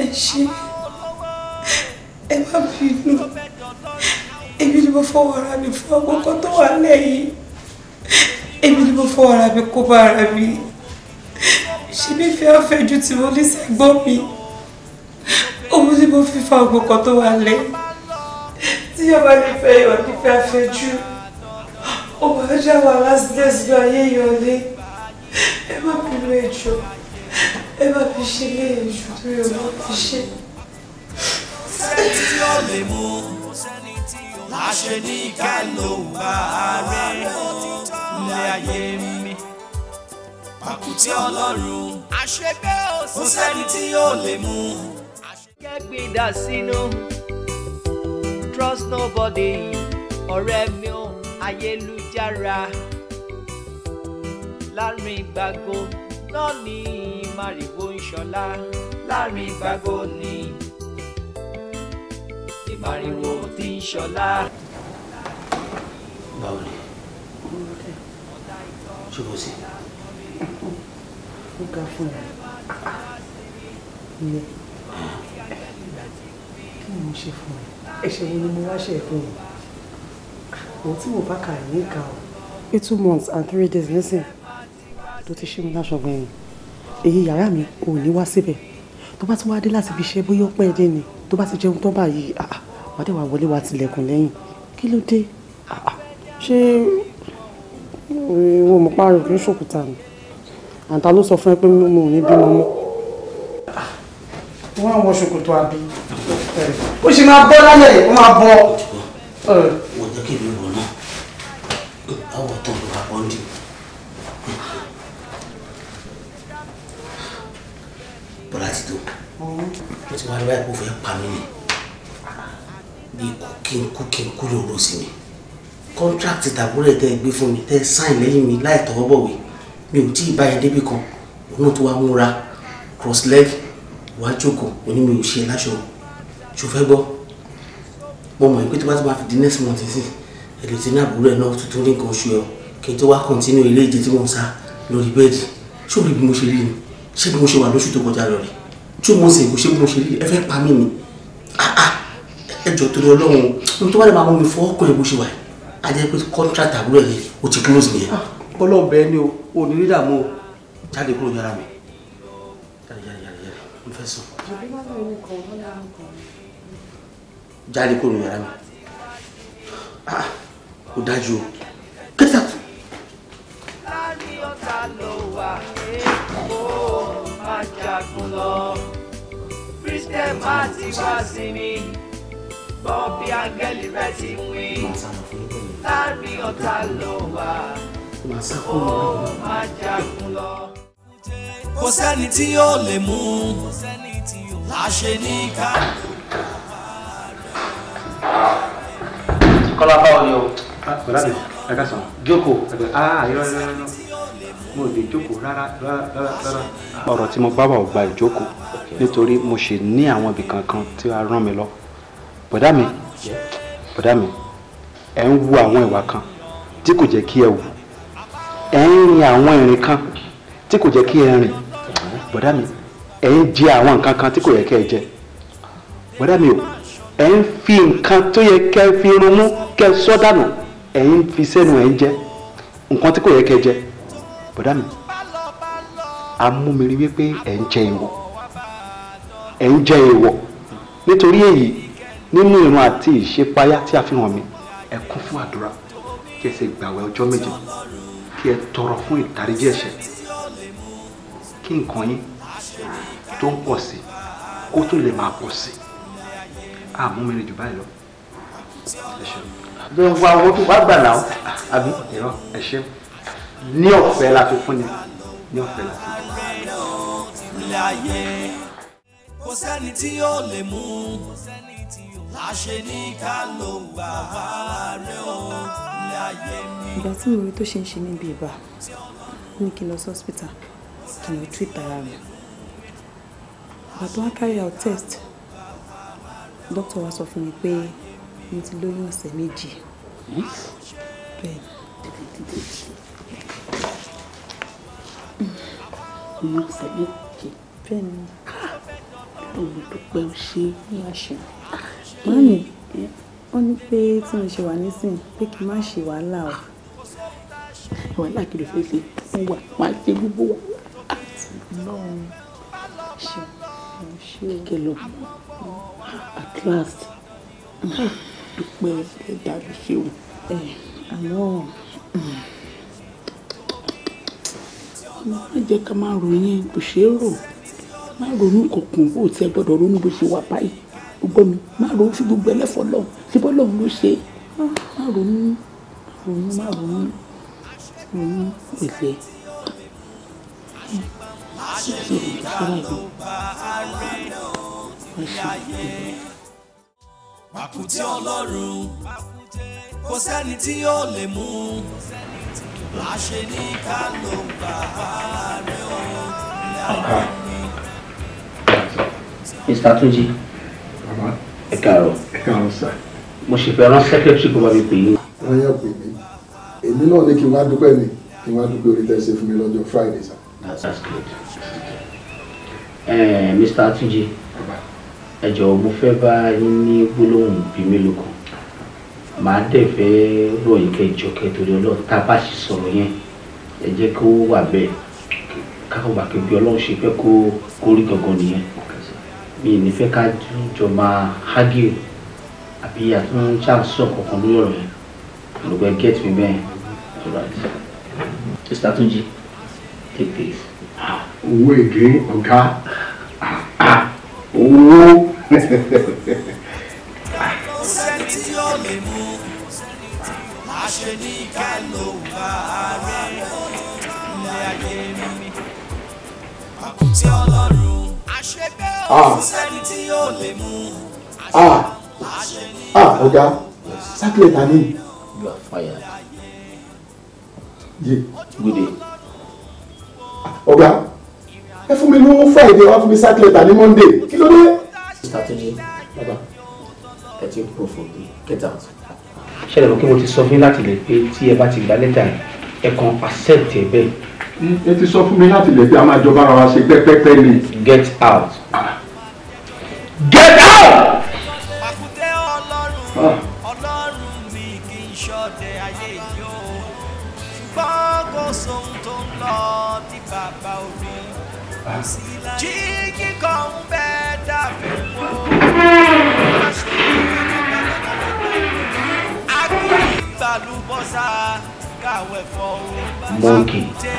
ẹ ṣe ẹ má bínú èmi ni mo fọwọ́ ara mi fún àkókò tó wà lẹ́yìn èmi ni mo fọwọ́ ara mi kó bá ara mi ṣe bí fẹ́ fẹ́ ju tìmọ́lẹ́sẹ̀ gbọ́ mi owó tí mo fi fa ọgbọ̀n kan tó wà lẹ́ tí ọba lè fẹ́ yọ nífẹ̀ẹ́ àfẹ́jú ọba ọjà wà lásìlẹ̀ síbi ayé yọlé ẹ má bínú ẹjọ́ ẹ má fi ṣe ilé ìjù tó yọ má fi ṣe. láṣẹ ní ká ló rẹ̀ ilé ayé mi pàkúté ọlọ́run kò sẹ́ni tí ó lè mú kẹ́gbin dà sínú trust nobody ọ̀rẹ́ mi ò ayélujára láàrin gbàgbó náà ní màrìwò ń ṣọlá láàrin gbàgbó ní ìmàrìwò tí ń ṣọlá. báwo ni ṣé mo sì. ó ga fún mi kí ni mo ṣe fún ọ ẹ̀ṣẹ̀ yìí ni mo wá ṣe fún ọ àwọn tí mo bá kà ní ìka ọ. pé two months and three days nísìn tó ti ṣe mi láṣọ gbẹ̀yìn èyí yàrá mi ò ní wá síbẹ̀ tó bá ti wá dé láti fi ṣe bóyá ó pẹ́ dé ni tó bá ti jẹun tán báyìí wàá dẹ̀ wá wọlé wá tilẹ̀kùn lẹ́yìn kí ló dé ṣé eh, wọn mọ̀ páàrọ̀ kì í ṣòkúta ni àǹtà ló sọ fún ẹ pé mo ò ní bímọ mọ́. wọ́n á wọ ṣòkòtò àbí ó ṣe máa bọ́ lálẹ́ yìí ó máa bọ́. wò ó jẹ́ kí èmi wọ̀ náà báwo tó ń bá bọ́ndì. bọ́lá ti tó ó ti wá rí báyìí kó fẹ́ pa mí ni bí kúkínkú kínkú yòrò sí mi kọ́ńtrákìtì tàbúrẹ̀ tẹ́ gbé fún mi tẹ́ sáìn lẹ́yìn mi láì tọwọ́ bọ̀wé mi ò tí ì báyẹn débì kan òun tó wá múra cross leg wá jókòó onímọ̀ òṣìṣẹ́ láṣọ ṣùfẹ́ gbọ́ mo mọ̀ pé tó bá tó bá fi di next month sí ẹ̀lò tí ní àbúrò ẹ̀ náà tuntun ní nǹkan oṣù ẹ̀ kí n tó wá kọ́ntínú ilé ìjẹ tí mo ń sá lórí bẹ́ẹ̀dì ṣó rí bí mo ṣe rí ni ṣé bí mo ṣe wà lóṣù tó kọjá lọ rí tí mo ń sèkú ṣé bí mo ṣe rí ẹ fẹ́ pa mí ni ah, ah, ẹjọ́ torí ọlọ́run ohun tó wà lè máa mú mi fọwọ́ kọ ìbò wà á pé contract àbúrò ẹ̀ o ti close nìyẹn. Ah, ọlọ́ọ̀bẹ ni o ní dídàmú o jáde kúrò yàrá mi jáde jáde jáde jáde mo fẹ́ sùn jáde kúrò ní yàrá mi ah, kò dájú o get out. láàrin ọ̀tá ló wà èkó máa jagun lọ christian máa ti wá sí mi gbọ́ bí áńgẹ́lì ti wí láàrin ọ̀tá ló wà èkó máa jagun lọ. kò sẹ́ni tí yóò lè mú láṣẹ ní ká. Kọ́lá báwo ni o? Ah, Bàbá mi, sàn. Jókòó. Ah, irọ́ irọ́ irọ́ mo lè jókòó rárá rárá rárá. Ọ̀rọ̀ tí mo bá wà ò gba ìjókòó mo ṣì ní àwọn ibì kan tí a rán mi lọ. Bọ̀dá mi, bọ̀dá mi, ẹ̀ ń wu àwọn ìwà kan tí kò jẹ́ kí ẹ wù. Ẹ̀ ń rin àwọn ìrìn kan tí kò jẹ́ kí ẹ rìn. Bọ̀dá ẹ̀ ń jẹ àwọn nǹkan kan tí kò yẹ kí ẹ jẹ. Bọ̀dá o ẹ̀ ń fi nǹkan tó yẹ kẹ́ ẹ fi irun mú kẹ́ ẹ sọ́ dànù ẹ̀ ń fi sẹ́nu ẹ̀ ń jẹ nǹkan tí kò yẹ kẹ́ ẹ jẹ bọ̀dá mi amúmiri wípé ẹ̀ ń jẹ èèwọ̀ ẹ̀ ń jẹ èèwọ̀ nítorí èyí nínú ìran àti ìṣepayá tí a fi hàn mi ẹ kún fún àdúrà kí ẹ sì gbàwẹ̀ ọjọ́ méje kí ẹ tọrọ fún ìdáríjì ẹ̀ṣẹ̀ kí nǹkan yín tó ń pọ̀ sí kó tó lè máa pọ̀ sí àmú ah, mi ní jù báyìí lọ. bẹ́ẹ̀ wá owó tó wá gbà náà àbí ẹ ṣe ní ọ̀fẹ́ la fi fún ni ní ọ̀fẹ́ la fi fún ni kò sẹ́ni tí yóò lè mú láṣẹ ní ká ló gbà rẹ ó lé ayé mi. ìgbà tí mo rí tó ṣe ń ṣe níbi ìbá ní kí n lọ sí hospital kí n lọ treat ara mi bàbá wa carry out test dókítà wa sọ fún mi pé mo ti lóyún ọ̀sẹ̀ méjì. bẹ́ẹ̀ ni ọ̀sẹ̀ méjì. bẹ́ẹ̀ ni. olùdókòwò ṣe ní àṣẹ. mami wọ́n ní pé tí mo ṣe wà nísìn pé kí n má ṣe wàhálà o. wàhálà kí ló fẹ́ ṣe fún wa máa ṣe gbogbo wa. ọlọ́run ṣe ṣe kí ló last dúpẹ́ ẹ̀dá ló ṣeun. àmọ́ má jẹ́ ká máa ròyìn kò ṣeé rò má ronú kankan kó o tiẹ̀ gbọ́dọ̀ ronú bó ṣe wà báyìí gbogbo mi má ronú fi gbogbo ẹlẹ́fọ́ lọ ṣé bọ́ lọ́run ló ṣe má ronú ronú má ronú ronú pèsè. Thank you pàkúté ọlọ́run kò sẹ́ni tí yóò lè mú láṣẹ ká ló gbà á rẹ ọ ìyá mi. Mr. Tunji ẹ káàárọ̀ mo ṣe fẹ́ rán sẹ́kẹ́tìrì kó bá mi pè yín. wọ́n yẹ pè mí èmi náà ní kí n wá dúpẹ́ ni kí n wá dúpẹ́ orí tẹ̀sí fún mi lọ́jọ́ Friday that's good. Uh, Mr. Tunji ẹ jọ̀ọ́ mo fẹ́ bá yín ní gbólóhùn bíi mélòó kan màá dẹ̀ fẹ́ rọ̀ yín kẹjọ kẹtòrí ọlọ́run tá a bá sì sọ̀rọ̀ yẹn ẹ jẹ́ kó wà bẹ́ẹ̀ káwọn bá kẹ́ bí ọlọ́run ṣe fẹ́ kó kó rí gangan nìyẹn mi ì ní fẹ́ ká jọ máa hágìrì àbí àtúnṣe àṣọ kankan lórí ọ̀rọ̀ yẹn olùgbẹ́ get me bẹ́ẹ̀ alright Mr. Tunji take this. Ah, owó èdè ọ̀gá ah, ah, owó. Ah. Ah. Ah. ó lè mú ta ni? You are fired. Yé. Good day. Ọ̀gá, ẹ fún mi lówó Friday, wá fún mi sákìlẹ̀ ta ní Monday. Kí ló dé? Starting bàbá ẹ ti kúrò fún mi get out. Ṣé kí mo ti sọ fún yín láti lè pé tí ẹ bá ti gba lẹ́tà ẹ kàn accept ẹ bẹ́ẹ̀. Ẹ ti sọ fún mi láti lè pé a máa ara wa ṣe pẹ́pẹ́pẹ́ ni. Get out. Get out. Ah. ṣùgbọ́n kò sóhun tó ń lọ tí bàbá orí jí kíkọ́ ń bẹ́ dàbí mọ́ agbóyìnbalúbọ́sà káwé fọ́ mọ́ǹkì ti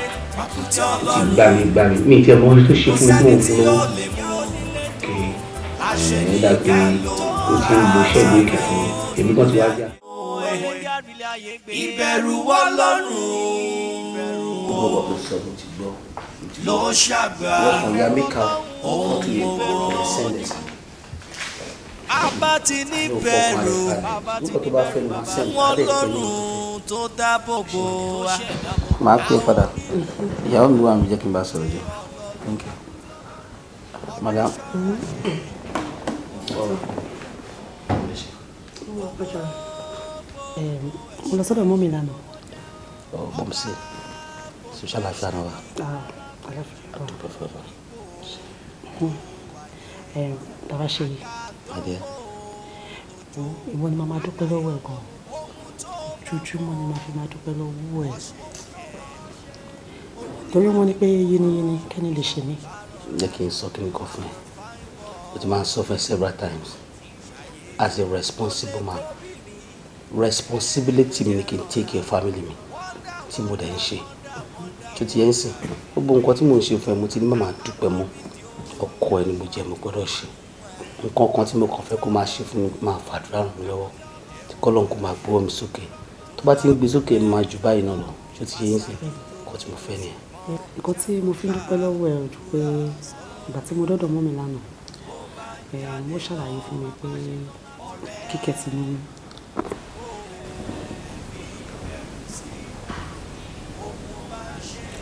gbanigbani mi ti ọmọ orí tó ṣe fún mi fún òun kì í dàgbé ó ti ń lo iṣẹ́ ìlú kẹfún èmi kan ti wá jà. ìbẹ̀rù wọ́ lọ́rùn. ọmọ bàbá sọ mo ti gbọ́ ló ṣàgbà ohun gbogbo. abati ní bẹ̀rù wọn lọ́rùn tó dáàbò bò wá. màá pè é padà ìyàwó mi wà mí jẹ́ kí n bá sọ̀rọ̀ jẹ́ madam. mo lọ sọ́dọ̀ mọ́mi lánàá. bọ́mùsì sọ́sálà fúlàní wa. Ah àdúpẹ́ fọlọ́. ẹ bàbá ṣe yìí. adé. ìwọ ni màmá dúpẹ́ lọ́wọ́ ẹ̀ gan-an ojoojúmọ́ ni màá fi máa dúpẹ́ lọ́wọ́ ẹ̀ torí wọn ni pé yiniyini kẹ́ni lè ṣe mí. jẹ́ kí n sọ kí n kọ fún ẹ o ti máa ń sọ fún ẹ several times as a responsible man responsibility mi ni kí n take your family mi tí mo dẹ̀ ń ṣe tó ti yẹn sìn gbogbo nǹkan tí mò ń ṣe fún ẹ mo ti ní màmá dúpẹ́ mọ́ ọkọ ẹni mo jẹ mo gbọ́dọ̀ ṣe nǹkan kan tí mo kàn fẹ́ kó máa ṣe fún mi máa fàdúrà ràn mí lọ́wọ́ tí kọ́lọ́n kó máa gbọ́ mi sókè tó bá ti ń gbé sókè mi máa jù báyìí náà lọ tó ti yẹn sìn nǹkan tí mo fẹ́ nìyẹn. nǹkan tí mo fi ń dúpẹ́ lọ́wọ́ ẹ̀ ojú pé ìgbà tí mo dọ́dọ̀ mọ́ mi lánàá mo ṣàlàyé fún mi pé kíkẹ́ ti ní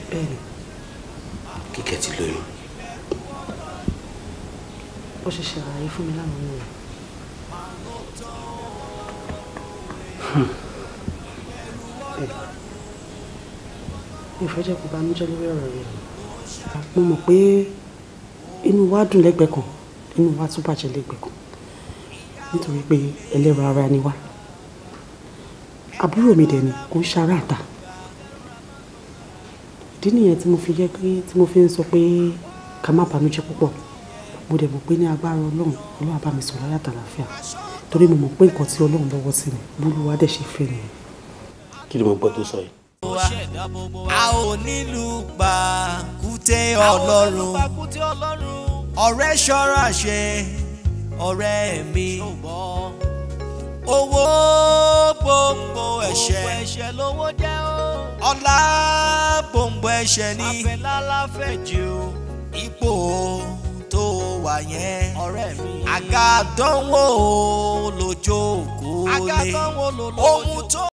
bẹ́ẹ̀ ni kíkẹ́ ti lóyún. ó ṣe ṣàlàyé fún mi lánàá nù. ìfẹ́jẹ̀ kò bá mi jẹ́ lórí ọ̀rọ̀ rẹ̀ mo mọ̀ pé inú wa dùn lẹ́gbẹ̀ẹ́ kan inú wa tún bàjẹ́ lẹ́gbẹ̀ẹ́ kan nítorí pé ẹlẹ́ran ara ni wá àbúrò mi dẹ̀ ni kò ń ṣe aráàta ìdí nìyẹn tí mo fi jẹ́ pé tí mo fi ń sọ pé ká má bànújẹ́ púpọ̀ mo dẹ̀ mọ̀ pé ní agbára ọlọ́run ọlọ́run bá mi sọ̀rọ̀ láyàtọ̀ àlàáfíà torí mo mọ̀ pé nǹkan tí ọlọ́run lọ́wọ́ sí mi bólúwa dẹ̀ ṣe fẹ́ nìyẹn. kí ni mo gbọ́ tó sọ yìí. a ò nílùú pàkúté ọlọ́run ọ̀rẹ́ ṣọ́ra ṣe ọ̀rẹ́ mi owó gbogbo ẹ̀ṣẹ̀ ẹ̀ṣẹ̀ lówó jẹ́ o ọlá gbogbo ẹ̀ṣẹ̀ ni àfẹ́lá láfẹ́ jù ipò tó wà yẹn ọ̀rẹ́ mi àgàdánwò lójókòó lé ohun tó.